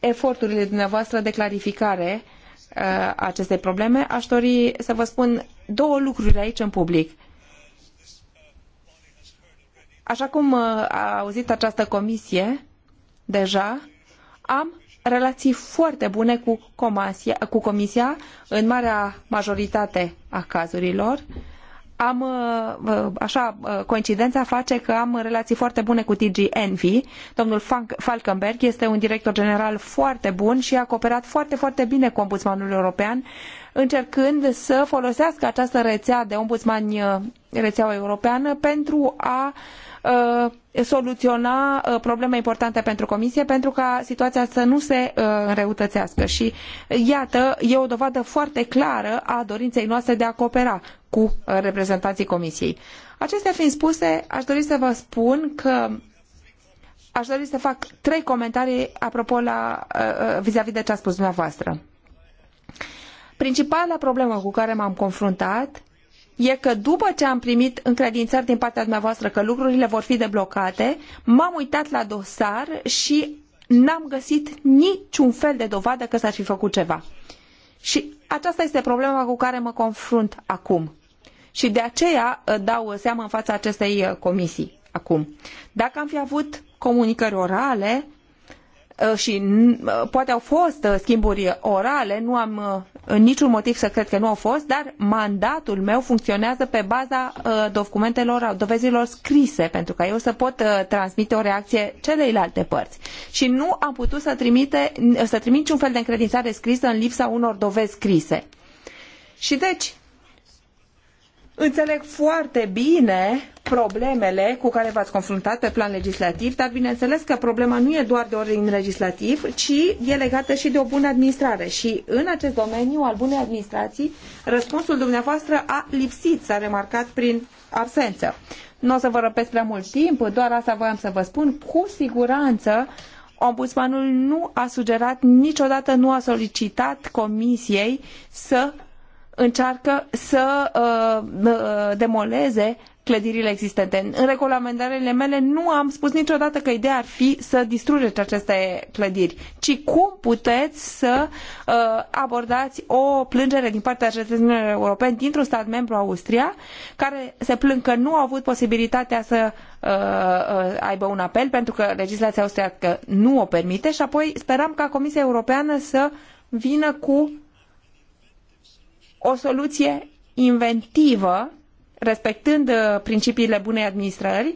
eforturile dumneavoastră de clarificare uh, a acestei probleme. Aș dori să vă spun două lucruri aici în public. Așa cum uh, a auzit această comisie deja, am relații foarte bune cu, cu Comisia în marea majoritate a cazurilor. Am, uh, așa, uh, coincidența face că am relații foarte bune cu TG Envy. Domnul Falkenberg este un director general foarte bun și a cooperat foarte, foarte bine cu Ombudsmanul European, încercând să folosească această rețea de ombudsmani, uh, rețeaua europeană, pentru a uh, Uh, soluționa uh, probleme importante pentru Comisie pentru ca situația să nu se uh, înrăutățească. Și iată, e o dovadă foarte clară a dorinței noastre de a coopera cu reprezentanții Comisiei. Acestea fiind spuse, aș dori să vă spun că aș dori să fac trei comentarii apropo la, vis-a-vis de ce a spus dumneavoastră. Principala problemă cu care m-am confruntat e că după ce am primit încredințări din partea dumneavoastră că lucrurile vor fi deblocate, m-am uitat la dosar și n-am găsit niciun fel de dovadă că s-ar fi făcut ceva. Și aceasta este problema cu care mă confrunt acum. Și de aceea uh, dau seama în fața acestei uh, comisii acum. Dacă am fi avut comunicări orale uh, și poate au fost schimburi orale, nu am niciun motiv să cred că nu au fost, dar mandatul meu funcționează pe baza uh, documentelor, dovezilor scrise, pentru ca eu să pot uh, transmite o reacție celeilalte părți. Și nu am putut să, trimite, să trimit niciun fel de încredințare scrisă în lipsa unor dovezi scrise. Și deci, Înțeleg foarte bine problemele cu care v-ați confruntat pe plan legislativ, dar bineînțeles că problema nu e doar de ordin legislativ, ci e legată și de o bună administrare. Și în acest domeniu al bunei administrații, răspunsul dumneavoastră a lipsit, s-a remarcat prin absență. Nu o să vă răpesc prea mult timp, doar asta voiam să vă spun. Cu siguranță, ombudsmanul nu a sugerat, niciodată nu a solicitat comisiei să încearcă să uh, uh, demoleze clădirile existente. În recomandările mele nu am spus niciodată că ideea ar fi să distrugeți aceste clădiri, ci cum puteți să uh, abordați o plângere din partea cetățenilor europeni dintr-un stat membru, Austria, care se plâng că nu au avut posibilitatea să uh, uh, aibă un apel pentru că legislația austriacă nu o permite și apoi speram ca Comisia Europeană să vină cu o soluție inventivă, respectând uh, principiile bunei administrări,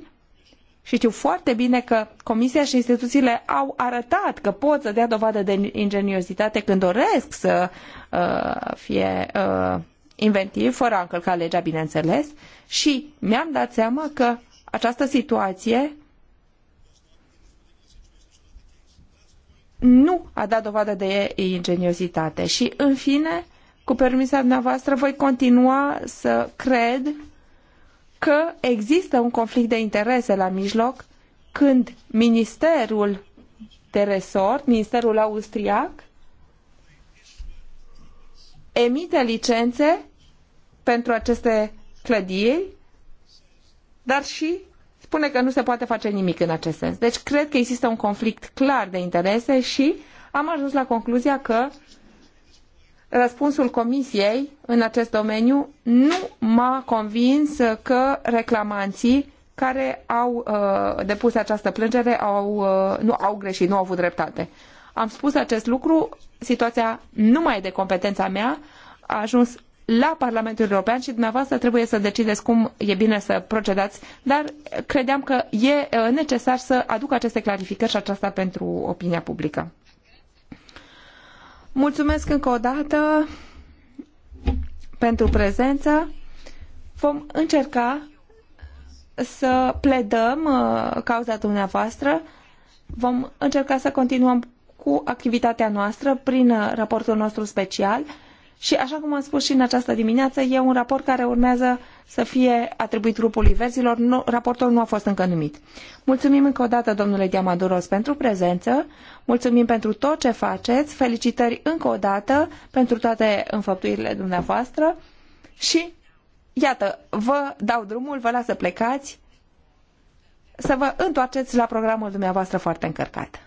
și știu foarte bine că Comisia și instituțiile au arătat că pot să dea dovadă de ingeniozitate când doresc să uh, fie uh, inventiv, fără a încălca legea, bineînțeles, și mi-am dat seama că această situație nu a dat dovadă de ingeniozitate. Și, în fine, cu permisia dumneavoastră, voi continua să cred că există un conflict de interese la mijloc când ministerul de resort, ministerul austriac, emite licențe pentru aceste clădiri, dar și spune că nu se poate face nimic în acest sens. Deci cred că există un conflict clar de interese și am ajuns la concluzia că răspunsul comisiei în acest domeniu nu m-a convins că reclamanții care au uh, depus această plângere au, uh, nu au greșit, nu au avut dreptate. Am spus acest lucru, situația nu mai e de competența mea, a ajuns la Parlamentul European și dumneavoastră trebuie să decideți cum e bine să procedați, dar credeam că e uh, necesar să aduc aceste clarificări și aceasta pentru opinia publică. Mulțumesc încă o dată pentru prezență. Vom încerca să pledăm uh, cauza dumneavoastră. Vom încerca să continuăm cu activitatea noastră prin uh, raportul nostru special. Și așa cum am spus și în această dimineață, e un raport care urmează să fie atribuit grupului verzilor. Nu, raportul nu a fost încă numit. Mulțumim încă o dată domnule Diamandouros, pentru prezență, mulțumim pentru tot ce faceți, felicitări încă o dată pentru toate înfăptuirile dumneavoastră și iată, vă dau drumul, vă las să plecați, să vă întoarceți la programul dumneavoastră foarte încărcat.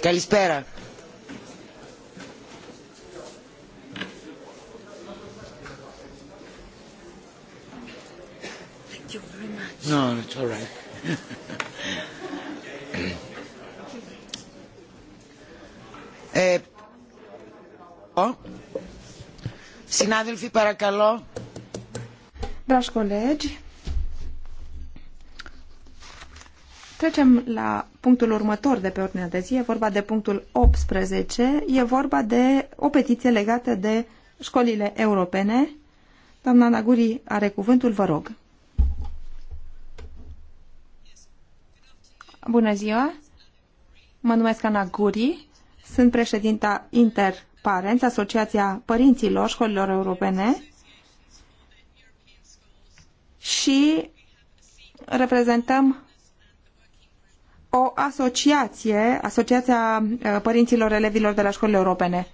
Καλησπέρα. Thank you very much. No, it's all right. ε, συνάδελφοι, παρακαλώ. Dragi colegi, trecem la punctul următor de pe ordinea de zi, e vorba de punctul 18, e vorba de o petiție legată de școlile europene. Doamna Naguri are cuvântul, vă rog. Bună ziua! Mă numesc Ana Guri, sunt președinta Interparenți, Asociația Părinților Școlilor Europene și reprezentăm o asociație, Asociația uh, Părinților Elevilor de la Școlile Europene.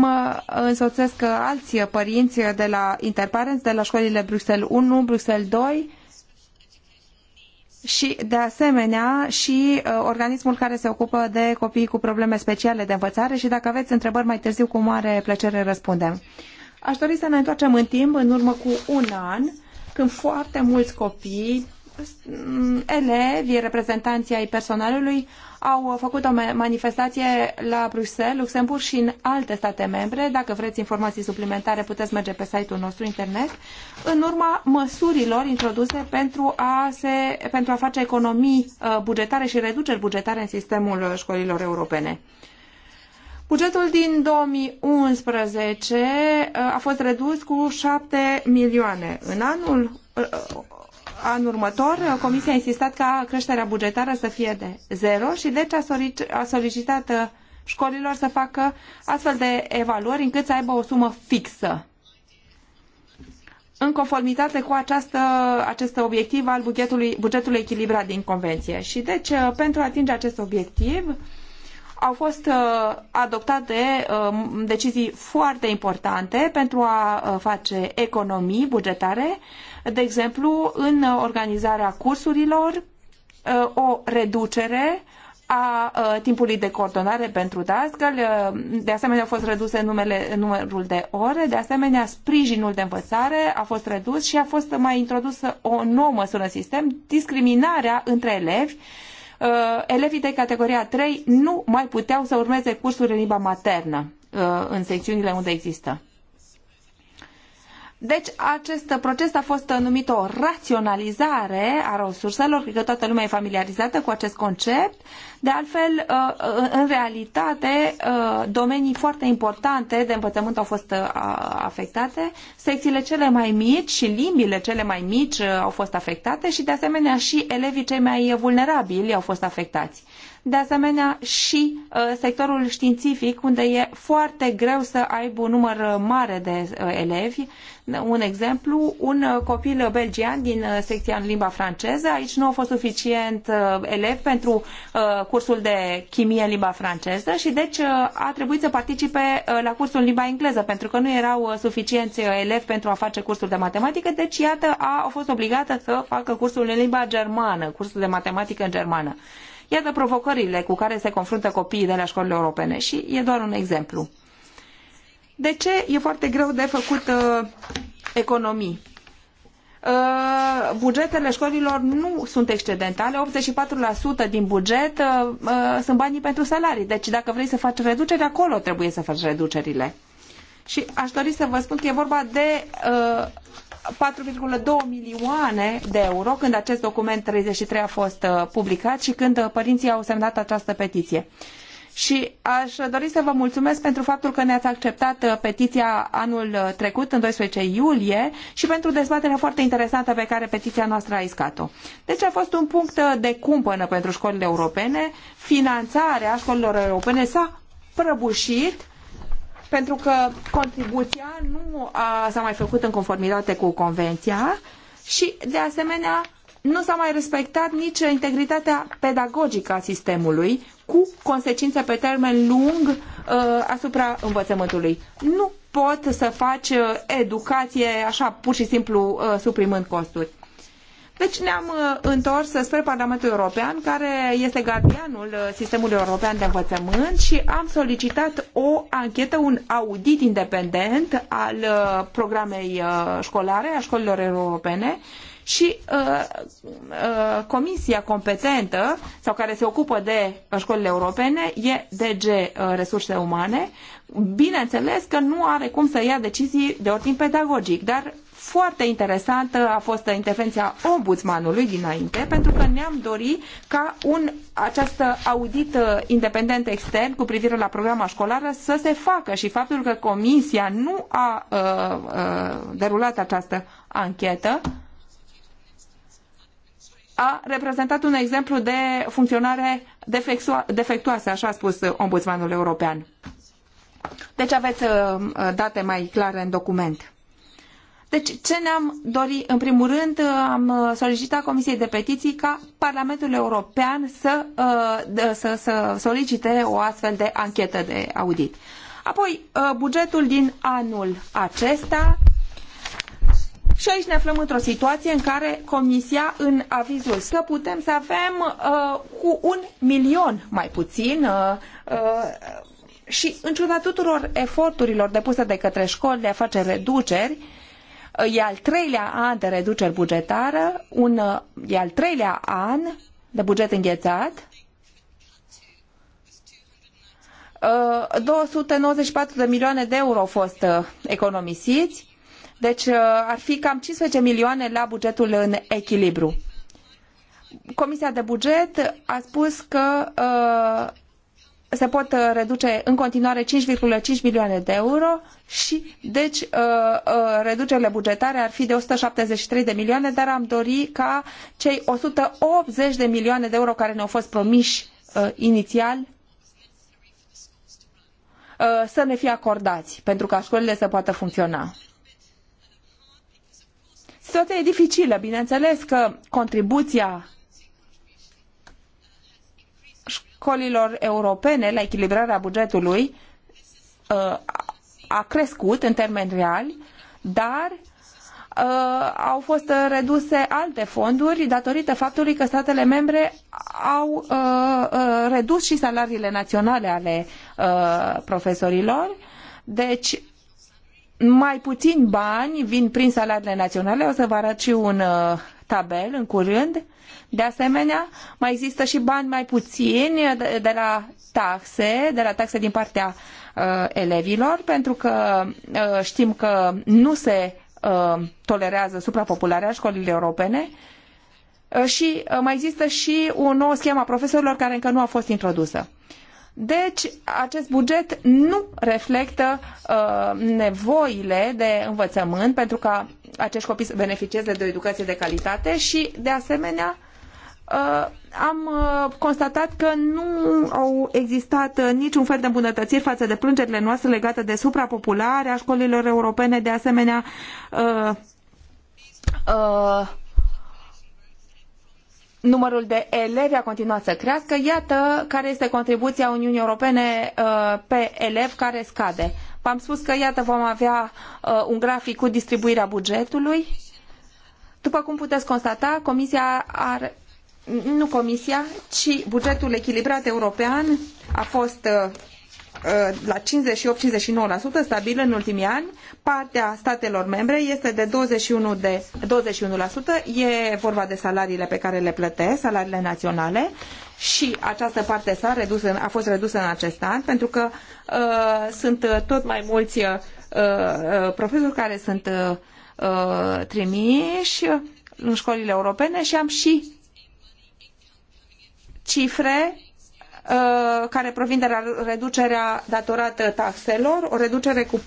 Mă însoțesc alți părinți de la Interparents, de la școlile Bruxelles 1, Bruxelles 2 și, de asemenea, și uh, organismul care se ocupă de copii cu probleme speciale de învățare și dacă aveți întrebări mai târziu, cu mare plăcere răspundem. Aș dori să ne întoarcem în timp, în urmă cu un an, când foarte mulți copii elevii, reprezentanții ai personalului, au făcut o manifestație la Bruxelles, Luxemburg și în alte state membre. Dacă vreți informații suplimentare, puteți merge pe site-ul nostru internet. În urma măsurilor introduse pentru a, se, pentru a face economii uh, bugetare și reduceri bugetare în sistemul uh, școlilor europene. Bugetul din 2011 uh, a fost redus cu 7 milioane. În anul anul următor, Comisia a insistat ca creșterea bugetară să fie de zero și deci a solicitat uh, școlilor să facă astfel de evaluări încât să aibă o sumă fixă. În conformitate cu această, acest obiectiv al bugetului, bugetului echilibrat din Convenție. Și deci, uh, pentru a atinge acest obiectiv, au fost uh, adoptate uh, decizii foarte importante pentru a uh, face economii bugetare, de exemplu, în organizarea cursurilor, o reducere a timpului de coordonare pentru Dascăl, de asemenea au fost reduse numele, numărul de ore, de asemenea sprijinul de învățare a fost redus și a fost mai introdusă o nouă măsură în sistem, discriminarea între elevi, Uh, elevii de categoria 3 nu mai puteau să urmeze cursuri în limba maternă uh, în secțiunile unde există. Deci acest proces a fost numit o raționalizare a resurselor, cred că toată lumea e familiarizată cu acest concept. De altfel, uh, uh, în realitate, uh, domenii foarte importante de învățământ au fost afectate, secțiile cele mai mici și limbile cele mai mici au fost afectate și, de asemenea, și elevii cei mai vulnerabili au fost afectați de asemenea și sectorul științific, unde e foarte greu să aibă un număr mare de elevi un exemplu, un uh, copil belgian din uh, secția în limba franceză. Aici nu a fost suficient uh, elev pentru cursul de chimie în limba franceză și deci a trebuit să participe la cursul în limba engleză pentru că nu erau suficienți elevi pentru a face cursul de matematică, deci iată a, a fost obligată să facă cursul în limba germană, cursul de matematică în germană. Iată provocările cu care se confruntă copiii de la școlile europene și e doar un exemplu de ce e foarte greu de făcut uh, economii. Uh, bugetele școlilor nu sunt excedentale, 84% din buget uh, uh, sunt banii pentru salarii. Deci dacă vrei să faci reduceri, acolo trebuie să faci reducerile. Și aș dori să vă spun că e vorba de 4,2 uh, milioane de euro când acest document 33 a fost uh, publicat și când părinții au semnat această petiție și aș dori să vă mulțumesc pentru faptul că ne-ați acceptat uh, petiția anul uh, trecut, în 12 iulie, și pentru dezbaterea foarte interesantă pe care petiția noastră a iscat-o. Deci a fost un punct uh, de cumpănă pentru școlile europene. Finanțarea școlilor europene s-a prăbușit pentru că contribuția nu a, s-a mai făcut în conformitate cu convenția și, de asemenea, nu s-a mai respectat nici integritatea pedagogică a sistemului, cu consecințe pe termen lung uh, asupra învățământului. Nu pot să faci uh, educație așa pur și simplu uh, suprimând costuri. Deci ne-am uh, întors spre Parlamentul European, care este gardianul uh, sistemului european de învățământ și am solicitat o anchetă, un audit independent al uh, programei școlare, a școlilor europene, uh, și uh, uh, comisia competentă sau care se ocupă de uh, școlile europene e DG uh, Resurse Umane. Bineînțeles că nu are cum să ia decizii de ordin pedagogic, dar foarte interesantă a fost intervenția ombudsmanului dinainte, pentru că ne-am dorit ca un, acest audit uh, independent extern cu privire la programa școlară să se facă și faptul că Comisia nu a, a uh, derulat această anchetă a reprezentat un exemplu de funcționare defectuoasă, așa a spus ombudsmanul european. Deci aveți uh, date mai clare în document. Deci ce ne-am dorit? În primul rând uh, am uh, solicitat Comisiei de Petiții ca Parlamentul European să, să, să solicite o astfel de anchetă de audit. Apoi, bugetul din anul acesta și aici ne aflăm într-o situație în care Comisia, în avizul său, putem să avem uh, cu un milion mai puțin uh, uh, și în ciuda tuturor eforturilor depuse de către școli de a face reduceri, uh, e al treilea an de reduceri bugetară, un, uh, e al treilea an de buget înghețat, 294 uh, de milioane de euro au fost economisiți, deci uh, ar fi cam 15 milioane la bugetul în echilibru. Comisia de buget a spus că uh, se pot uh, reduce în continuare 5,5 milioane de euro și deci reducerile bugetare ar fi de 173 de milioane, dar am dori ca cei 180 de milioane de euro care ne-au fost promiși inițial să ne fie acordați pentru ca școlile să poată funcționa e dificilă. Bineînțeles că contribuția școlilor europene la echilibrarea bugetului uh, a crescut în termeni reali, dar uh, au fost reduse alte fonduri datorită faptului că statele membre au uh, redus și salariile naționale ale profesorilor. Deci, mai puțini bani vin prin salariile naționale, o să vă arăt și un uh, tabel în curând. De asemenea, mai există și bani mai puțini de, de la taxe, de la taxe din partea uh, elevilor, pentru că uh, știm că nu se uh, tolerează suprapopularea școlilor europene uh, și uh, mai există și o nouă schemă a profesorilor care încă nu a fost introdusă. Deci, acest buget nu reflectă uh, nevoile de învățământ pentru ca acești copii să beneficieze de o educație de calitate și, de asemenea, uh, am uh, constatat că nu au existat uh, niciun fel de îmbunătățiri față de plângerile noastre legate de suprapopularea școlilor europene, de asemenea, uh, uh, numărul de elevi a continuat să crească. Iată care este contribuția Uniunii Europene uh, pe elev care scade. V-am spus că iată vom avea uh, un grafic cu distribuirea bugetului. După cum puteți constata, Comisia are, nu Comisia, ci bugetul echilibrat european a fost uh, Uh, la 58-59% stabil în ultimii ani. Partea statelor membre este de 21%, de 21%. E vorba de salariile pe care le plătesc, salariile naționale și această parte s-a redus, a fost redusă în acest an pentru că uh, sunt tot mai mulți uh, uh profesori care sunt uh, uh, trimiși în școlile europene și am și cifre Uh, care provin de la reducerea datorată taxelor, o reducere cu 4%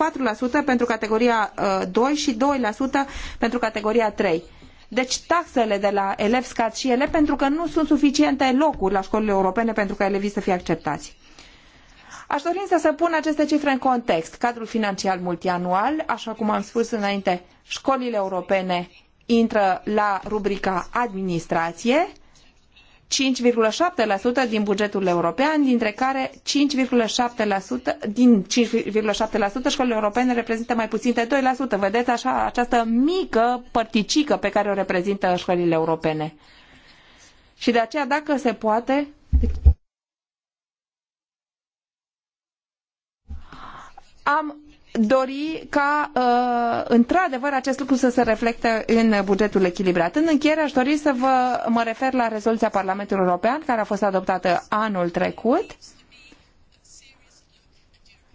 pentru categoria 2 uh, și 2% pentru categoria 3. Deci taxele de la elevi scad și ele pentru că nu sunt suficiente locuri la școlile europene pentru ca elevii să fie acceptați. Aș dori însă să pun aceste cifre în context. Cadrul financiar multianual, așa cum am spus înainte, școlile europene intră la rubrica administrație, 5,7% din bugetul european, dintre care 5,7% din 5,7% școlile europene reprezintă mai puțin de 2%. Vedeți așa această mică părticică pe care o reprezintă școlile europene. Și de aceea, dacă se poate, am dori ca uh, într-adevăr acest lucru să se reflecte în bugetul echilibrat. În încheiere aș dori să vă mă refer la rezoluția Parlamentului European care a fost adoptată anul trecut uh,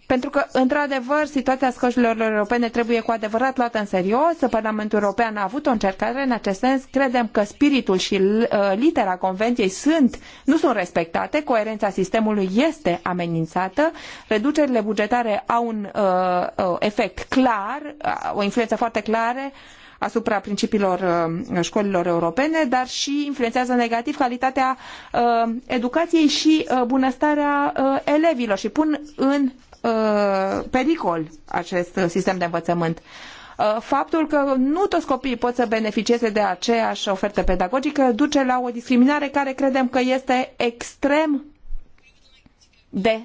pentru că, într-adevăr, situația scoșilor europene trebuie cu adevărat luată în serios. Parlamentul European a avut o încercare în acest sens. Credem că spiritul și uh, litera convenției sunt, nu sunt respectate, coerența sistemului este amenințată, reducerile bugetare au un uh, uh efect clar, uh, o influență foarte clară asupra principiilor școlilor europene, dar și influențează negativ calitatea educației și bunăstarea elevilor și pun în Uh, pericol acest sistem de învățământ uh, faptul că nu toți copiii pot să beneficieze de aceeași ofertă pedagogică duce la o discriminare care credem că este extrem de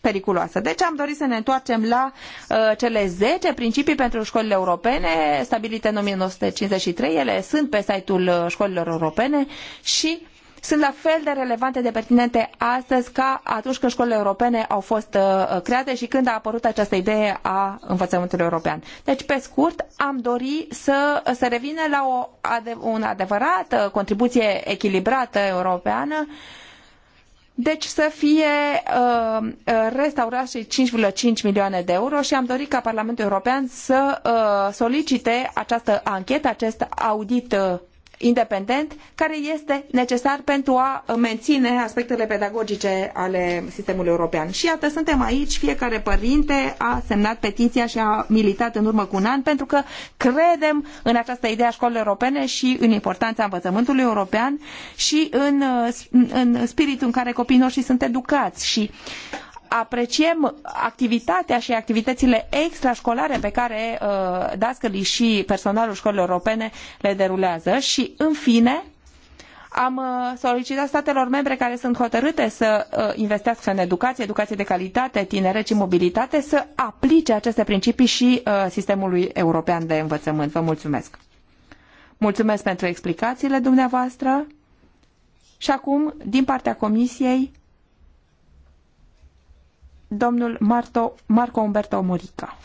periculoasă. Deci am dorit să ne întoarcem la uh, cele zece principii pentru școlile europene stabilite în 1953. Ele sunt pe site-ul uh, școlilor europene și sunt la fel de relevante de pertinente astăzi ca atunci când școlile europene au fost uh, uh, create și când a apărut această idee a învățământului european. Deci, pe scurt, am dori să, se revină la o adevărată uh, contribuție echilibrată europeană deci să fie uh, restaurați și 5,5 milioane de euro și am dorit ca Parlamentul European să uh, solicite această anchetă, acest audit independent care este necesar pentru a menține aspectele pedagogice ale sistemului european. Și iată, suntem aici, fiecare părinte a semnat petiția și a militat în urmă cu un an pentru că credem în această idee a școlii europene și în importanța învățământului european și în, în spiritul în care copiii noștri sunt educați și apreciem activitatea și activitățile extrașcolare pe care uh, dascălii și personalul școlilor europene le derulează și, în fine, am uh, solicitat statelor membre care sunt hotărâte să uh, investească în educație, educație de calitate, tineret și mobilitate, să aplice aceste principii și sistemului european de învățământ. Vă mulțumesc! Mulțumesc pentru explicațiile dumneavoastră și acum, din partea Comisiei, domnul Marto, Marco Umberto Morica.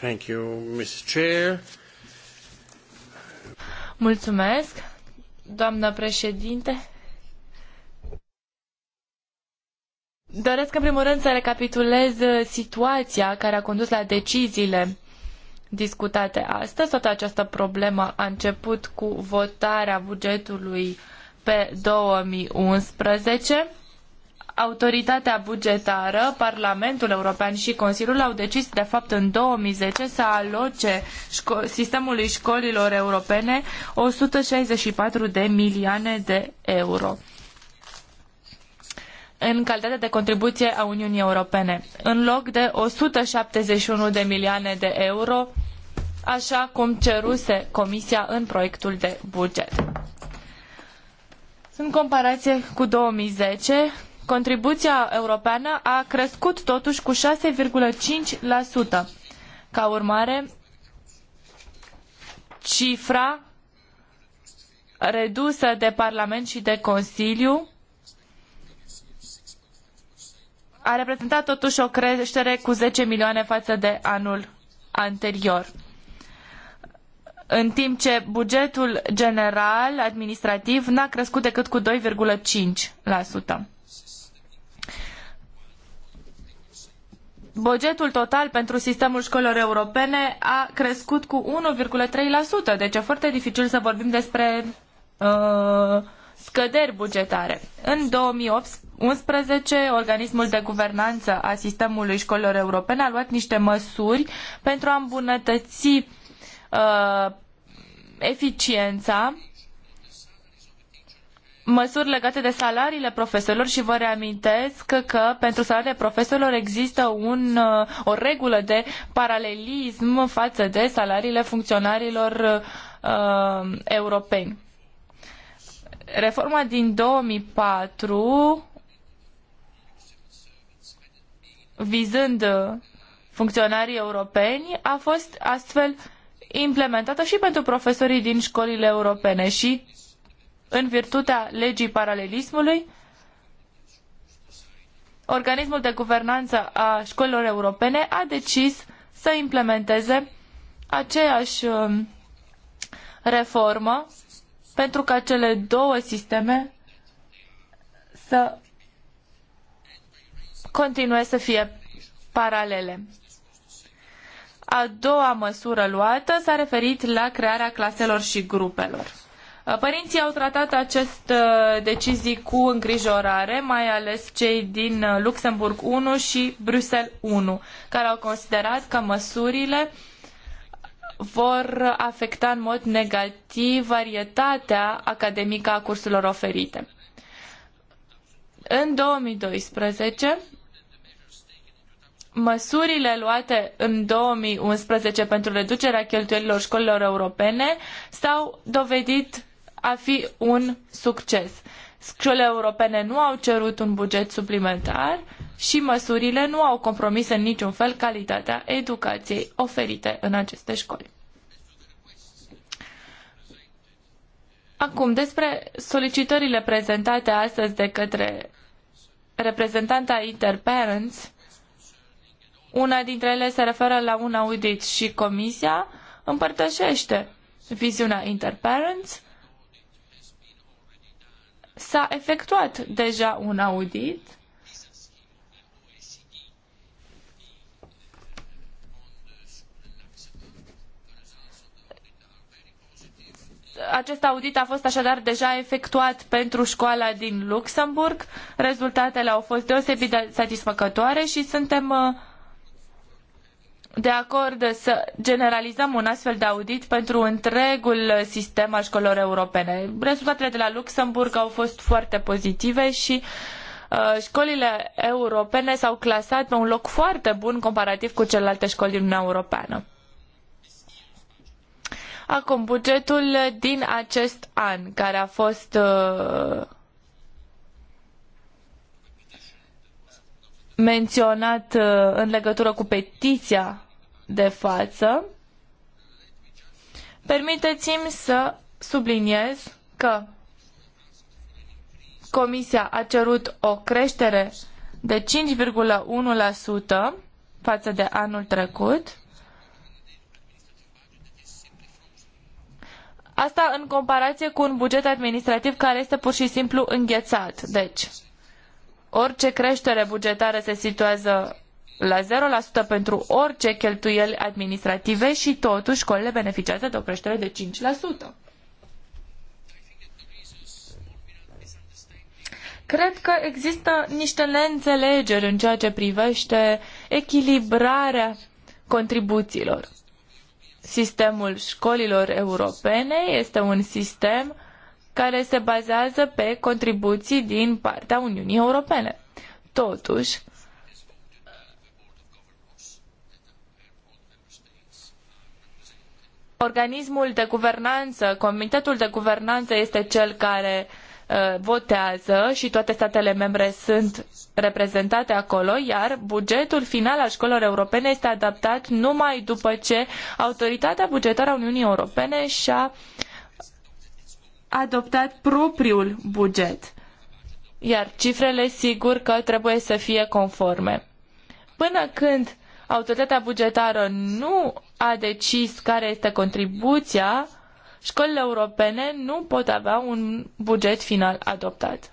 Thank you, Mr. Chair. Mulțumesc, doamnă președinte. Doresc în primul rând să recapitulez situația care a condus la deciziile discutate astăzi. Toată această problemă a început cu votarea bugetului uh, pe 2011, autoritatea bugetară, Parlamentul European și Consiliul au decis de fapt în 2010 să aloce sistemului școlilor europene 164 de milioane de euro în calitate de contribuție a Uniunii Europene, în loc de 171 de milioane de euro, așa cum ceruse Comisia în proiectul de buget. În comparație cu 2010, contribuția europeană a crescut totuși cu 6,5%. Ca urmare, cifra redusă de Parlament și de Consiliu a reprezentat totuși o creștere cu 10 milioane față de anul anterior în timp ce bugetul general administrativ n-a crescut decât cu 2,5%. Bugetul total pentru sistemul școlilor europene a crescut cu 1,3%, deci e foarte dificil să vorbim despre uh, scăderi bugetare. În 2011, organismul de guvernanță a sistemului școlilor europene a luat niște măsuri pentru a îmbunătăți uh, eficiența, măsuri legate de salariile profesorilor și vă reamintesc că, că pentru salariile profesorilor există un, uh, o regulă de paralelism față de salariile funcționarilor uh, europeni. Reforma din 2004 vizând funcționarii europeni a fost astfel uh, implementată și pentru profesorii din școlile europene și, în virtutea legii paralelismului, organismul de guvernanță a școlilor europene a decis să implementeze aceeași um, reformă pentru ca cele două sisteme să continue să fie paralele. A doua măsură luată s-a referit la crearea claselor și grupelor. Uh, părinții au tratat acest uh, decizii cu îngrijorare, mai ales cei din uh, Luxemburg 1 și Bruxelles 1, care au considerat că măsurile vor afecta în mod negativ varietatea academică a cursurilor oferite. În 2012, măsurile luate în 2011 pentru reducerea cheltuielilor școlilor europene s-au dovedit a fi un succes. Școlile europene nu au cerut un buget suplimentar și măsurile nu au compromis în niciun fel calitatea educației oferite în aceste școli. Acum, despre solicitările prezentate astăzi de către reprezentanta Interparents, una dintre ele se referă la un audit și Comisia împărtășește viziunea Interparents. S-a efectuat deja un audit acest audit a fost așadar deja efectuat pentru școala din Luxemburg. Rezultatele au fost deosebit de satisfăcătoare și suntem uh, de acord să generalizăm un astfel de audit pentru întregul sistem al școlilor europene. Rezultatele de la Luxemburg au fost foarte pozitive și uh, școlile europene s-au clasat pe un loc foarte bun comparativ cu celelalte școli din Uniunea Europeană. Acum, bugetul din acest an, care a fost uh, menționat uh, în legătură cu petiția de față, permiteți-mi să subliniez că Comisia a cerut o creștere de 5,1% față de anul trecut. Asta în comparație cu un buget administrativ care este pur și simplu înghețat. Deci, Orice creștere bugetară se situează la 0% pentru orice cheltuieli administrative și totuși școlile beneficiază de o creștere de 5%. Cred că există niște neînțelegeri în ceea ce privește echilibrarea contribuțiilor. Sistemul școlilor europene este un sistem care se bazează pe contribuții din partea Uniunii Europene. Totuși, organismul de guvernanță, comitetul de guvernanță este cel care uh, votează și toate statele membre sunt reprezentate acolo, iar bugetul final al școlilor europene este adaptat numai după ce autoritatea bugetară a Uniunii Europene și-a uh, adoptat propriul buget, iar cifrele sigur că trebuie să fie conforme. Până când autoritatea bugetară nu a decis care este contribuția, școlile europene nu pot avea un buget final adoptat.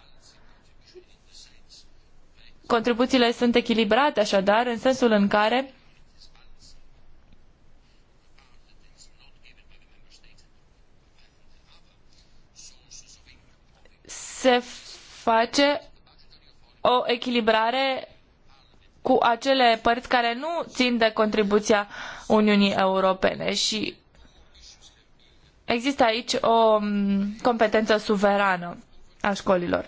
Contribuțiile sunt echilibrate așadar în sensul în care se face o echilibrare cu acele părți care nu țin de contribuția Uniunii Europene și există aici o mm, competență suverană a școlilor.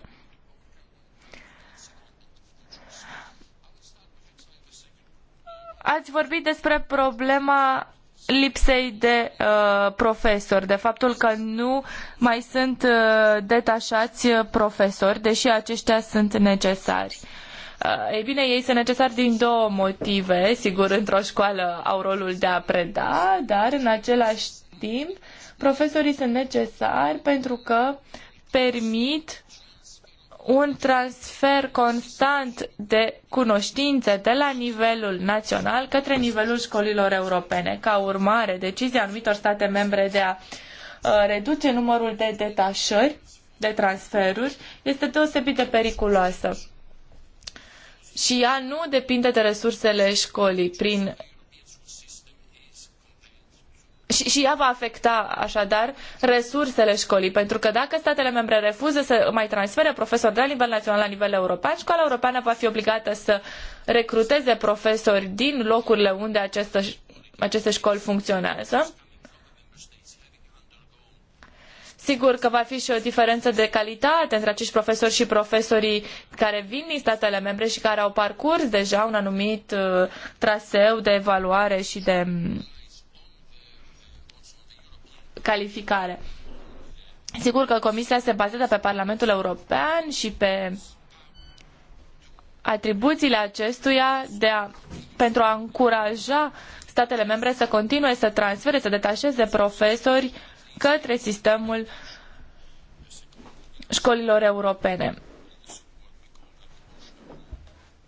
Ați vorbit despre problema lipsei de uh, profesori, de faptul că nu mai sunt uh, detașați uh, profesori, deși aceștia sunt necesari. Uh, ei bine, ei sunt necesari din două motive. Sigur, într-o școală au rolul de a preda, dar în același timp profesorii sunt necesari pentru că permit un transfer constant de cunoștințe de la nivelul național către nivelul școlilor europene. Ca urmare, decizia anumitor state membre de a uh, reduce numărul de detașări, de transferuri, este deosebit de periculoasă. Și ea nu depinde de resursele școlii. Prin și, și ea va afecta așadar resursele școlii, pentru că dacă statele membre refuză să mai transfere profesori de la nivel național la nivel european, școala europeană va fi obligată să recruteze profesori din locurile unde aceste, aceste școli funcționează. Sigur că va fi și o diferență de calitate între acești profesori și profesorii care vin din statele membre și care au parcurs deja un anumit uh, traseu de evaluare și de calificare. Sigur că Comisia se bazează pe Parlamentul European și pe atribuțiile acestuia de a, pentru a încuraja statele membre să continue să transfere, să detașeze profesori către sistemul școlilor europene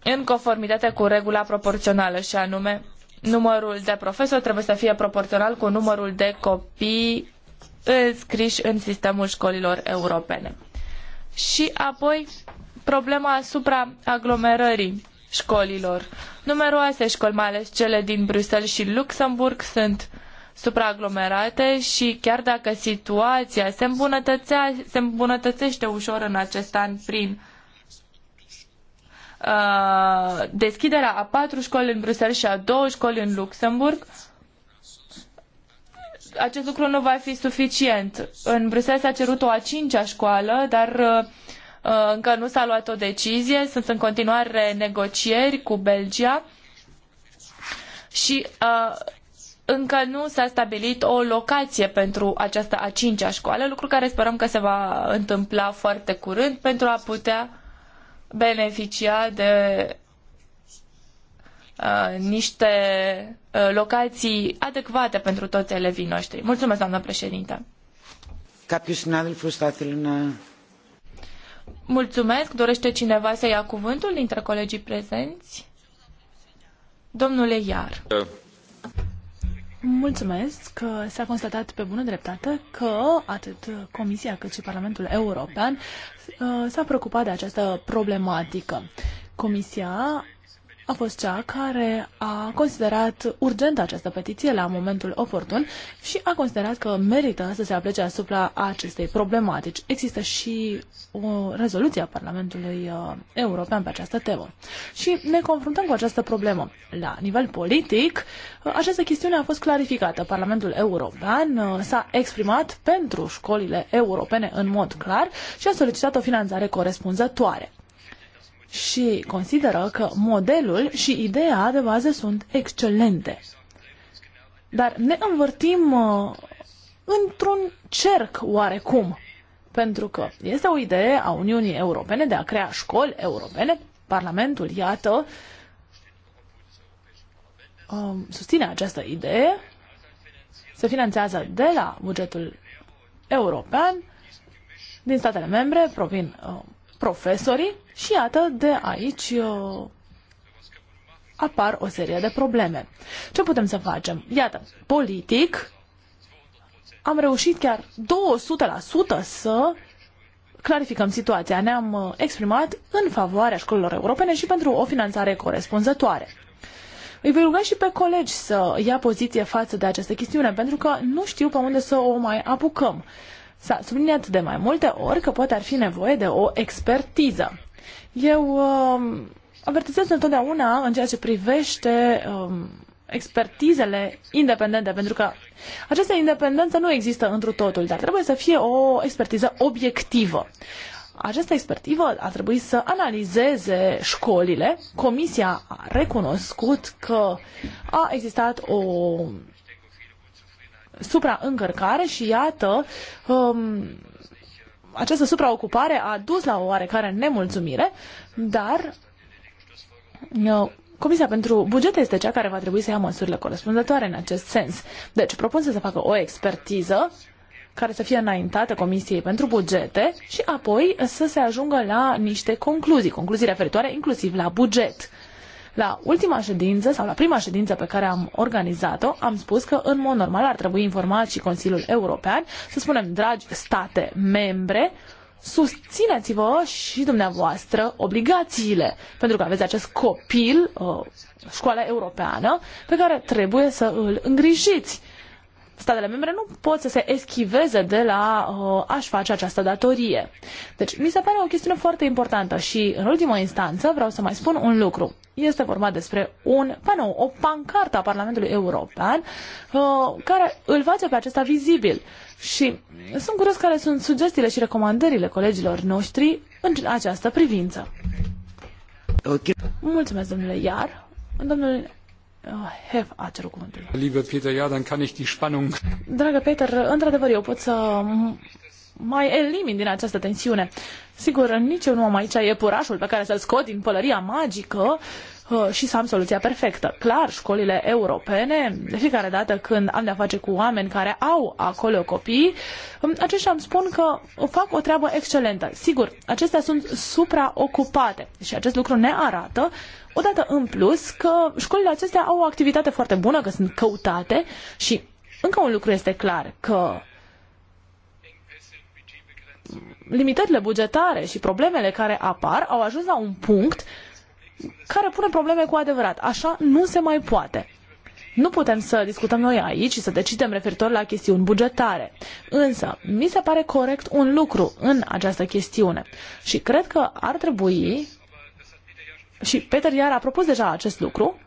în conformitate cu regula proporțională și anume numărul de profesori trebuie să fie proporțional cu numărul de copii înscriși în sistemul școlilor europene. Și apoi problema asupra aglomerării școlilor. Numeroase școli, mai ales cele din Bruxelles și Luxemburg, sunt supraaglomerate și chiar dacă situația se, se îmbunătățește ușor în acest an prin Uh, deschiderea a patru școli în Bruxelles și a două școli în Luxemburg, acest lucru nu va fi suficient. În Bruxelles s-a cerut o a cincea școală, dar uh, uh, încă nu s-a luat o decizie. Sunt în continuare negocieri cu Belgia și uh, încă nu s-a stabilit o locație pentru această a cincea școală, lucru care sperăm că se va întâmpla foarte curând pentru a putea beneficia de uh, niște uh, locații adecvate pentru toți elevii noștri. Mulțumesc, doamnă președinte. Mulțumesc. Dorește cineva să ia cuvântul dintre colegii prezenți? Domnule Iar. Uh. Mulțumesc că s-a constatat pe bună dreptate că atât Comisia cât și Parlamentul European uh, s-a preocupat de această problematică. Comisia a fost cea care a considerat urgentă această petiție la momentul oportun și a considerat că merită să se aplece asupra acestei problematici. Există și o rezoluție a Parlamentului uh, European pe această temă. Și ne confruntăm cu această problemă. La nivel politic, uh, această chestiune a fost clarificată. Parlamentul European uh, s-a exprimat pentru școlile europene în mod clar și a solicitat o finanțare corespunzătoare și consideră că modelul și ideea de bază sunt excelente. Dar ne învârtim uh, într-un cerc oarecum, pentru că este o idee a Uniunii Europene de a crea școli europene. Parlamentul, iată, uh, susține această idee, se finanțează de la bugetul european, din statele membre provin uh, profesorii și iată de aici uh, apar o serie de probleme. Ce putem să facem? Iată, politic am reușit chiar 200% să clarificăm situația. Ne-am uh, exprimat în favoarea școlilor europene și pentru o finanțare corespunzătoare. Îi voi ruga și pe colegi să ia poziție față de această chestiune, pentru că nu știu pe unde să o mai apucăm. S-a subliniat de mai multe ori că poate ar fi nevoie de o expertiză. Eu uh, avertizez întotdeauna în ceea ce privește uh, expertizele independente, pentru că această independență nu există întru totul, dar trebuie să fie o expertiză obiectivă. Această expertivă a trebuit să analizeze școlile. Comisia a recunoscut că a existat o supraîncărcare și iată um, această supraocupare a dus la o oarecare nemulțumire, dar uh, Comisia pentru bugete este cea care va trebui să ia măsurile corespunzătoare în acest sens. Deci propun să se facă o expertiză care să fie înaintată Comisiei pentru bugete și apoi să se ajungă la niște concluzii, concluzii referitoare inclusiv la buget. La ultima ședință sau la prima ședință pe care am organizat-o, am spus că în mod normal ar trebui informat și Consiliul European, să spunem, dragi state membre, susțineți-vă și dumneavoastră obligațiile, pentru că aveți acest copil, uh, școala europeană, pe care trebuie să îl îngrijiți statele membre nu pot să se eschiveze de la uh, a-și face această datorie. Deci, mi se pare o chestiune foarte importantă și, în ultimă instanță, vreau să mai spun un lucru. Este vorba despre un panou, o pancartă a Parlamentului European uh, care îl face pe acesta vizibil. Și sunt curios care sunt sugestiile și recomandările colegilor noștri în această privință. Okay. Mulțumesc, domnule Iar. Domnule Ah, Liebe Peter, ja, dann kann ich die Spannung... Dragă Peter, într-adevăr, eu pot să mai elimin din această tensiune. Sigur, nici eu nu am aici iepurașul pe care să-l scot din pălăria magică uh, și să am soluția perfectă. Clar, școlile europene, de fiecare dată când am de-a face cu oameni care au acolo copii, um, aceștia îmi spun că fac o treabă excelentă. Sigur, acestea sunt supraocupate și acest lucru ne arată Odată în plus că școlile acestea au o activitate foarte bună, că sunt căutate și încă un lucru este clar, că limitările bugetare și problemele care apar au ajuns la un punct care pune probleme cu adevărat. Așa nu se mai poate. Nu putem să discutăm noi aici și să decidem referitor la chestiuni bugetare. Însă, mi se pare corect un lucru în această chestiune și cred că ar trebui și Peter Iar a propus deja acest lucru,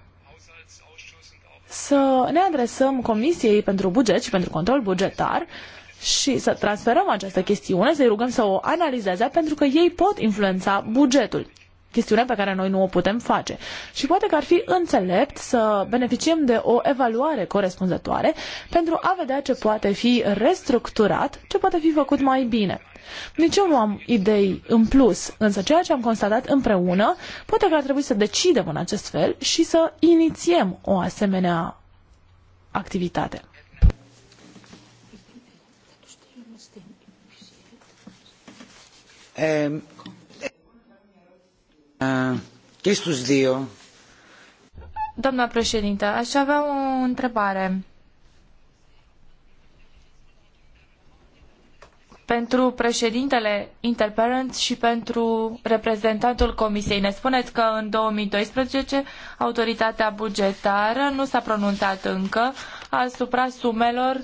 să ne adresăm Comisiei pentru Buget și pentru Control Bugetar și să transferăm această chestiune, să-i rugăm să o analizeze, pentru că ei pot influența bugetul chestiune pe care noi nu o putem face. Și poate că ar fi înțelept să beneficiem de o evaluare corespunzătoare pentru a vedea ce poate fi restructurat, ce poate fi făcut mai bine. Nici eu nu am idei în plus, însă ceea ce am constatat împreună, poate că ar trebui să decidem în acest fel și să inițiem o asemenea activitate. Um, Και Doamna președintă, aș avea o întrebare. Pentru președintele Interparents și pentru reprezentantul Comisiei. Ne spuneți că în 2012 autoritatea bugetară nu s-a pronunțat încă asupra sumelor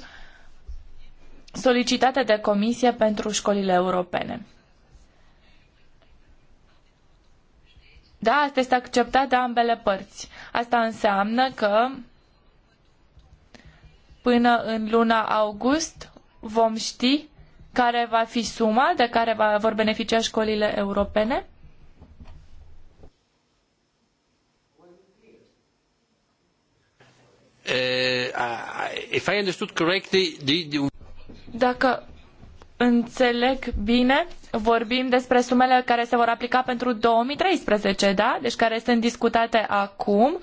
solicitate de Comisie pentru școlile europene. Da, asta este acceptat de ambele părți. Asta înseamnă că până în luna august vom ști care va fi suma de care va, vor beneficia școlile europene? Eh, ah, Dacă înțeleg bine, vorbim despre sumele care se vor aplica pentru 2013, da? Deci care sunt discutate acum.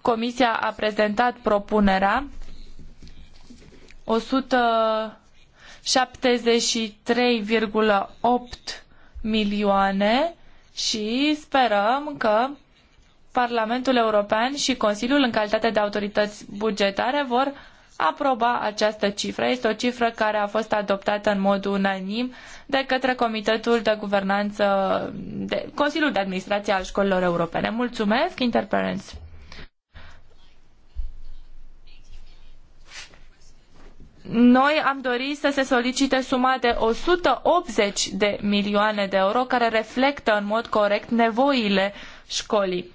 Comisia a prezentat propunerea 173,8 milioane și sperăm că Parlamentul European și Consiliul, în calitate de autorități bugetare, vor aproba această cifră. Este o cifră care a fost adoptată în mod unanim de către Comitetul de Guvernanță, de Consiliul de Administrație al Școlilor Europene. Mulțumesc, Interparents! Noi am dorit să se solicite suma de 180 de milioane de euro care reflectă în mod corect nevoile școlii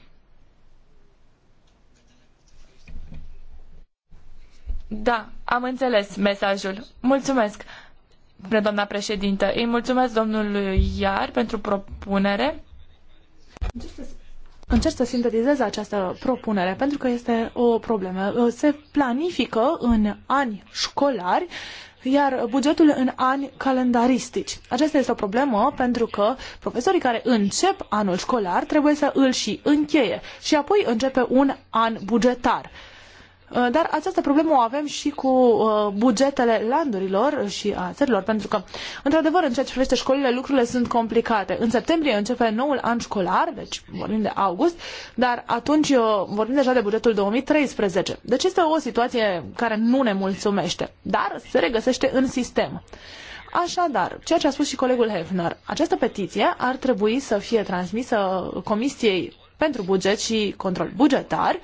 Da, am înțeles mesajul. Mulțumesc, doamna președintă. Îi mulțumesc domnului Iar pentru propunere. Încerc să sintetizez această propunere pentru că este o problemă. Se planifică în ani școlari iar bugetul în ani calendaristici. Aceasta este o problemă pentru că profesorii care încep anul școlar trebuie să îl și încheie și apoi începe un an bugetar. Uh, dar această problemă o avem și cu uh, bugetele landurilor și a țărilor, pentru că, într-adevăr, în ceea ce privește școlile, lucrurile sunt complicate. În septembrie începe noul an școlar, deci vorbim de august, dar atunci uh, vorbim deja de bugetul 2013. Deci este o situație care nu ne mulțumește, dar se regăsește în sistem. Așadar, ceea ce a spus și colegul Hefner, această petiție ar trebui să fie transmisă Comisiei pentru buget și control bugetar, uh,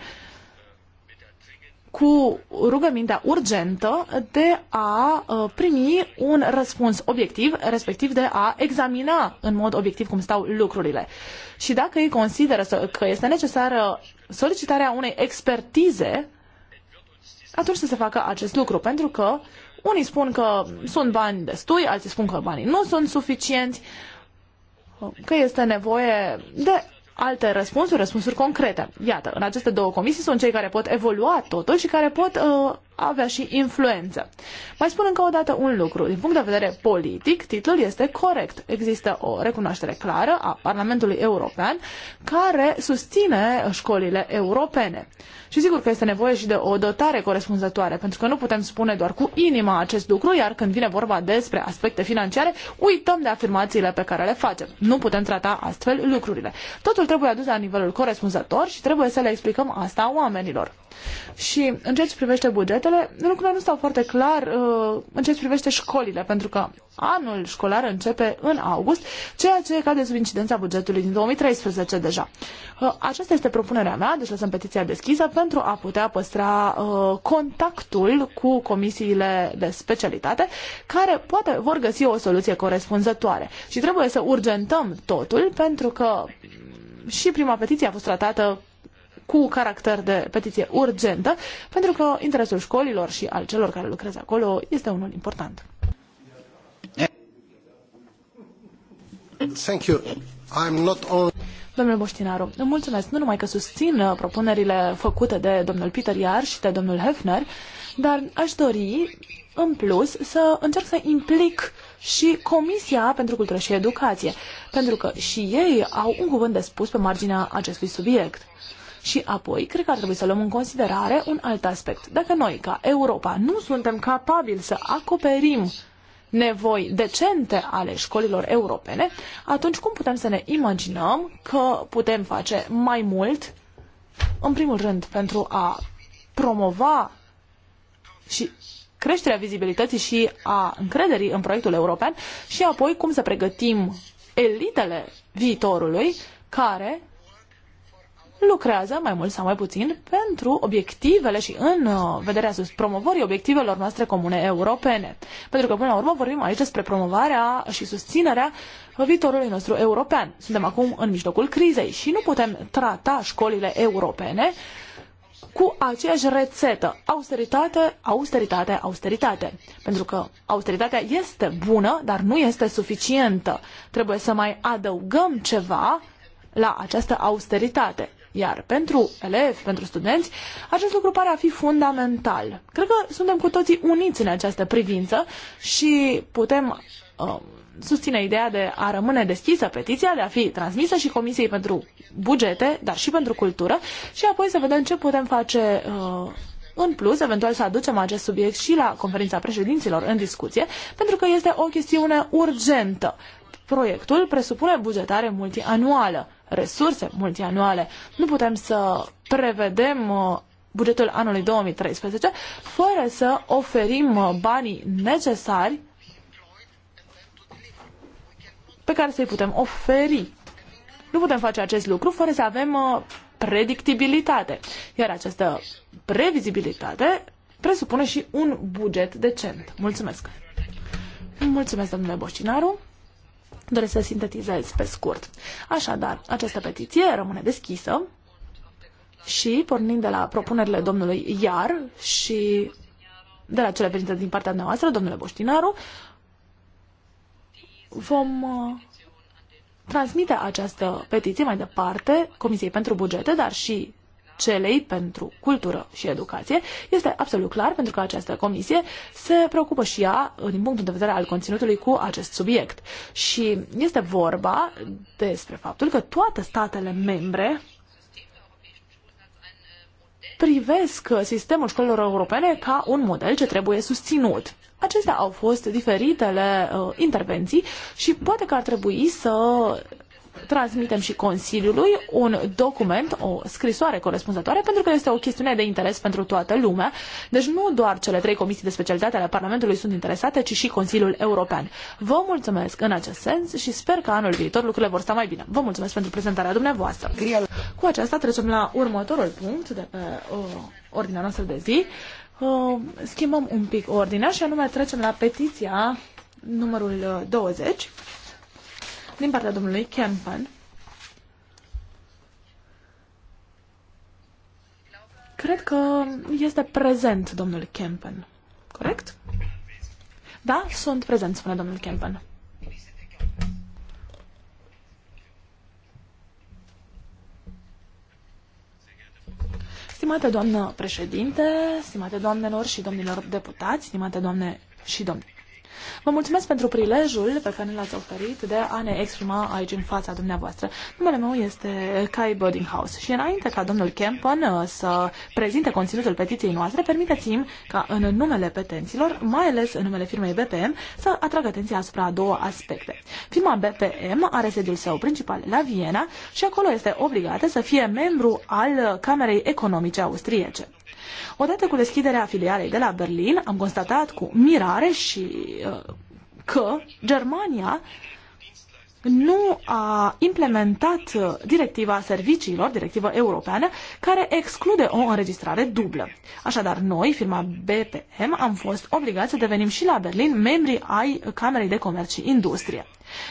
cu rugămintea urgentă de a uh, primi un răspuns obiectiv, respectiv de a examina în mod obiectiv cum stau lucrurile. Și dacă ei consideră că este necesară solicitarea unei expertize, atunci să se facă acest lucru, pentru că unii spun că sunt bani destui, alții spun că banii nu sunt suficienți, că este nevoie de alte răspunsuri, răspunsuri concrete. Iată, în aceste două comisii sunt cei care pot evolua totul și care pot uh, avea și influență. Mai spun încă o dată un lucru. Din punct de vedere politic, titlul este corect. Există o recunoaștere clară a Parlamentului European care susține școlile europene. Și sigur că este nevoie și de o dotare corespunzătoare, pentru că nu putem spune doar cu inima acest lucru, iar când vine vorba despre aspecte financiare, uităm de afirmațiile pe care le facem. Nu putem trata astfel lucrurile. Totul trebuie adus la nivelul corespunzător și trebuie să le explicăm asta oamenilor. Și în ceea ce privește bugetul, bugetele, lucrurile nu stau foarte clar uh, în ce privește școlile, pentru că anul școlar începe în august, ceea ce cade sub incidența bugetului din 2013 deja. Uh, aceasta este propunerea mea, deci lăsăm petiția deschisă pentru a putea păstra uh, contactul cu comisiile de specialitate, care poate vor găsi o soluție corespunzătoare. Și trebuie să urgentăm totul, pentru că și prima petiție a fost tratată cu caracter de petiție urgentă, pentru că interesul școlilor și al celor care lucrează acolo este unul important. Thank you. I'm not on... Domnule Boștinaru, mulțumesc. Nu numai că susțin uh, propunerile făcute de domnul Peter Iar și de domnul Hefner, dar aș dori, în plus, să încerc să implic și Comisia pentru Cultură și Educație, pentru că și ei au un cuvânt de spus pe marginea acestui subiect. Și apoi, cred că ar trebui să luăm în considerare un alt aspect. Dacă noi, ca Europa, nu suntem capabili să acoperim nevoi decente ale școlilor europene, atunci cum putem să ne imaginăm că putem face mai mult, în primul rând, pentru a promova și creșterea vizibilității și a încrederii în proiectul european și apoi cum să pregătim elitele viitorului care lucrează mai mult sau mai puțin pentru obiectivele și în uh, vederea sus promovării obiectivelor noastre comune europene. Pentru că, până la urmă, vorbim aici despre promovarea și susținerea viitorului nostru european. Suntem acum în mijlocul crizei și nu putem trata școlile europene cu aceeași rețetă, austeritate, austeritate, austeritate. Pentru că austeritatea este bună, dar nu este suficientă. Trebuie să mai adăugăm ceva la această austeritate. Iar pentru elevi, pentru studenți, acest lucru pare a fi fundamental. Cred că suntem cu toții uniți în această privință și putem uh, susține ideea de a rămâne deschisă petiția, de a fi transmisă și Comisiei pentru bugete, dar și pentru cultură și apoi să vedem ce putem face uh, în plus, eventual să aducem acest subiect și la conferința președinților în discuție, pentru că este o chestiune urgentă. Proiectul presupune bugetare multianuală resurse multianuale. Nu putem să prevedem uh, bugetul anului 2013 fără să oferim uh, banii necesari pe care să-i putem oferi. Nu putem face acest lucru fără să avem uh, predictibilitate. Iar această previzibilitate presupune și un buget decent. Mulțumesc! Mulțumesc, domnule Bocinaru! Doresc să sintetizez pe scurt. Așadar, această petiție rămâne deschisă și, pornind de la propunerile domnului Iar și de la cele venite din partea noastră, domnule Boștinaru, vom uh, transmite această petiție mai departe Comisiei pentru Bugete, dar și celei pentru cultură și educație, este absolut clar pentru că această comisie se preocupă și ea, din punctul de vedere al conținutului, cu acest subiect. Și este vorba despre faptul că toate statele membre privesc sistemul școlilor europene ca un model ce trebuie susținut. Acestea au fost diferitele uh, intervenții și poate că ar trebui să transmitem și Consiliului un document, o scrisoare corespunzătoare, pentru că este o chestiune de interes pentru toată lumea. Deci nu doar cele trei comisii de specialitate ale Parlamentului sunt interesate, ci și Consiliul European. Vă mulțumesc în acest sens și sper că anul viitor lucrurile vor sta mai bine. Vă mulțumesc pentru prezentarea dumneavoastră. Cu aceasta trecem la următorul punct de pe uh, ordinea noastră de zi. Uh, schimbăm un pic ordinea și anume trecem la petiția numărul 20 uh, din partea domnului Kempen. Cred că este prezent domnul Kempen. Corect? Da, sunt prezent, spune domnul Kempen. Stimate doamnă președinte, stimate doamnelor și domnilor deputați, stimate doamne și domni, Vă mulțumesc pentru prilejul pe care l-ați oferit de a ne exprima aici în fața dumneavoastră. Numele meu este Kai Bodinghaus și înainte ca domnul Kempen uh, să prezinte conținutul petiției noastre, permiteți-mi ca în numele petenților, mai ales în numele firmei BPM, să atrag atenția asupra a două aspecte. Firma BPM are sediul său principal la Viena și acolo este obligată să fie membru al Camerei Economice Austriece. Odată cu deschiderea filialei de la Berlin, am constatat cu mirare și uh, că Germania nu a implementat uh, directiva serviciilor, directiva europeană, care exclude o înregistrare dublă. Așadar, noi, firma BPM, am fost obligați să devenim și la Berlin membri ai Camerei de Comerț și Industrie.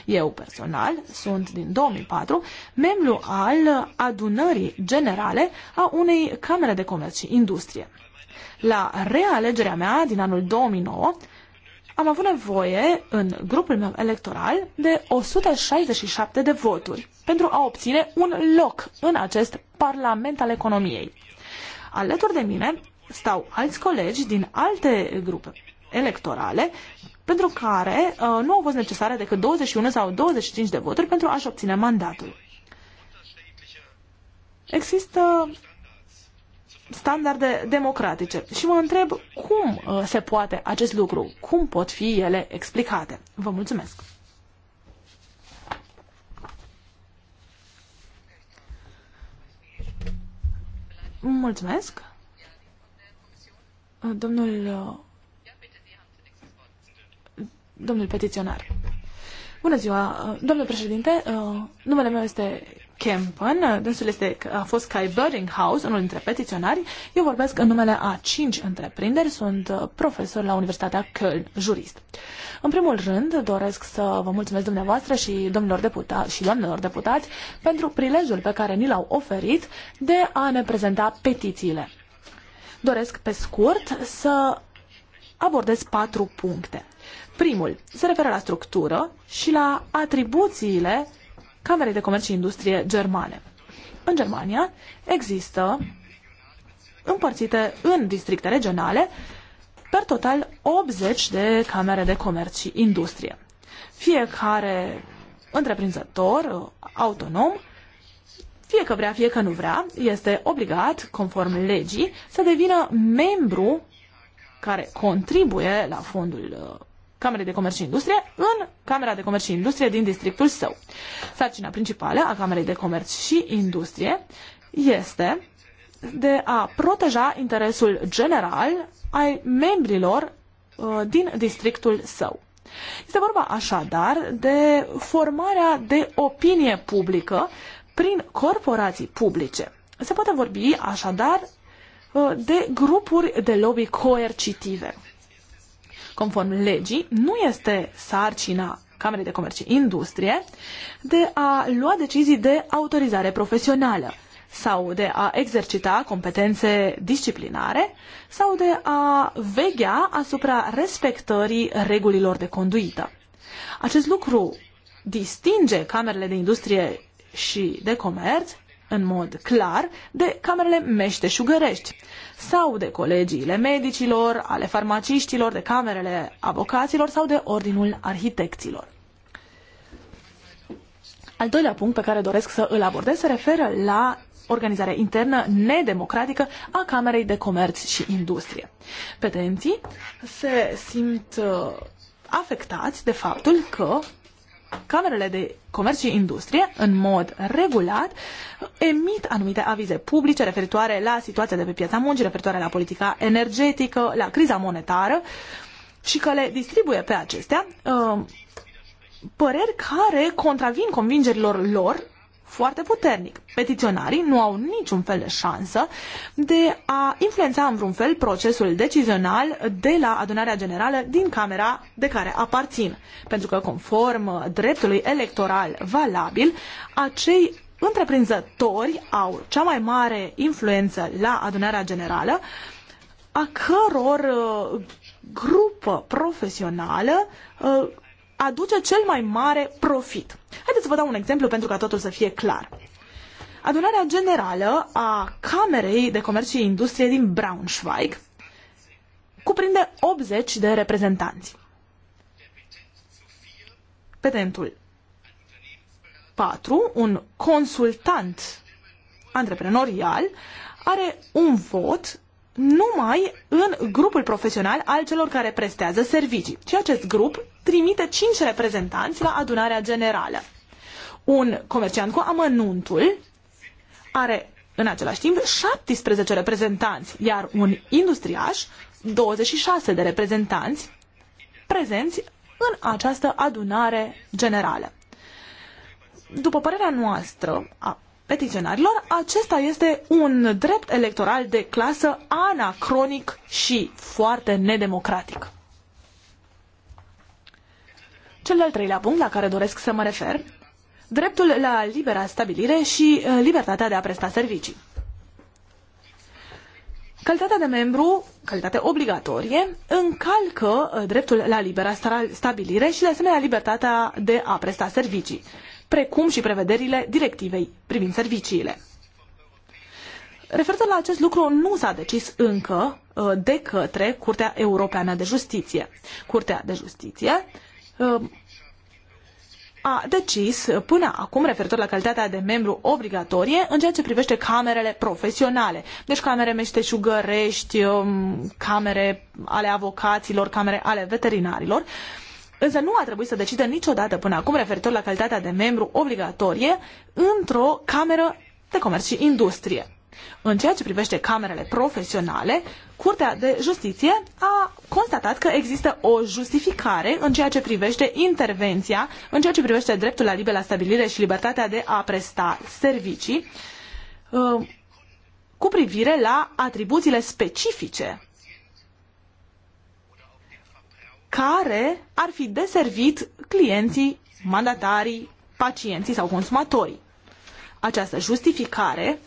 Eu personal sunt din 2004 membru al adunării generale a unei camere de comerț și industrie. La realegerea mea din anul 2009 am avut nevoie în grupul meu electoral de 167 de voturi pentru a obține un loc în acest Parlament al Economiei. Alături de mine stau alți colegi din alte grupe electorale pentru care uh, nu au fost necesare decât 21 sau 25 de voturi pentru a-și obține mandatul. Există standarde democratice și mă întreb cum uh, se poate acest lucru, cum pot fi ele explicate. Vă mulțumesc! Mulțumesc! Domnul uh, domnul petiționar. Bună ziua, uh, domnule președinte, uh, numele meu este Kempen, uh, dânsul este, a fost Kai Böringhaus, unul dintre petiționari. Eu vorbesc în numele a cinci întreprinderi, sunt profesor la Universitatea Köln, jurist. În primul rând, doresc să vă mulțumesc dumneavoastră și domnilor deputați și doamnelor deputați pentru prilejul pe care ni l-au oferit de a ne prezenta petițiile. Doresc pe scurt să abordez patru puncte. Primul se referă la structură și la atribuțiile Camerei de Comerț și Industrie Germane. În Germania există împărțite în districte regionale per total 80 de camere de comerț și industrie. Fiecare întreprinzător autonom, fie că vrea, fie că nu vrea, este obligat, conform legii, să devină membru care contribuie la fondul uh, Camerei de Comerț și Industrie în Camera de Comerț și Industrie din districtul său. Sarcina principală a Camerei de Comerț și Industrie este de a proteja interesul general ai membrilor uh, din districtul său. Este vorba așadar de formarea de opinie publică prin corporații publice. Se poate vorbi așadar uh, de grupuri de lobby coercitive conform legii, nu este sarcina Camerei de Comerț și Industrie de a lua decizii de autorizare profesională sau de a exercita competențe disciplinare sau de a veghea asupra respectării regulilor de conduită. Acest lucru distinge camerele de industrie și de comerț în mod clar de camerele meșteșugărești sau de colegiile medicilor, ale farmaciștilor, de camerele avocaților sau de Ordinul Arhitecților. Al doilea punct pe care doresc să îl abordez se referă la organizarea internă nedemocratică a Camerei de Comerț și Industrie. Petenții se simt uh, afectați de faptul că camerele de comerț și industrie, în mod regulat, emit anumite avize publice referitoare la situația de pe piața muncii, referitoare la politica energetică, la criza monetară și că le distribuie pe acestea uh, păreri care contravin convingerilor lor foarte puternic. Petiționarii nu au niciun fel de șansă de a influența în vreun fel procesul decizional de la adunarea generală din camera de care aparțin. Pentru că, conform dreptului electoral valabil, acei întreprinzători au cea mai mare influență la adunarea generală, a căror uh, grupă profesională uh, aduce cel mai mare profit. Haideți să vă dau un exemplu pentru ca totul să fie clar. Adunarea generală a Camerei de Comerț și Industrie din Braunschweig cuprinde 80 de reprezentanți. Petentul 4, un consultant antreprenorial, are un vot numai în grupul profesional al celor care prestează servicii. Și acest grup trimite cinci reprezentanți la adunarea generală. Un comerciant cu amănuntul are în același timp 17 reprezentanți, iar un industriaș 26 de reprezentanți prezenți în această adunare generală. După părerea noastră, a petiționarilor, acesta este un drept electoral de clasă anacronic și foarte nedemocratic. Cel de-al treilea punct la care doresc să mă refer, dreptul la libera stabilire și uh, libertatea de a presta servicii. Calitatea de membru, calitate obligatorie, încalcă uh, dreptul la libera stabilire și de asemenea libertatea de a presta servicii precum și prevederile directivei privind serviciile. Referitor la acest lucru, nu s-a decis încă uh, de către Curtea Europeană de Justiție. Curtea de Justiție uh, a decis până acum referitor la calitatea de membru obligatorie în ceea ce privește camerele profesionale. Deci camere meșteșugărești, um, camere ale avocaților, camere ale veterinarilor. Uh, însă nu a trebuit să decidă niciodată până acum referitor la calitatea de membru obligatorie într-o cameră de comerț și industrie. În ceea ce privește camerele profesionale, Curtea de Justiție a constatat că există o justificare în ceea ce privește intervenția, în ceea ce privește dreptul la liberă stabilire și libertatea de a presta servicii, uh, cu privire la atribuțiile specifice care ar fi deservit clienții, mandatarii, pacienții sau consumatorii. Această justificare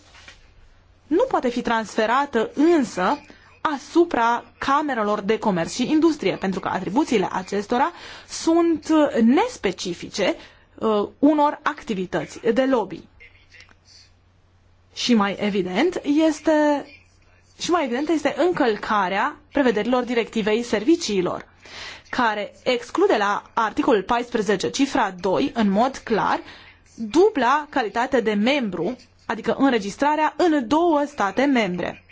nu poate fi transferată însă asupra camerelor de comerț și industrie, pentru că atribuțiile acestora sunt nespecifice uh, unor activități de lobby. Și mai evident este și mai evident este încălcarea prevederilor directivei serviciilor care exclude la articolul 14 cifra 2 în mod clar dubla calitate de membru, adică înregistrarea în două state membre.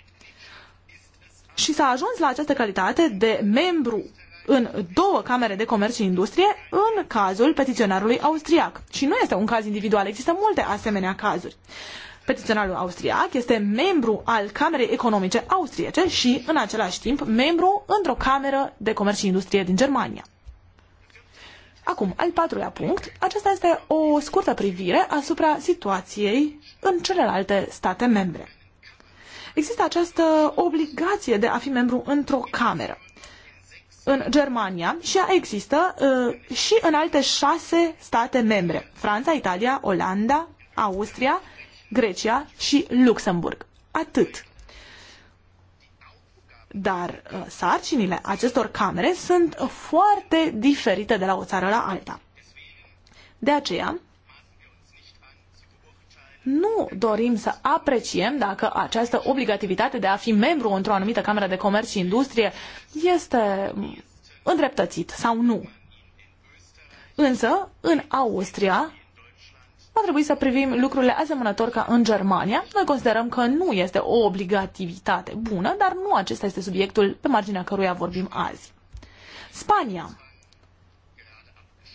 Și s-a ajuns la această calitate de membru în două camere de comerț și industrie în cazul petiționarului austriac. Și nu este un caz individual, există multe asemenea cazuri. Petiționarul austriac este membru al Camerei Economice Austriece și, în același timp, membru într-o cameră de comerț și industrie din Germania. Acum, al patrulea punct, acesta este o scurtă privire asupra situației în celelalte state membre. Există această obligație de a fi membru într-o cameră în Germania și ea există uh, și în alte șase state membre. Franța, Italia, Olanda, Austria, Grecia și Luxemburg. Atât. Dar uh, sarcinile acestor camere sunt foarte diferite de la o țară la alta. De aceea, nu dorim să apreciem dacă această obligativitate de a fi membru într-o anumită cameră de comerț și industrie este îndreptățit sau nu. Însă, în Austria, va trebui să privim lucrurile asemănător ca în Germania. Noi considerăm că nu este o obligativitate bună, dar nu acesta este subiectul pe marginea căruia vorbim azi. Spania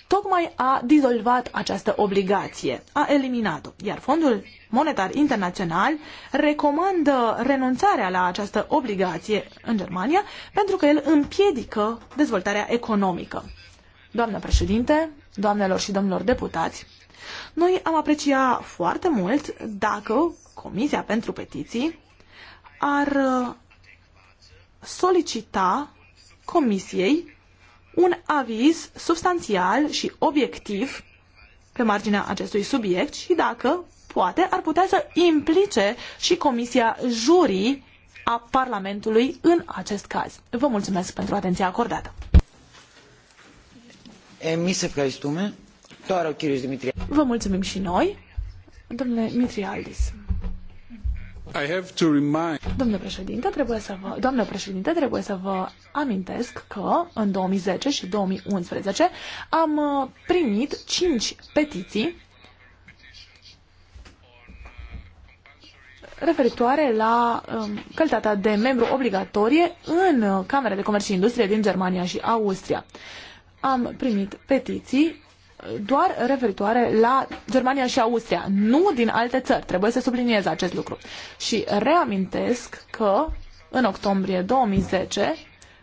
tocmai a dizolvat această obligație, a eliminat-o, iar Fondul Monetar Internațional recomandă renunțarea la această obligație în Germania pentru că el împiedică dezvoltarea economică. Doamnă președinte, doamnelor și domnilor deputați, noi am aprecia foarte mult dacă Comisia pentru Petiții ar uh, solicita Comisiei un aviz substanțial și obiectiv pe marginea acestui subiect și dacă poate ar putea să implice și Comisia Jurii a Parlamentului în acest caz. Vă mulțumesc pentru atenția acordată. Εμείς ευχαριστούμε. Vă mulțumim și noi. Domnule Mitrialdis. I have to remind... Domnule președinte, trebuie să vă, doamnă președinte, trebuie să vă amintesc că în 2010 și 2011 am uh, primit 5 petiții referitoare la um, calitatea de membru obligatorie în uh, Camera de Comerț și Industrie din Germania și Austria. Am primit petiții doar referitoare la Germania și Austria, nu din alte țări. Trebuie să subliniez acest lucru. Și reamintesc că în octombrie 2010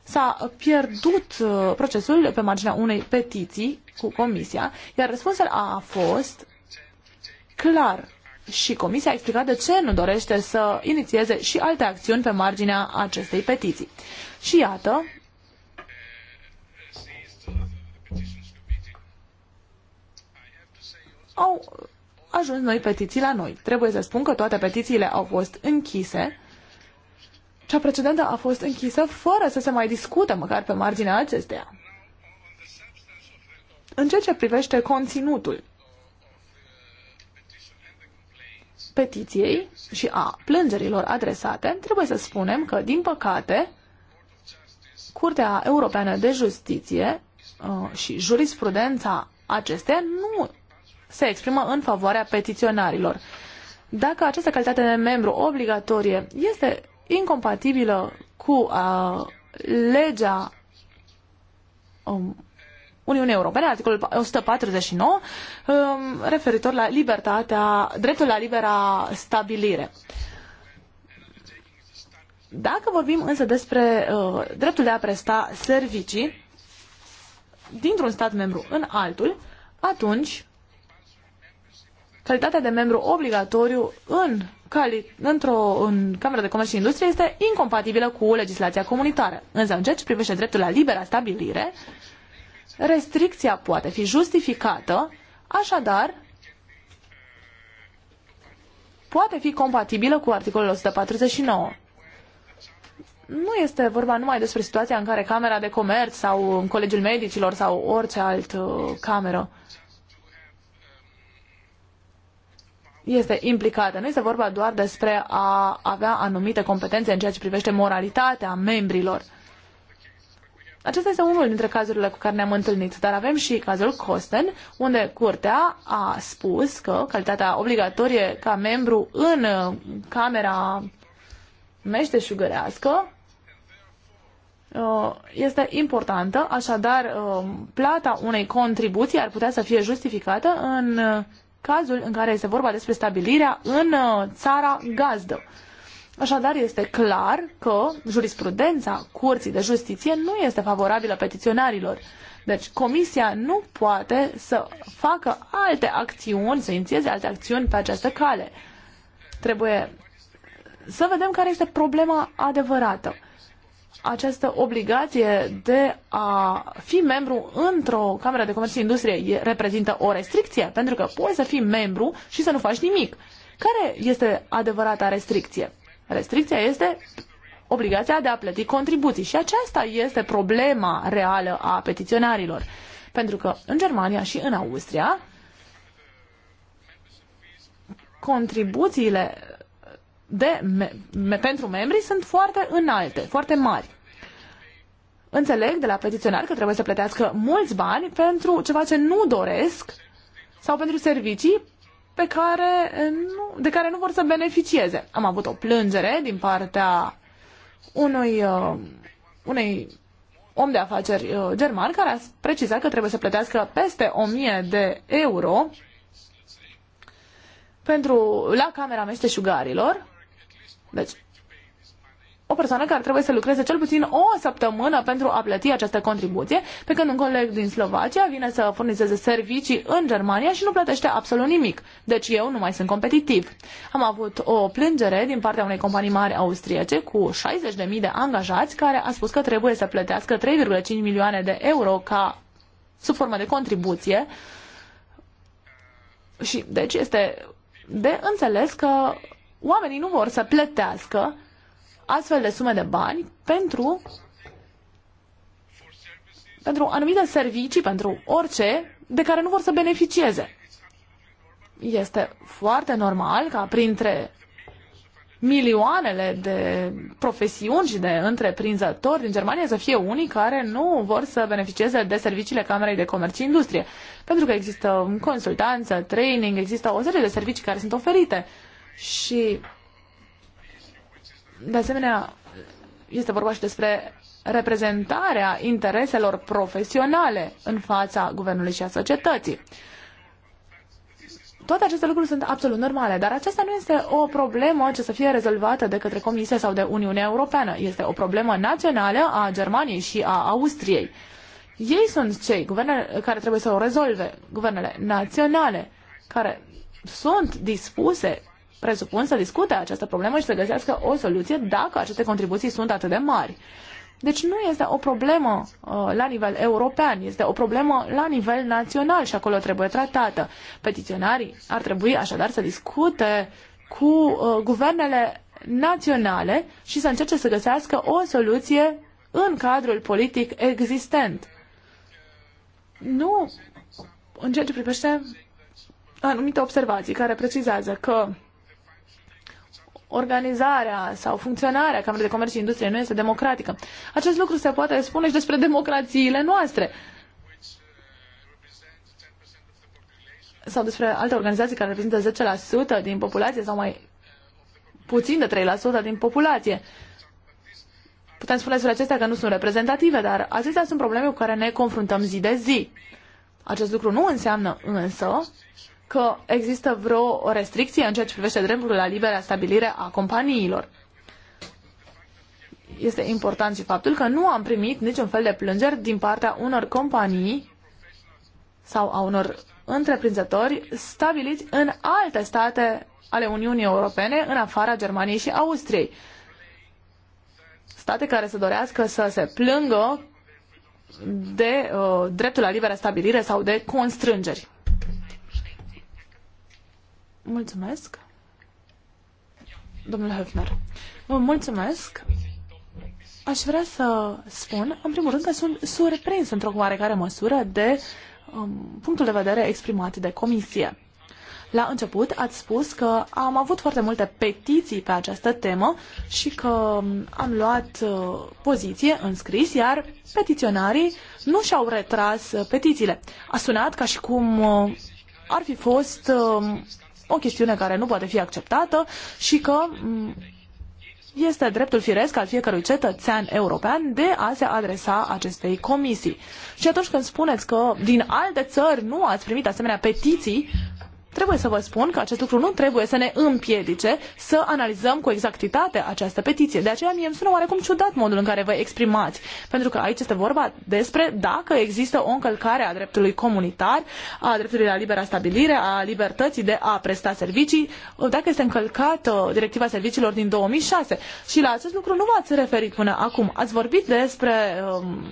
s-a pierdut uh, procesul pe marginea unei petiții cu Comisia, iar răspunsul a fost clar și Comisia a explicat de ce nu dorește să inițieze și alte acțiuni pe marginea acestei petiții. Și iată, au ajuns noi petiții la noi. Trebuie să spun că toate petițiile au fost închise. Cea precedentă a fost închisă fără să se mai discute măcar pe marginea acesteia. În ceea ce privește conținutul petiției și a plângerilor adresate, trebuie să spunem că, din păcate, Curtea Europeană de Justiție uh, și jurisprudența acestea nu se exprimă în favoarea petiționarilor. Dacă această calitate de membru obligatorie este incompatibilă cu uh, legea um, Uniunii Europene, articolul 149, um, referitor la libertatea, dreptul la libera stabilire. Dacă vorbim însă despre uh, dreptul de a presta servicii dintr-un stat membru în altul, atunci calitatea de membru obligatoriu în într-o în camera de Comerț și Industrie este incompatibilă cu legislația comunitară. Însă, în ceea ce privește dreptul la libera stabilire, restricția poate fi justificată, așadar, poate fi compatibilă cu articolul 149. Nu este vorba numai despre situația în care Camera de Comerț sau Colegiul Medicilor sau orice altă uh, cameră este implicată. Nu este vorba doar despre a avea anumite competențe în ceea ce privește moralitatea membrilor. Acesta este unul dintre cazurile cu care ne-am întâlnit, dar avem și cazul Costen, unde curtea a spus că calitatea obligatorie ca membru în camera meșteșugărească uh, este importantă, așadar uh, plata unei contribuții ar putea să fie justificată în uh, cazul în care este vorba despre stabilirea în uh, țara gazdă. Așadar, este clar că jurisprudența Curții de Justiție nu este favorabilă petiționarilor. Deci, Comisia nu poate să facă alte acțiuni, să inițieze alte acțiuni pe această cale. Trebuie să vedem care este problema adevărată această obligație de a fi membru într-o cameră de comerț și industrie reprezintă o restricție, pentru că poți să fii membru și să nu faci nimic. Care este adevărata restricție? Restricția este obligația de a plăti contribuții și aceasta este problema reală a petiționarilor. Pentru că în Germania și în Austria contribuțiile de me- pentru membri sunt foarte înalte, foarte mari. Înțeleg de la petiționar că trebuie să plătească mulți bani pentru ceva ce nu doresc sau pentru servicii pe care eh, nu, de care nu vor să beneficieze. Am avut o plângere din partea unui, uh, unei om de afaceri uh, german care a precizat că trebuie să plătească peste 1000 de euro pentru, la camera meșteșugarilor deci, o persoană care trebuie să lucreze cel puțin o săptămână pentru a plăti această contribuție, pe când un coleg din Slovacia vine să furnizeze servicii în Germania și nu plătește absolut nimic. Deci eu nu mai sunt competitiv. Am avut o plângere din partea unei companii mari austriece cu 60.000 de angajați care a spus că trebuie să plătească 3,5 milioane de euro ca sub formă de contribuție. Și deci este de înțeles că oamenii nu vor să plătească astfel de sume de bani pentru pentru anumite servicii, pentru orice, de care nu vor să beneficieze. Este foarte normal ca printre milioanele de profesiuni și de întreprinzători din Germania să fie unii care nu vor să beneficieze de serviciile Camerei de Comerț și Industrie. Pentru că există consultanță, training, există o serie de servicii care sunt oferite și, de asemenea, este vorba și despre reprezentarea intereselor profesionale în fața guvernului și a societății. Toate aceste lucruri sunt absolut normale, dar aceasta nu este o problemă ce să fie rezolvată de către Comisie sau de Uniunea Europeană. Este o problemă națională a Germaniei și a Austriei. Ei sunt cei guvernele, care trebuie să o rezolve, guvernele naționale, care sunt dispuse presupun, să discute această problemă și să găsească o soluție dacă aceste contribuții sunt atât de mari. Deci nu este o problemă uh, la nivel european, este o problemă la nivel național și acolo trebuie tratată. Petiționarii ar trebui așadar să discute cu uh, guvernele naționale și să încerce să găsească o soluție în cadrul politic existent. Nu în ceea ce privește anumite observații care precizează că organizarea sau funcționarea Camerei de Comerț și Industrie nu este democratică. Acest lucru se poate spune și despre democrațiile noastre. sau despre alte organizații care reprezintă 10% din populație sau mai puțin de 3% din populație. Putem spune despre acestea că nu sunt reprezentative, dar acestea sunt probleme cu care ne confruntăm zi de zi. Acest lucru nu înseamnă însă că există vreo restricție în ceea ce privește dreptul la libera stabilire a companiilor. Este important și faptul că nu am primit niciun fel de plângeri din partea unor companii sau a unor întreprinzători stabiliți în alte state ale Uniunii Europene, în afara Germaniei și Austriei. State care se dorească să se plângă de uh, dreptul la liberă stabilire sau de constrângeri. Mulțumesc. Domnule Höfner, vă mulțumesc. Aș vrea să spun, în primul rând, că sunt surprins într-o oarecare măsură de um, punctul de vedere exprimat de comisie. La început ați spus că am avut foarte multe petiții pe această temă și că um, am luat uh, poziție în scris, iar petiționarii nu și-au retras uh, petițiile. A sunat ca și cum uh, ar fi fost uh, o chestiune care nu poate fi acceptată și că mm, este dreptul firesc al fiecărui cetățean european de a se adresa acestei comisii. Și atunci când spuneți că din alte țări nu ați primit asemenea petiții, Trebuie să vă spun că acest lucru nu trebuie să ne împiedice să analizăm cu exactitate această petiție. De aceea mie îmi sună oarecum ciudat modul în care vă exprimați, pentru că aici este vorba despre dacă există o încălcare a dreptului comunitar, a dreptului la libera stabilire, a libertății de a presta servicii, dacă este încălcată directiva serviciilor din 2006. Și la acest lucru nu v-ați referit până acum. Ați vorbit despre um,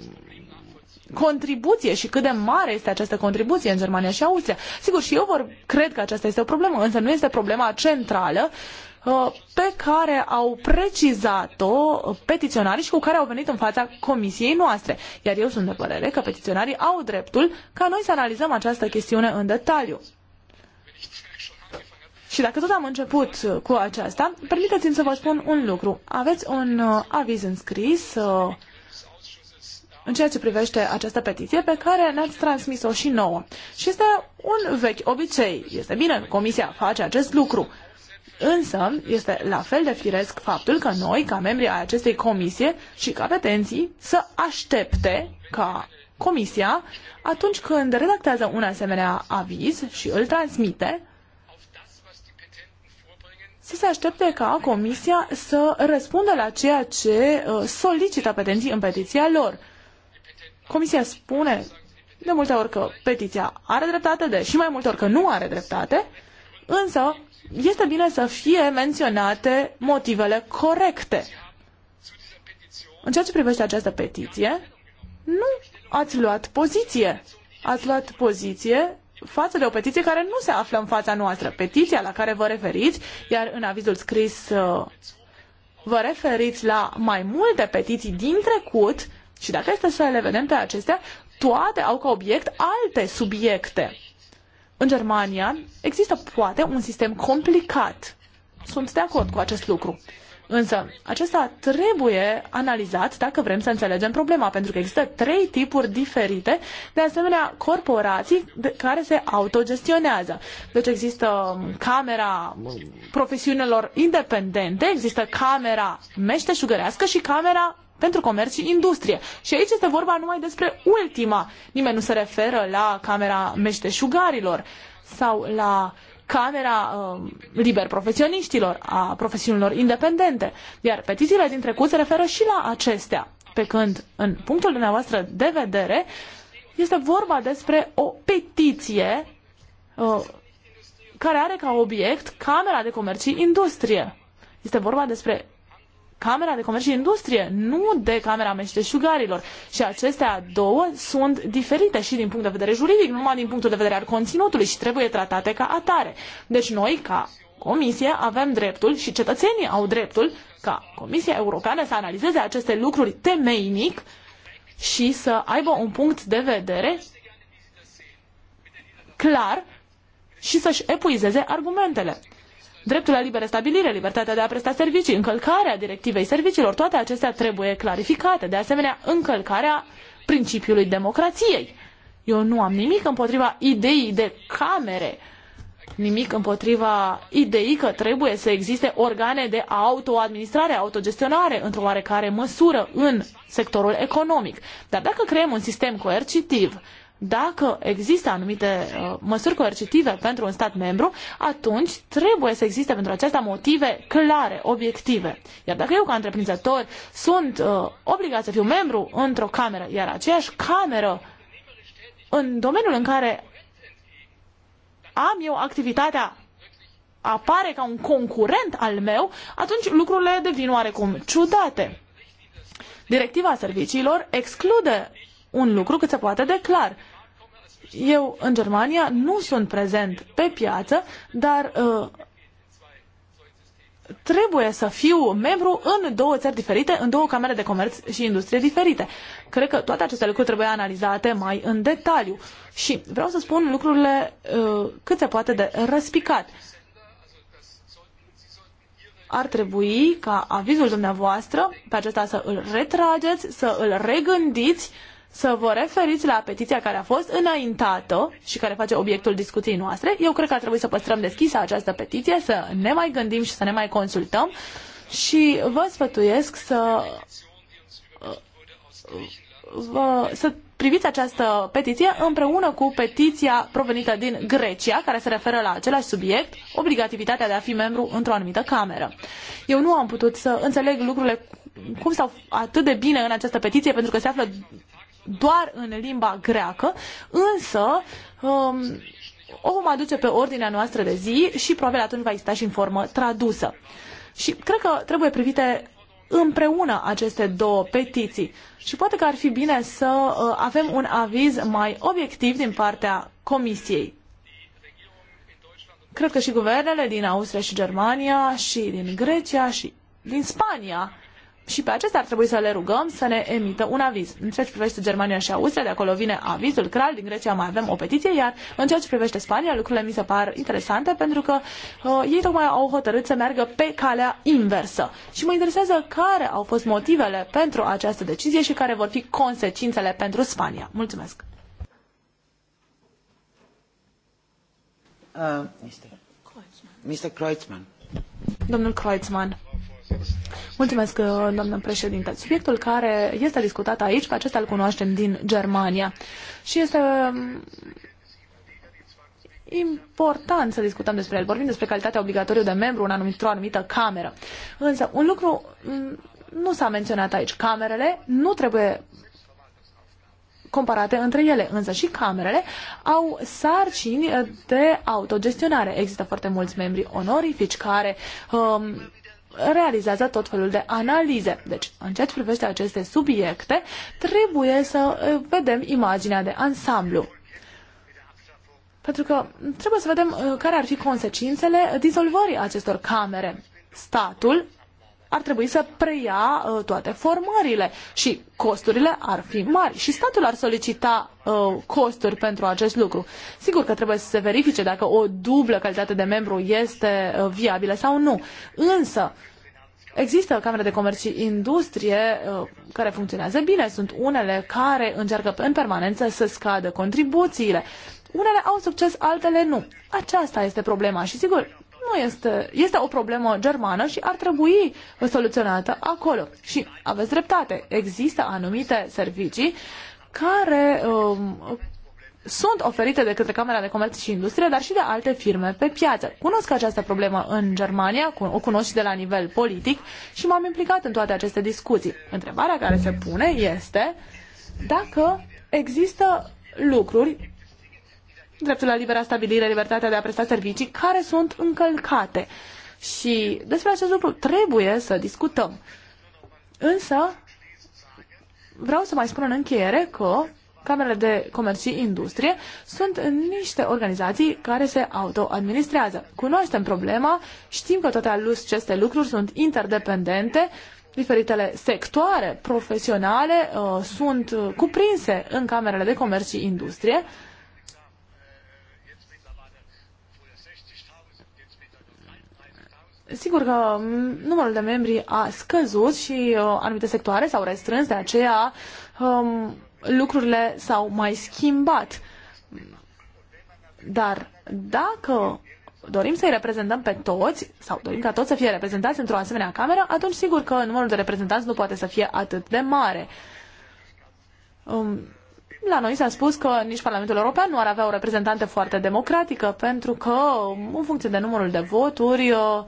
contribuție și cât de mare este această contribuție în Germania și Austria. Sigur, și eu vor, cred că aceasta este o problemă, însă nu este problema centrală uh, pe care au precizat-o petiționarii și cu care au venit în fața comisiei noastre. Iar eu sunt de părere că petiționarii au dreptul ca noi să analizăm această chestiune în detaliu. Și dacă tot am început cu aceasta, permiteți-mi să vă spun un lucru. Aveți un uh, aviz înscris uh, în ceea ce privește această petiție pe care ne-ați transmis-o și nouă. Și este un vechi obicei. Este bine Comisia face acest lucru. Însă, este la fel de firesc faptul că noi, ca membri ai acestei comisie și ca petenții, să aștepte ca comisia, atunci când redactează un asemenea aviz și îl transmite, să se aștepte ca comisia să răspundă la ceea ce uh, solicită petenții în petiția lor. Comisia spune de multe ori că petiția are dreptate, de și mai multe ori că nu are dreptate, însă este bine să fie menționate motivele corecte. În ceea ce privește această petiție, nu ați luat poziție. Ați luat poziție față de o petiție care nu se află în fața noastră. Petiția la care vă referiți, iar în avizul scris uh, vă referiți la mai multe petiții din trecut și dacă este să le vedem pe acestea, toate au ca obiect alte subiecte. În Germania există poate un sistem complicat. Sunt de acord cu acest lucru. Însă, acesta trebuie analizat dacă vrem să înțelegem problema, pentru că există trei tipuri diferite de asemenea corporații care se autogestionează. Deci există camera profesiunilor independente, există camera meșteșugărească și camera pentru comerț și industrie. Și aici este vorba numai despre ultima. Nimeni nu se referă la Camera Meșteșugarilor sau la Camera uh, Liber Profesioniștilor, a profesiunilor independente. Iar petițiile din trecut se referă și la acestea. Pe când, în punctul dumneavoastră de vedere, este vorba despre o petiție uh, care are ca obiect Camera de Comerț și Industrie. Este vorba despre Camera de Comerț și Industrie, nu de Camera Meșteșugarilor. Și acestea două sunt diferite și din punct de vedere juridic, nu numai din punctul de vedere al conținutului și trebuie tratate ca atare. Deci noi, ca Comisie, avem dreptul și cetățenii au dreptul ca Comisia Europeană să analizeze aceste lucruri temeinic și să aibă un punct de vedere clar și să-și epuizeze argumentele dreptul la liberă stabilire, libertatea de a presta servicii, încălcarea directivei serviciilor, toate acestea trebuie clarificate. De asemenea, încălcarea principiului democrației. Eu nu am nimic împotriva ideii de camere, nimic împotriva ideii că trebuie să existe organe de autoadministrare, autogestionare, într-o oarecare măsură în sectorul economic. Dar dacă creăm un sistem coercitiv dacă există anumite uh, măsuri coercitive pentru un stat membru, atunci trebuie să existe pentru acestea motive clare, obiective. Iar dacă eu, ca întreprinzător, sunt uh, obligat să fiu membru într-o cameră, iar aceeași cameră, în domeniul în care am eu activitatea apare ca un concurent al meu, atunci lucrurile devin oarecum ciudate. Directiva serviciilor exclude un lucru cât se poate de clar eu în Germania nu sunt prezent pe piață, dar uh, trebuie să fiu membru în două țări diferite, în două camere de comerț și industrie diferite. Cred că toate aceste lucruri trebuie analizate mai în detaliu. Și vreau să spun lucrurile uh, cât se poate de răspicat. Ar trebui ca avizul dumneavoastră pe acesta să îl retrageți, să îl regândiți uh, să vă referiți la petiția care a fost înaintată și care face obiectul discuției noastre. Eu cred că ar trebui să păstrăm deschisă această petiție, să ne mai gândim și să ne mai consultăm și vă sfătuiesc să vă, să priviți această petiție împreună cu petiția provenită din Grecia, care se referă la același subiect, obligativitatea de a fi membru într-o anumită cameră. Eu nu am putut să înțeleg lucrurile cum s-au atât de bine în această petiție, pentru că se află doar în limba greacă, însă um, o vom aduce pe ordinea noastră de zi și probabil atunci va exista și în formă tradusă. Și cred că trebuie privite împreună aceste două petiții. Și poate că ar fi bine să uh, avem un aviz mai obiectiv din partea Comisiei. Cred că și guvernele din Austria și Germania și din Grecia și din Spania și pe acestea ar trebui să le rugăm să ne emită un aviz. În ceea ce privește Germania și Austria, de acolo vine avizul CRAL, din Grecia mai avem o petiție, iar în ceea ce privește Spania, lucrurile mi se par interesante pentru că uh, ei tocmai au hotărât să meargă pe calea inversă. Și mă interesează care au fost motivele pentru această decizie și care vor fi consecințele pentru Spania. Mulțumesc! Uh, Mr. Kreutzmann. Domnul Kreutzmann. Mulțumesc, doamnă președinte. Subiectul care este discutat aici, pe acesta îl cunoaștem din Germania și este um, important să discutăm despre el. Vorbim despre calitatea obligatoriu de membru în anumit, o anumită cameră. Însă, un lucru mm, nu s-a menționat aici. Camerele nu trebuie comparate între ele, însă și camerele au sarcini de autogestionare. Există foarte mulți membri onorifici care um, realizează tot felul de analize. Deci, în ceea ce privește aceste subiecte, trebuie să vedem imaginea de ansamblu. Pentru că trebuie să vedem care ar fi consecințele dizolvării acestor camere. Statul ar trebui să preia uh, toate formările și costurile ar fi mari și statul ar solicita uh, costuri pentru acest lucru. Sigur că trebuie să se verifice dacă o dublă calitate de membru este uh, viabilă sau nu, însă Există camere de comerț și industrie uh, care funcționează bine, sunt unele care încearcă în permanență să scadă contribuțiile. Unele au succes, altele nu. Aceasta este problema și sigur, nu este, este o problemă germană și ar trebui soluționată acolo. Și aveți dreptate, există anumite servicii care um, sunt oferite de către Camera de Comerț și Industrie, dar și de alte firme pe piață. Cunosc această problemă în Germania, o cunosc și de la nivel politic și m-am implicat în toate aceste discuții. Întrebarea care se pune este dacă există lucruri dreptul la libera stabilire, libertatea de a presta servicii, care sunt încălcate. Și despre acest lucru trebuie să discutăm. Însă, vreau să mai spun în încheiere că Camerele de Comerț și Industrie sunt niște organizații care se autoadministrează. Cunoaștem problema, știm că toate aceste lucruri sunt interdependente, diferitele sectoare profesionale uh, sunt cuprinse în Camerele de Comerț și Industrie, uh, Sigur că numărul de membri a scăzut și uh, anumite sectoare s-au restrâns, de aceea um, lucrurile s-au mai schimbat. Dar dacă dorim să-i reprezentăm pe toți, sau dorim ca toți să fie reprezentați într-o asemenea cameră, atunci sigur că numărul de reprezentanți nu poate să fie atât de mare. Um, la noi s-a spus că nici Parlamentul European nu ar avea o reprezentantă foarte democratică, pentru că, în funcție de numărul de voturi, uh,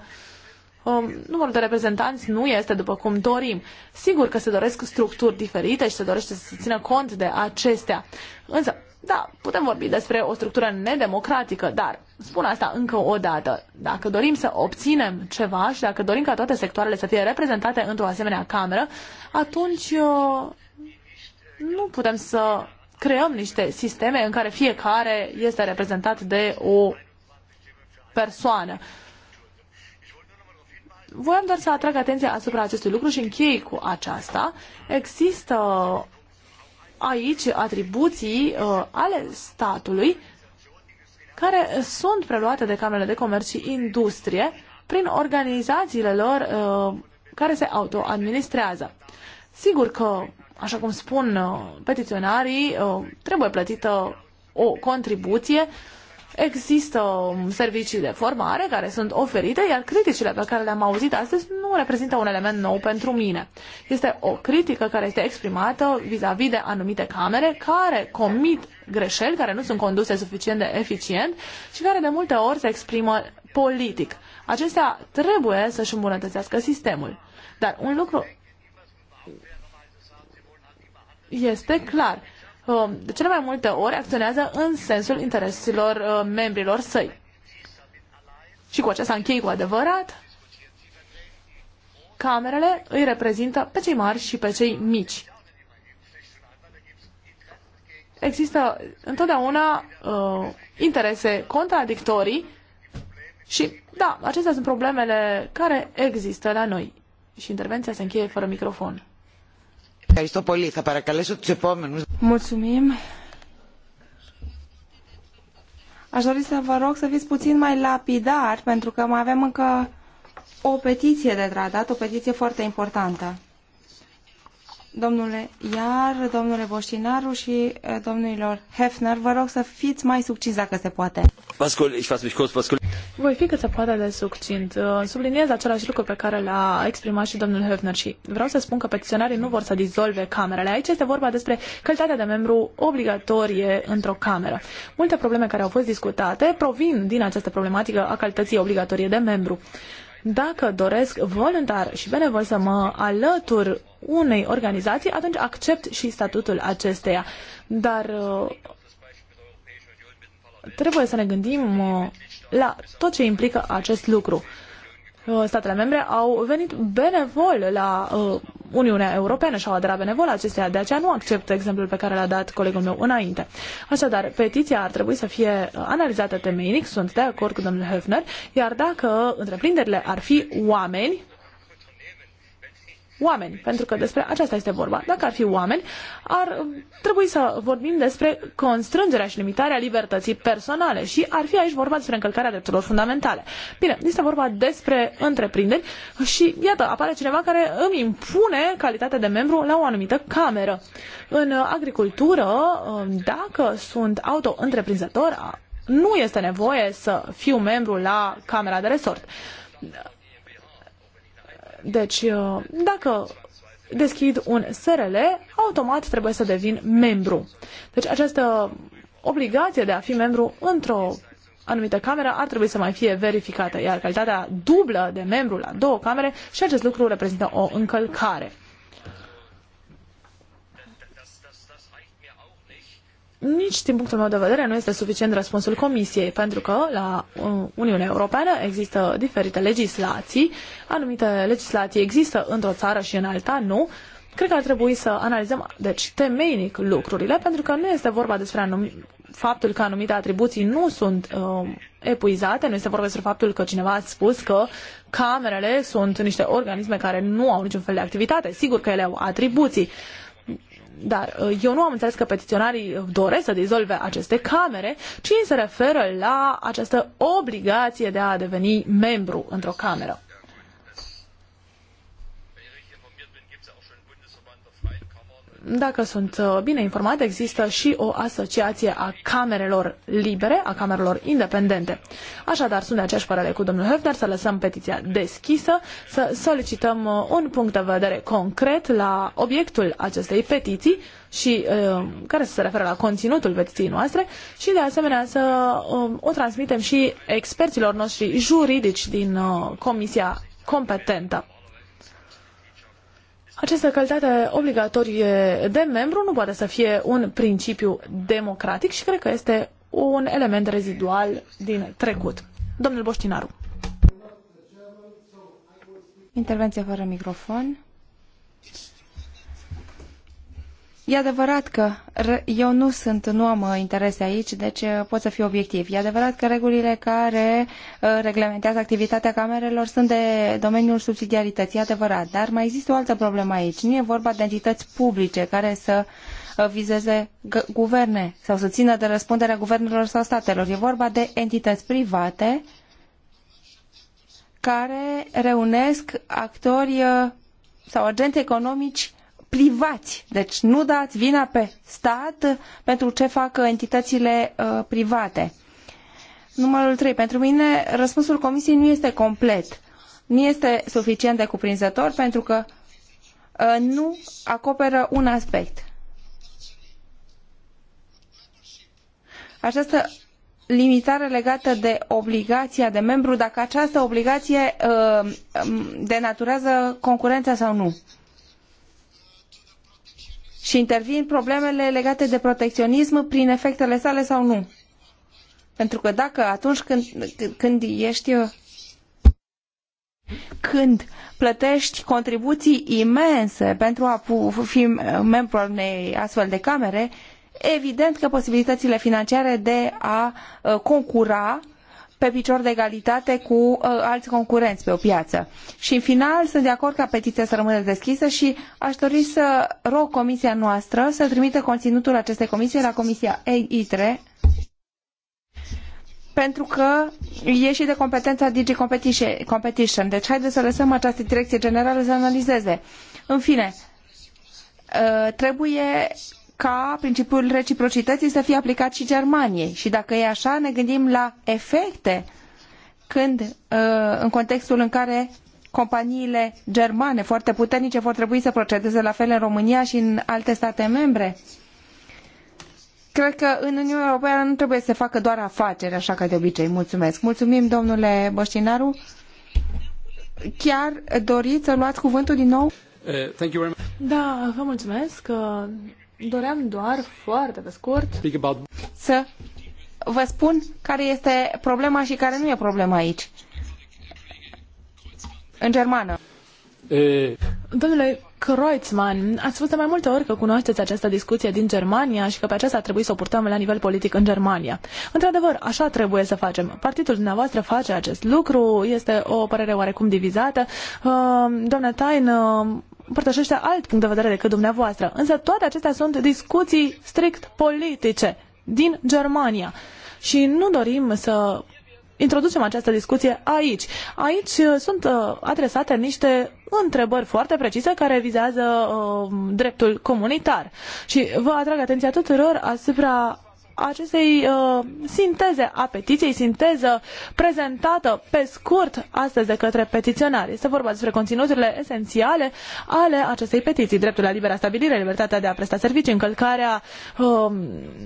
Um, numărul de reprezentanți nu este după cum dorim. Sigur că se doresc structuri diferite și se dorește să se țină cont de acestea. Însă, da, putem vorbi despre o structură nedemocratică, dar spun asta încă o dată. Dacă dorim să obținem ceva și dacă dorim ca toate sectoarele să fie reprezentate într-o asemenea cameră, atunci uh, nu putem să creăm niște sisteme în care fiecare este reprezentat de o persoană. Voiam doar să atrag atenția asupra acestui lucru și închei cu aceasta. Există aici atribuții uh, ale statului care sunt preluate de Camerele de Comerț și Industrie prin organizațiile lor uh, care se autoadministrează. Sigur că, așa cum spun uh, petiționarii, uh, trebuie plătită o contribuție uh, Există um, servicii de formare care sunt oferite, iar criticile pe care le-am auzit astăzi nu reprezintă un element nou pentru mine. Este o critică care este exprimată vis-a-vis -vis de anumite camere care comit greșeli, care nu sunt conduse suficient de eficient și care de multe ori se exprimă politic. Acestea trebuie să-și îmbunătățească sistemul. Dar un lucru este clar de um, cele mai multe ori acționează în sensul intereselor uh, membrilor săi. Și cu aceasta închei cu adevărat. Camerele îi reprezintă pe cei mari și pe cei mici. Există întotdeauna uh, interese contradictorii și, da, acestea sunt problemele care există la noi. Și intervenția se încheie fără microfon. Mulțumim. Aș dori să vă rog să fiți puțin mai lapidar, pentru că mai avem încă o petiție de tratat, o petiție foarte importantă domnule Iar, domnule Boștinaru și eh, domnilor Hefner, vă rog să fiți mai succinți dacă se poate. Pascul, ich fass mich kurz, Pascul. Voi fi cât se poate de succint. Eh, subliniez același lucru pe care l-a exprimat și domnul Hefner și vreau să spun că peticionarii nu vor să dizolve camerele. Aici este vorba despre calitatea de membru obligatorie într-o cameră. Multe probleme care au fost discutate provin din această problematică a calității obligatorie de membru. Dacă doresc voluntar și benevol să mă alătur unei organizații, atunci accept și statutul acesteia. Dar uh, trebuie să ne gândim uh, la tot ce implică acest lucru. Uh, statele membre au venit benevol la uh, Uniunea Europeană și au aderat benevol acestea, de aceea nu accept exemplul pe care l-a dat colegul meu înainte. Așadar, petiția ar trebui să fie uh, analizată temeinic, sunt de acord cu domnul Höfner, iar dacă întreprinderile ar fi oameni, oameni, pentru că despre aceasta este vorba. Dacă ar fi oameni, ar trebui să vorbim despre constrângerea și limitarea libertății personale și ar fi aici vorba despre încălcarea drepturilor fundamentale. Bine, este vorba despre întreprinderi și iată, apare cineva care îmi impune calitatea de membru la o anumită cameră. În agricultură, dacă sunt auto-întreprinzător, nu este nevoie să fiu membru la Camera de Resort deci, uh, dacă deschid un SRL, automat trebuie să devin membru. Deci această obligație de a fi membru într-o anumită cameră ar trebui să mai fie verificată, iar calitatea dublă de membru la două camere și acest lucru reprezintă o încălcare. nici din punctul meu de vedere nu este suficient răspunsul Comisiei, pentru că la uh, Uniunea Europeană există diferite legislații, anumite legislații există într-o țară și în alta nu. Cred că ar trebui să analizăm, deci, temeinic lucrurile, pentru că nu este vorba despre anum- faptul că anumite atribuții nu sunt uh, epuizate, nu este vorba despre faptul că cineva a spus că camerele sunt niște organisme care nu au niciun fel de activitate. Sigur că ele au atribuții, dar uh, eu nu am înțeles că petiționarii doresc să dizolve aceste camere, ci se referă la această obligație de a deveni membru într-o cameră. dacă sunt uh, bine informate, există și o asociație a camerelor libere, a camerelor independente. Așadar, sunt de aceeași părere cu domnul Höfner să lăsăm petiția deschisă, să solicităm uh, un punct de vedere concret la obiectul acestei petiții și uh, care se referă la conținutul petiției noastre și de asemenea să uh, o transmitem și experților noștri juridici din comisia competentă. Această calitate obligatorie de membru nu poate să fie un principiu democratic și cred că este un element rezidual din trecut. Domnul Boștinaru. Intervenție fără microfon. E adevărat că eu nu sunt, nu am uh, interese aici, deci uh, pot să fiu obiectiv. E adevărat că regulile care uh, reglementează activitatea camerelor sunt de domeniul subsidiarității, e adevărat, dar mai există o altă problemă aici. Nu e vorba de entități publice care să vizeze guverne sau să țină de răspunderea guvernelor sau statelor. E vorba de entități private care reunesc actori sau agenți economici privați. Deci nu dați vina pe stat pentru ce fac entitățile uh, private. Numărul trei. Pentru mine, răspunsul Comisiei nu este complet. Nu este suficient de cuprinzător pentru că uh, nu acoperă un aspect. Această limitare legată de obligația de membru, dacă această obligație uh, um, denaturează concurența sau nu și intervin problemele legate de protecționism prin efectele sale sau nu. Pentru că dacă atunci când, când ești când plătești contribuții imense pentru a fi membru al unei astfel de camere, evident că posibilitățile financiare de a uh, concura pe picior de egalitate cu uh, alți concurenți pe o piață. Și în final sunt de acord ca petiția să rămână deschisă și aș dori să rog comisia noastră să trimită conținutul acestei comisii la comisia EITRE pentru că e și de competența Digi Competition. Deci haideți să lăsăm această direcție generală să analizeze. În fine, uh, trebuie ca principiul reciprocității să fie aplicat și Germaniei. Și dacă e așa, ne gândim la efecte când, uh, în contextul în care companiile germane foarte puternice vor trebui să procedeze la fel în România și în alte state membre. Cred că în Uniunea Europeană nu trebuie să se facă doar afaceri, așa ca de obicei. Mulțumesc. Mulțumim, domnule Boștinaru. Chiar doriți să luați cuvântul din nou? Eh, da, vă mulțumesc. Eh, Doream doar, foarte pe scurt, să vă spun care este problema și care nu e problema aici. În germană. E... Domnule Kreutzmann, ați spus de mai multe ori că cunoașteți această discuție din Germania și că pe aceasta ar trebui să o purtăm la nivel politic în Germania. Într-adevăr, așa trebuie să facem. Partidul dumneavoastră face acest lucru, este o părere oarecum divizată. Uh, doamna Tain uh, împărtășește alt punct de vedere decât dumneavoastră. Însă toate acestea sunt discuții strict politice din Germania și nu dorim să introducem această discuție aici. Aici uh, sunt uh, adresate niște întrebări foarte precise care vizează uh, dreptul comunitar. Și vă atrag atenția tuturor asupra acestei uh, sinteze a petiției, sinteză prezentată pe scurt astăzi de către petiționari. Este vorba despre conținuturile esențiale ale acestei petiții. Dreptul la libera stabilire, libertatea de a presta servicii, încălcarea uh,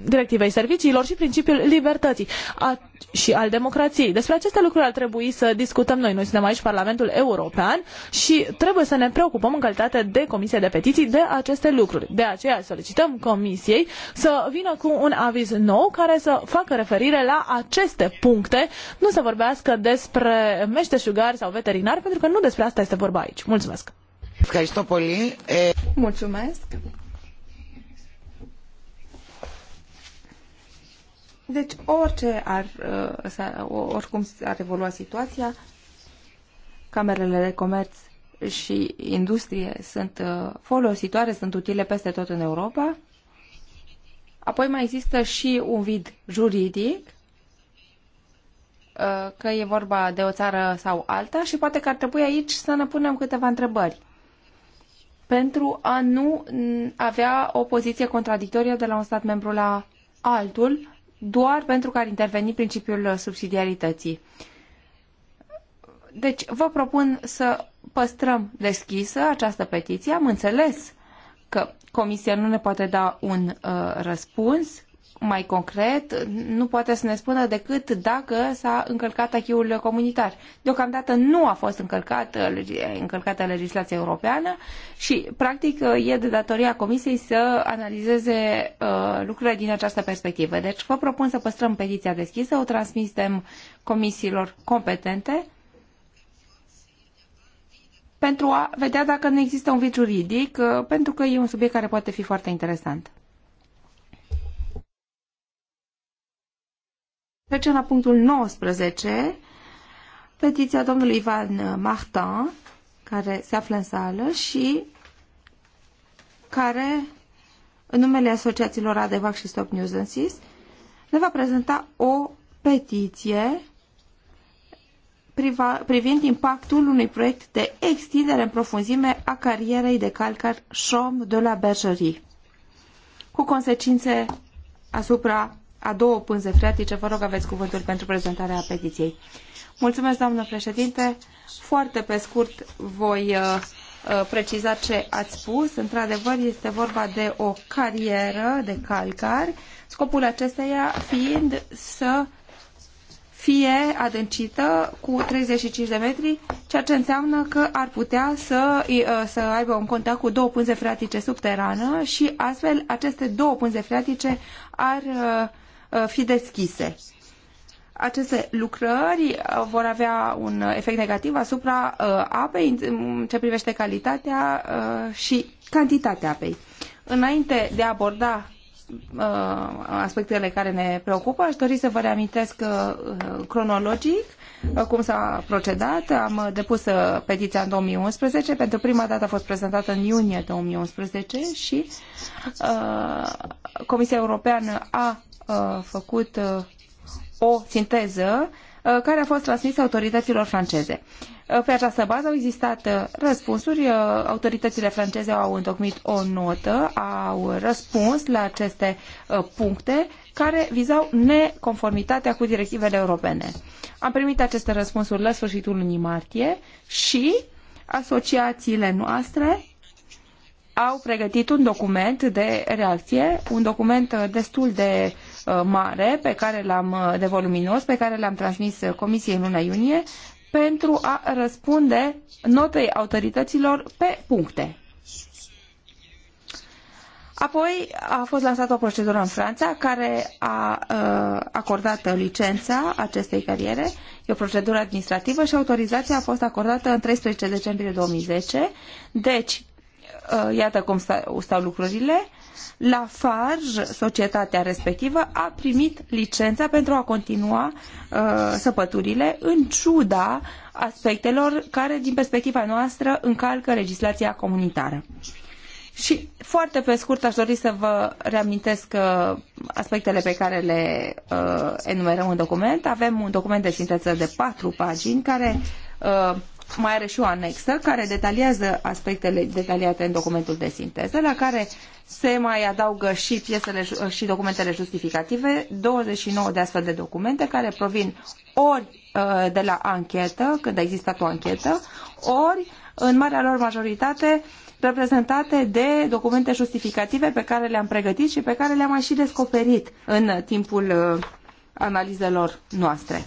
directivei serviciilor și principiul libertății a, și al democrației. Despre aceste lucruri ar trebui să discutăm noi. Noi suntem aici Parlamentul European și trebuie să ne preocupăm în calitate de Comisie de Petiții de aceste lucruri. De aceea solicităm Comisiei să vină cu un aviz nou care să facă referire la aceste puncte, nu să vorbească despre meșteșugari sau veterinari, pentru că nu despre asta este vorba aici. Mulțumesc! Mulțumesc! Deci, orice ar, uh, oricum ar evolua situația, camerele de comerț și industrie sunt uh, folositoare, sunt utile peste tot în Europa Apoi mai există și un vid juridic, uh, că e vorba de o țară sau alta și poate că ar trebui aici să ne punem câteva întrebări pentru a nu avea o poziție contradictorie de la un stat membru la altul, doar pentru că ar interveni principiul subsidiarității. Deci, vă propun să păstrăm deschisă această petiție. Am înțeles că Comisia nu ne poate da un uh, răspuns mai concret, nu poate să ne spună decât dacă s-a încălcat achiul comunitar. Deocamdată nu a fost încălcat, încălcată legislația europeană și, practic, e de datoria Comisiei să analizeze uh, lucrurile din această perspectivă. Deci, vă propun să păstrăm petiția deschisă, o transmitem comisiilor competente pentru a vedea dacă nu există un vid juridic, uh, pentru că e un subiect care poate fi foarte interesant. Trecem la punctul 19, petiția domnului Ivan Martin, care se află în sală și care, în numele asociațiilor Adevac și Stop News Insist, ne va prezenta o petiție privind impactul unui proiect de extindere în profunzime a carierei de calcar Chom de la Bergerie, cu consecințe asupra a două pânze freatice. Vă rog, aveți cuvântul pentru prezentarea petiției. Mulțumesc, doamnă președinte. Foarte pe scurt voi uh, uh, preciza ce ați spus. Într-adevăr, este vorba de o carieră de calcar, scopul acesteia fiind să fie adâncită cu 35 de metri, ceea ce înseamnă că ar putea să, uh, să aibă un contact cu două pânze freatice subterană și astfel aceste două pânze freatice ar uh, uh, fi deschise. Aceste lucrări vor avea un efect negativ asupra apei în ce privește calitatea și cantitatea apei. Înainte de a aborda Uh, aspectele care ne preocupă. Aș dori să vă reamintesc uh, cronologic uh, cum s-a procedat. Am depus petiția în 2011. Pentru prima dată a fost prezentată în iunie 2011 și Comisia Europeană a făcut o sinteză care a fost transmisă autorităților franceze. Uh, pe această bază au existat uh, răspunsuri, uh, autoritățile franceze au întocmit o notă, au răspuns la aceste uh, puncte care vizau neconformitatea cu directivele europene. Am primit aceste răspunsuri la sfârșitul lunii martie și asociațiile noastre au pregătit un document de reacție, un document destul de mare pe care l-am de voluminos, pe care l-am transmis Comisiei în luna iunie, pentru a răspunde notei autorităților pe puncte. Apoi a fost lansată o procedură în Franța care a uh, acordat licența acestei cariere. E o procedură administrativă și autorizația a fost acordată în 13 decembrie 2010. Deci, uh, iată cum stau, stau lucrurile. Uh, Lafarge, societatea respectivă, a primit licența pentru a continua uh, săpăturile în ciuda aspectelor care, din perspectiva noastră, încalcă legislația comunitară. Și foarte pe scurt aș dori să vă reamintesc uh, aspectele pe care le uh, enumerăm în document. Avem un document de sinteză de patru pagini care uh, mai are și o anexă care detaliază aspectele detaliate în documentul de sinteză, la care se mai adaugă și piesele și documentele justificative, 29 de astfel de documente care provin ori uh, de la anchetă, când a existat o anchetă, ori, în marea lor majoritate, reprezentate de documente justificative pe care le-am pregătit și pe care le-am mai și descoperit în timpul uh, analizelor noastre.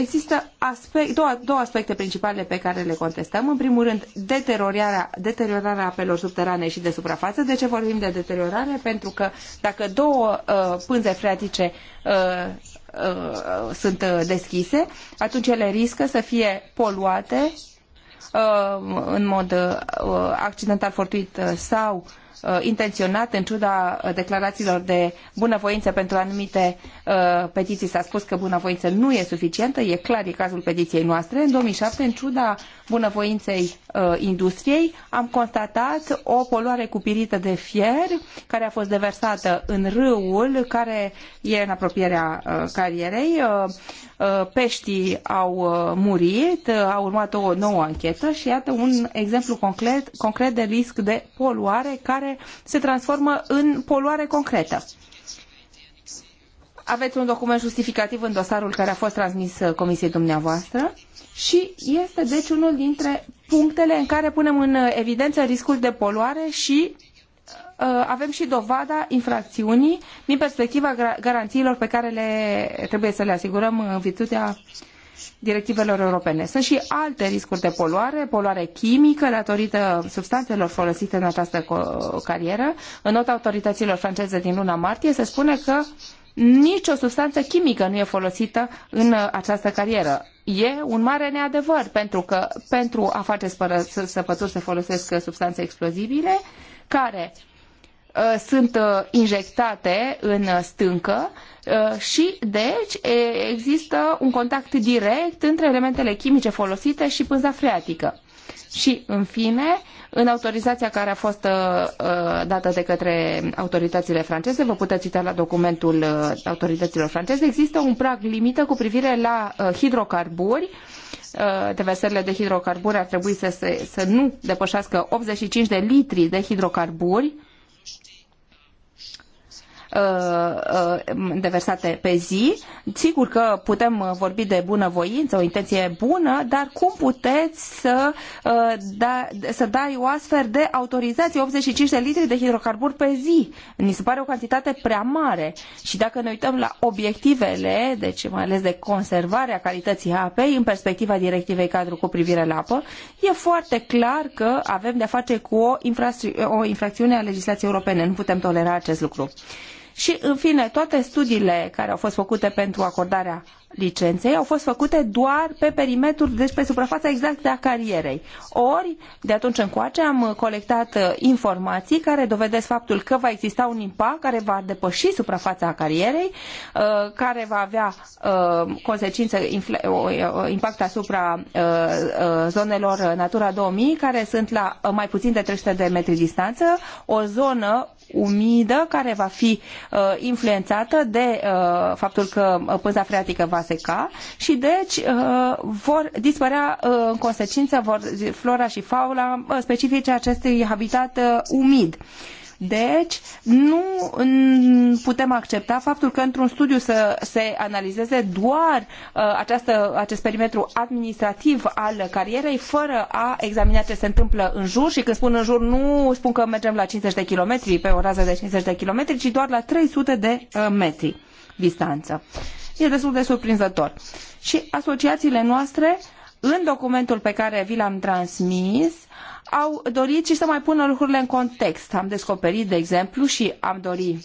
Există aspect, două, două aspecte principale pe care le contestăm. În primul rând, deteriorarea, deteriorarea apelor subterane și de suprafață. De ce vorbim de deteriorare? Pentru că dacă două uh, pânze freatice uh, uh, sunt uh, deschise, atunci ele riscă să fie poluate uh, în mod uh, accidental fortuit uh, sau uh, Uh, intenționat, în ciuda uh, declarațiilor de bunăvoință pentru anumite uh, petiții, s-a spus că bunăvoință nu e suficientă, e clar, e cazul petiției noastre. În 2007, în ciuda bunăvoinței industriei, am constatat o poluare cupirită de fier care a fost deversată în râul care e în apropierea carierei. Uh, peștii au uh, murit, uh, a urmat o nouă anchetă și iată un exemplu concret, concret de risc de poluare care se transformă în poluare concretă. Aveți un document justificativ în dosarul care a fost transmis comisiei dumneavoastră și este deci unul dintre punctele în care punem în evidență riscul de poluare și Uh, avem și dovada infracțiunii din perspectiva garanțiilor pe care le trebuie să le asigurăm în virtutea directivelor europene. Sunt și alte riscuri de poluare, poluare chimică datorită substanțelor folosite în această carieră. În nota autorităților franceze din luna martie se spune că nicio substanță chimică nu e folosită în această carieră. E un mare neadevăr, pentru că pentru a face spără, săpături se folosesc substanțe explozibile, care Uh, sunt uh, injectate în stâncă uh, și, deci, există un contact direct între elementele chimice folosite și pânza freatică. Și, în fine, în autorizația care a fost dată de către autoritățile franceze, vă puteți cita la documentul autorităților franceze, există un prag limită cu privire la hidrocarburi. Deversările de hidrocarburi ar trebui să, se, să nu depășească 85 de litri de hidrocarburi Uh, uh, deversate pe zi. Sigur că putem vorbi de bunăvoință, o intenție bună, dar cum puteți să, uh, da, să dai o astfel de autorizație 85 de litri de hidrocarburi pe zi? Ni se pare o cantitate prea mare. Și dacă ne uităm la obiectivele, deci mai ales de conservare a calității apei în perspectiva directivei cadru cu privire la apă, e foarte clar că avem de-a face cu o, infra- o infracțiune a legislației europene. Nu putem tolera acest lucru. Și, în fine, toate studiile care au fost făcute pentru acordarea licenței au fost făcute doar pe perimetrul, deci pe suprafața exactă a carierei. Ori, de atunci încoace, am colectat uh, informații care dovedesc faptul că va exista un impact care va depăși suprafața carierei, uh, care va avea uh, consecințe, impact asupra zonelor Natura 2000, care sunt la mai puțin de 300 de metri distanță, o zonă umidă care va fi influențată de faptul că pânza freatică va va seca și deci uh, vor dispărea uh, în consecință vor flora și faula uh, specifice acestui habitat umid. Deci, nu putem accepta faptul că într-un studiu să se analizeze doar uh, această, acest perimetru administrativ al carierei, fără a examina ce se întâmplă în jur. Și când spun în jur, nu spun că mergem la 50 de kilometri, pe o rază de 50 de kilometri, ci doar la 300 de uh, metri distanță e destul de surprinzător. Și asociațiile noastre, în documentul pe care vi l-am transmis, au dorit și să mai pună lucrurile în context. Am descoperit, de exemplu, și am dorit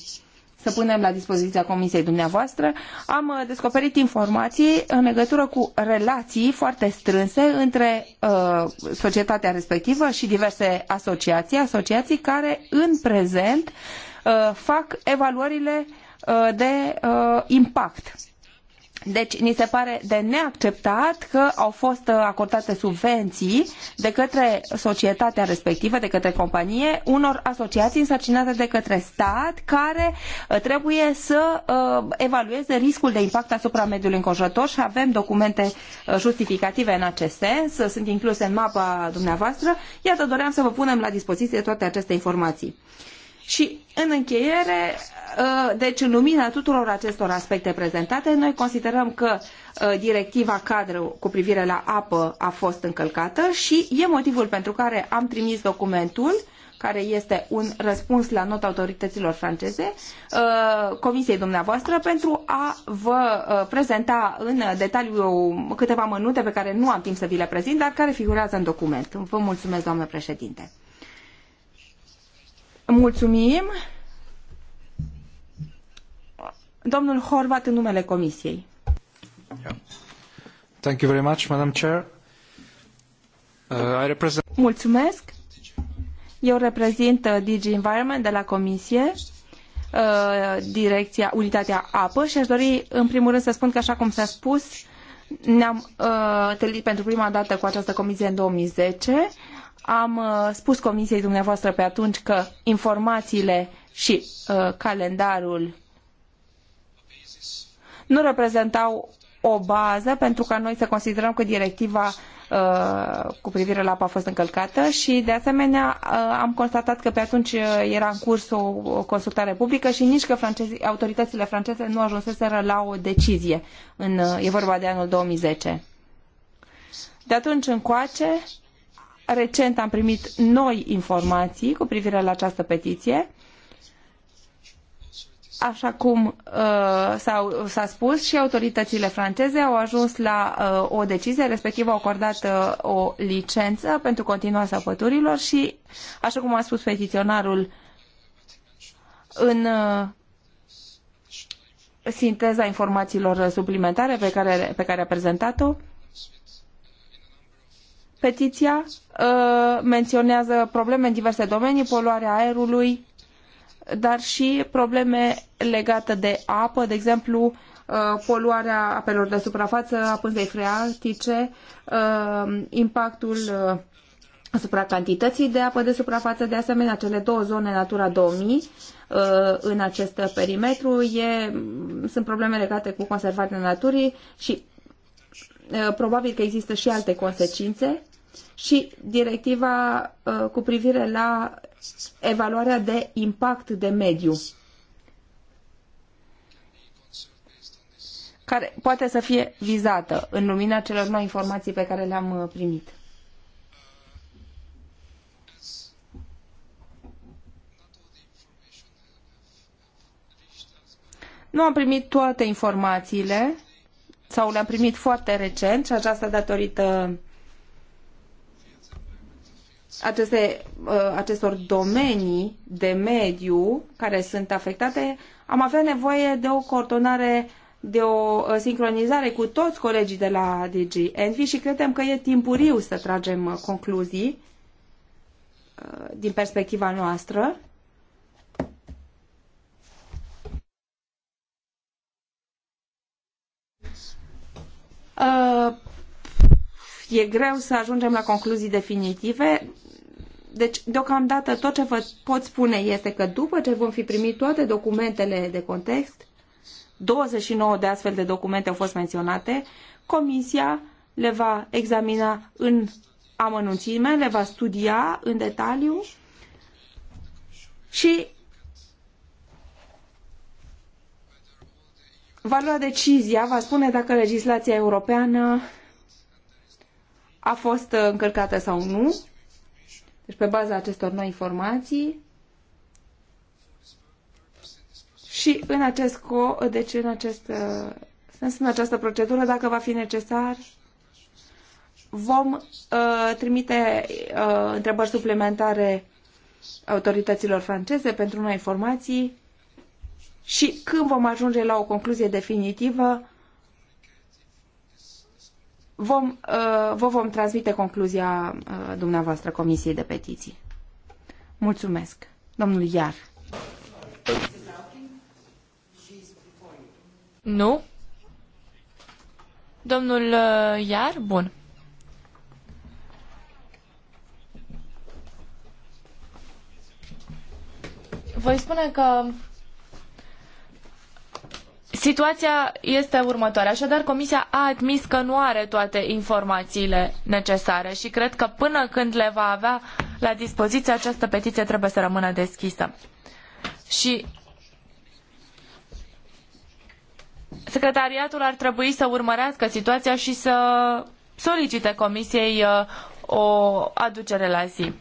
să punem la dispoziția comisiei dumneavoastră, am uh, descoperit informații în legătură cu relații foarte strânse între uh, societatea respectivă și diverse asociații, asociații care în prezent uh, fac evaluările uh, de uh, impact deci, ni se pare de neacceptat că au fost uh, acordate subvenții de către societatea respectivă, de către companie, unor asociații însărcinate de către stat, care uh, trebuie să uh, evalueze riscul de impact asupra mediului înconjurător și avem documente justificative în acest sens, sunt incluse în mapa dumneavoastră. Iată, doream să vă punem la dispoziție toate aceste informații. Și în încheiere, ă, deci în lumina tuturor acestor aspecte prezentate, noi considerăm că ă, directiva cadru cu privire la apă a fost încălcată și e motivul pentru care am trimis documentul care este un răspuns la nota autorităților franceze, ă, comisiei dumneavoastră, pentru a vă prezenta în detaliu câteva mănute pe care nu am timp să vi le prezint, dar care figurează în document. Vă mulțumesc, doamnă președinte. Mulțumim. Domnul Horvat în numele Comisiei. Thank you very much, Madam Chair. Uh, I represent... Mulțumesc. Eu reprezint uh, DG Environment de la Comisie uh, direcția, unitatea apă și aș dori în primul rând să spun că așa cum s-a spus, ne-am uh, pentru prima dată cu această comisie în 2010 am uh, spus comisiei dumneavoastră pe atunci că informațiile și uh, calendarul nu reprezentau o bază pentru ca noi să considerăm că directiva uh, cu privire la apă a fost încălcată și de asemenea am constatat că pe atunci era în curs o, consultare publică și nici că francezi, autoritățile franceze nu ajunseseră la o decizie. În, e vorba de anul 2010. De atunci încoace recent am primit noi informații cu privire la această petiție. Așa cum uh, s-a spus și autoritățile franceze au ajuns la uh, o decizie, respectiv au acordat uh, o licență pentru continuarea săpăturilor și, așa cum a spus petiționarul în uh, sinteza informațiilor suplimentare pe care, pe care a prezentat-o, Petiția uh, menționează probleme în diverse domenii, poluarea aerului, dar și probleme legate de apă, de exemplu, uh, poluarea apelor de suprafață, a pânzei freatice, uh, impactul uh, asupra cantității de apă de suprafață, de asemenea cele două zone Natura 2000 în acest perimetru e, sunt probleme legate cu conservarea naturii și probabil că există și alte consecințe și directiva uh, cu privire la evaluarea de impact de mediu, care poate să fie vizată în lumina celor noi informații pe care le-am uh, primit. Nu am primit toate informațiile sau le-am primit foarte recent și aceasta datorită aceste, uh, acestor domenii de mediu care sunt afectate, am avea nevoie de o coordonare, de o uh, sincronizare cu toți colegii de la DG Envy și credem că e timpuriu să tragem uh, concluzii din perspectiva noastră. E greu să ajungem la concluzii definitive. Deci, deocamdată, tot ce vă pot spune este că după ce vom fi primit toate documentele de context, 29 de astfel de documente au fost menționate, Comisia le va examina în amănunțime, le va studia în detaliu și va lua decizia, va spune dacă legislația europeană a fost uh, încălcată sau nu. Deci pe baza acestor noi informații și în acest co, deci în acest sens, uh, în această procedură, dacă va fi necesar, vom uh, trimite uh, întrebări suplimentare autorităților franceze pentru noi informații și când vom ajunge la o concluzie definitivă, vom, uh, vă vom transmite concluzia uh, dumneavoastră Comisiei de Petiții. Mulțumesc. Domnul Iar. Nu? Domnul uh, Iar? Bun. Voi spune că Situația este următoarea, așadar Comisia a admis că nu are toate informațiile necesare și cred că până când le va avea la dispoziție, această petiție trebuie să rămână deschisă. Și secretariatul ar trebui să urmărească situația și să solicite Comisiei uh, o aducere la zi.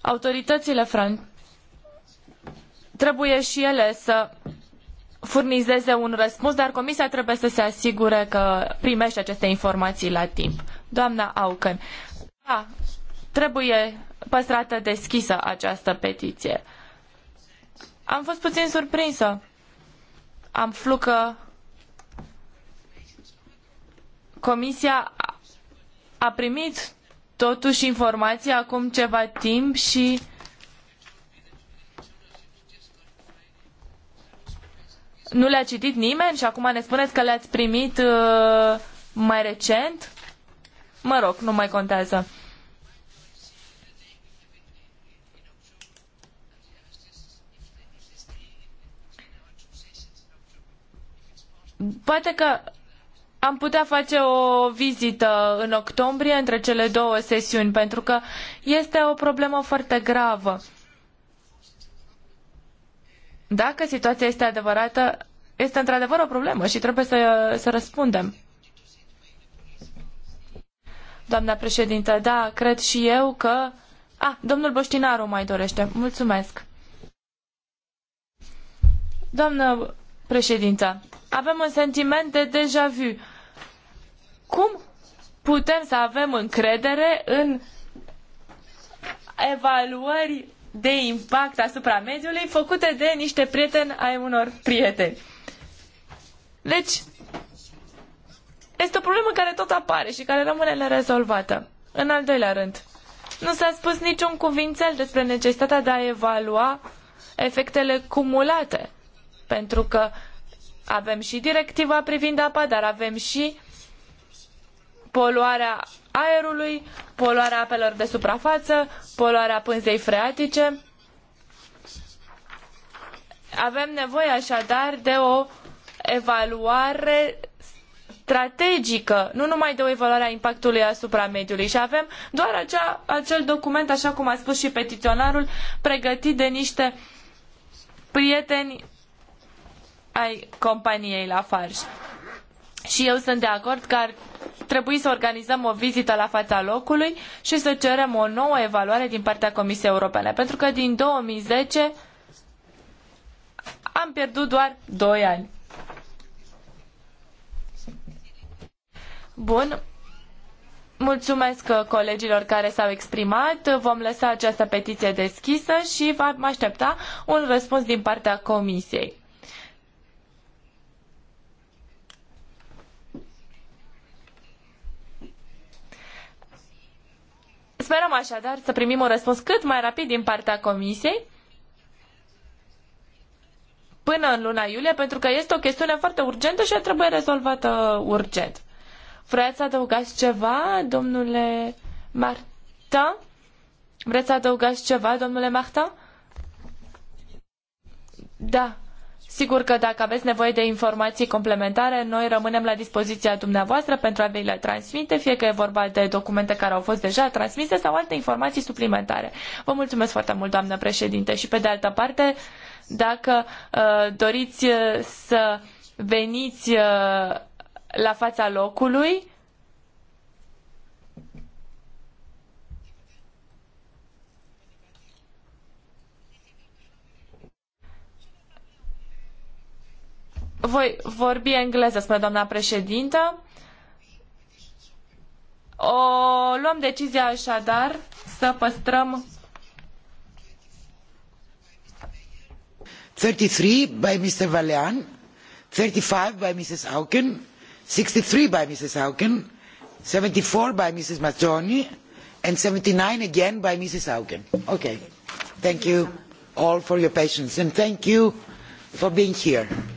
Autoritățile franceze trebuie și ele să furnizeze un răspuns, dar comisia trebuie să se asigure că primește aceste informații la timp. Doamna Auken, da, trebuie păstrată deschisă această petiție. Am fost puțin surprinsă. Am flu că comisia a primit totuși informații acum ceva timp și Nu le-a citit nimeni și acum ne spuneți că le-ați primit uh, mai recent? Mă rog, nu mai contează. Poate că am putea face o vizită în octombrie între cele două sesiuni, pentru că este o problemă foarte gravă. Dacă situația este adevărată, este într-adevăr o problemă și trebuie să, să răspundem. Doamna președintă, da, cred și eu că... Ah, domnul Boștinaru mai dorește. Mulțumesc. Doamnă președintă, avem un sentiment de deja vu. Cum putem să avem încredere în evaluări de impact asupra mediului făcute de niște prieteni ai unor prieteni. Deci, este o problemă care tot apare și care rămâne nerezolvată. În al doilea rând, nu s-a spus niciun cuvințel despre necesitatea de a evalua efectele cumulate, pentru că avem și directiva privind apa, dar avem și poluarea aerului, poluarea apelor de suprafață, poluarea pânzei freatice. Avem nevoie așadar de o evaluare strategică, nu numai de o evaluare a impactului asupra mediului. Și avem doar acea, acel document, așa cum a spus și petiționarul, pregătit de niște prieteni ai companiei Lafarge și eu sunt de acord că ar trebui să organizăm o vizită la fața locului și să cerem o nouă evaluare din partea Comisiei Europene, pentru că din 2010 am pierdut doar 2 ani. Bun. Mulțumesc colegilor care s-au exprimat. Vom lăsa această petiție deschisă și vom aștepta un răspuns din partea Comisiei. Sperăm așadar să primim un răspuns cât mai rapid din partea Comisiei până în luna iulie, pentru că este o chestiune foarte urgentă și trebuie rezolvată urgent. Vreți să adăugați ceva, domnule Marta? Vreți să adăugați ceva, domnule Marta? Da, Sigur că dacă aveți nevoie de informații complementare, noi rămânem la dispoziția dumneavoastră pentru a vi le transmite, fie că e vorba de documente care au fost deja transmise sau alte informații suplimentare. Vă mulțumesc foarte mult, doamnă președinte. Și pe de altă parte, dacă uh, doriți uh, să veniți uh, la fața locului, Voi vorbi engleză, spune doamna președintă. O luăm decizia așadar să păstrăm 33 by Mr. Valean, 35 by Mrs. Auken, 63 by Mrs. Auken, 74 by Mrs. Mazzoni and 79 again by Mrs. Auken. Okay. Thank you all for your patience and thank you for being here.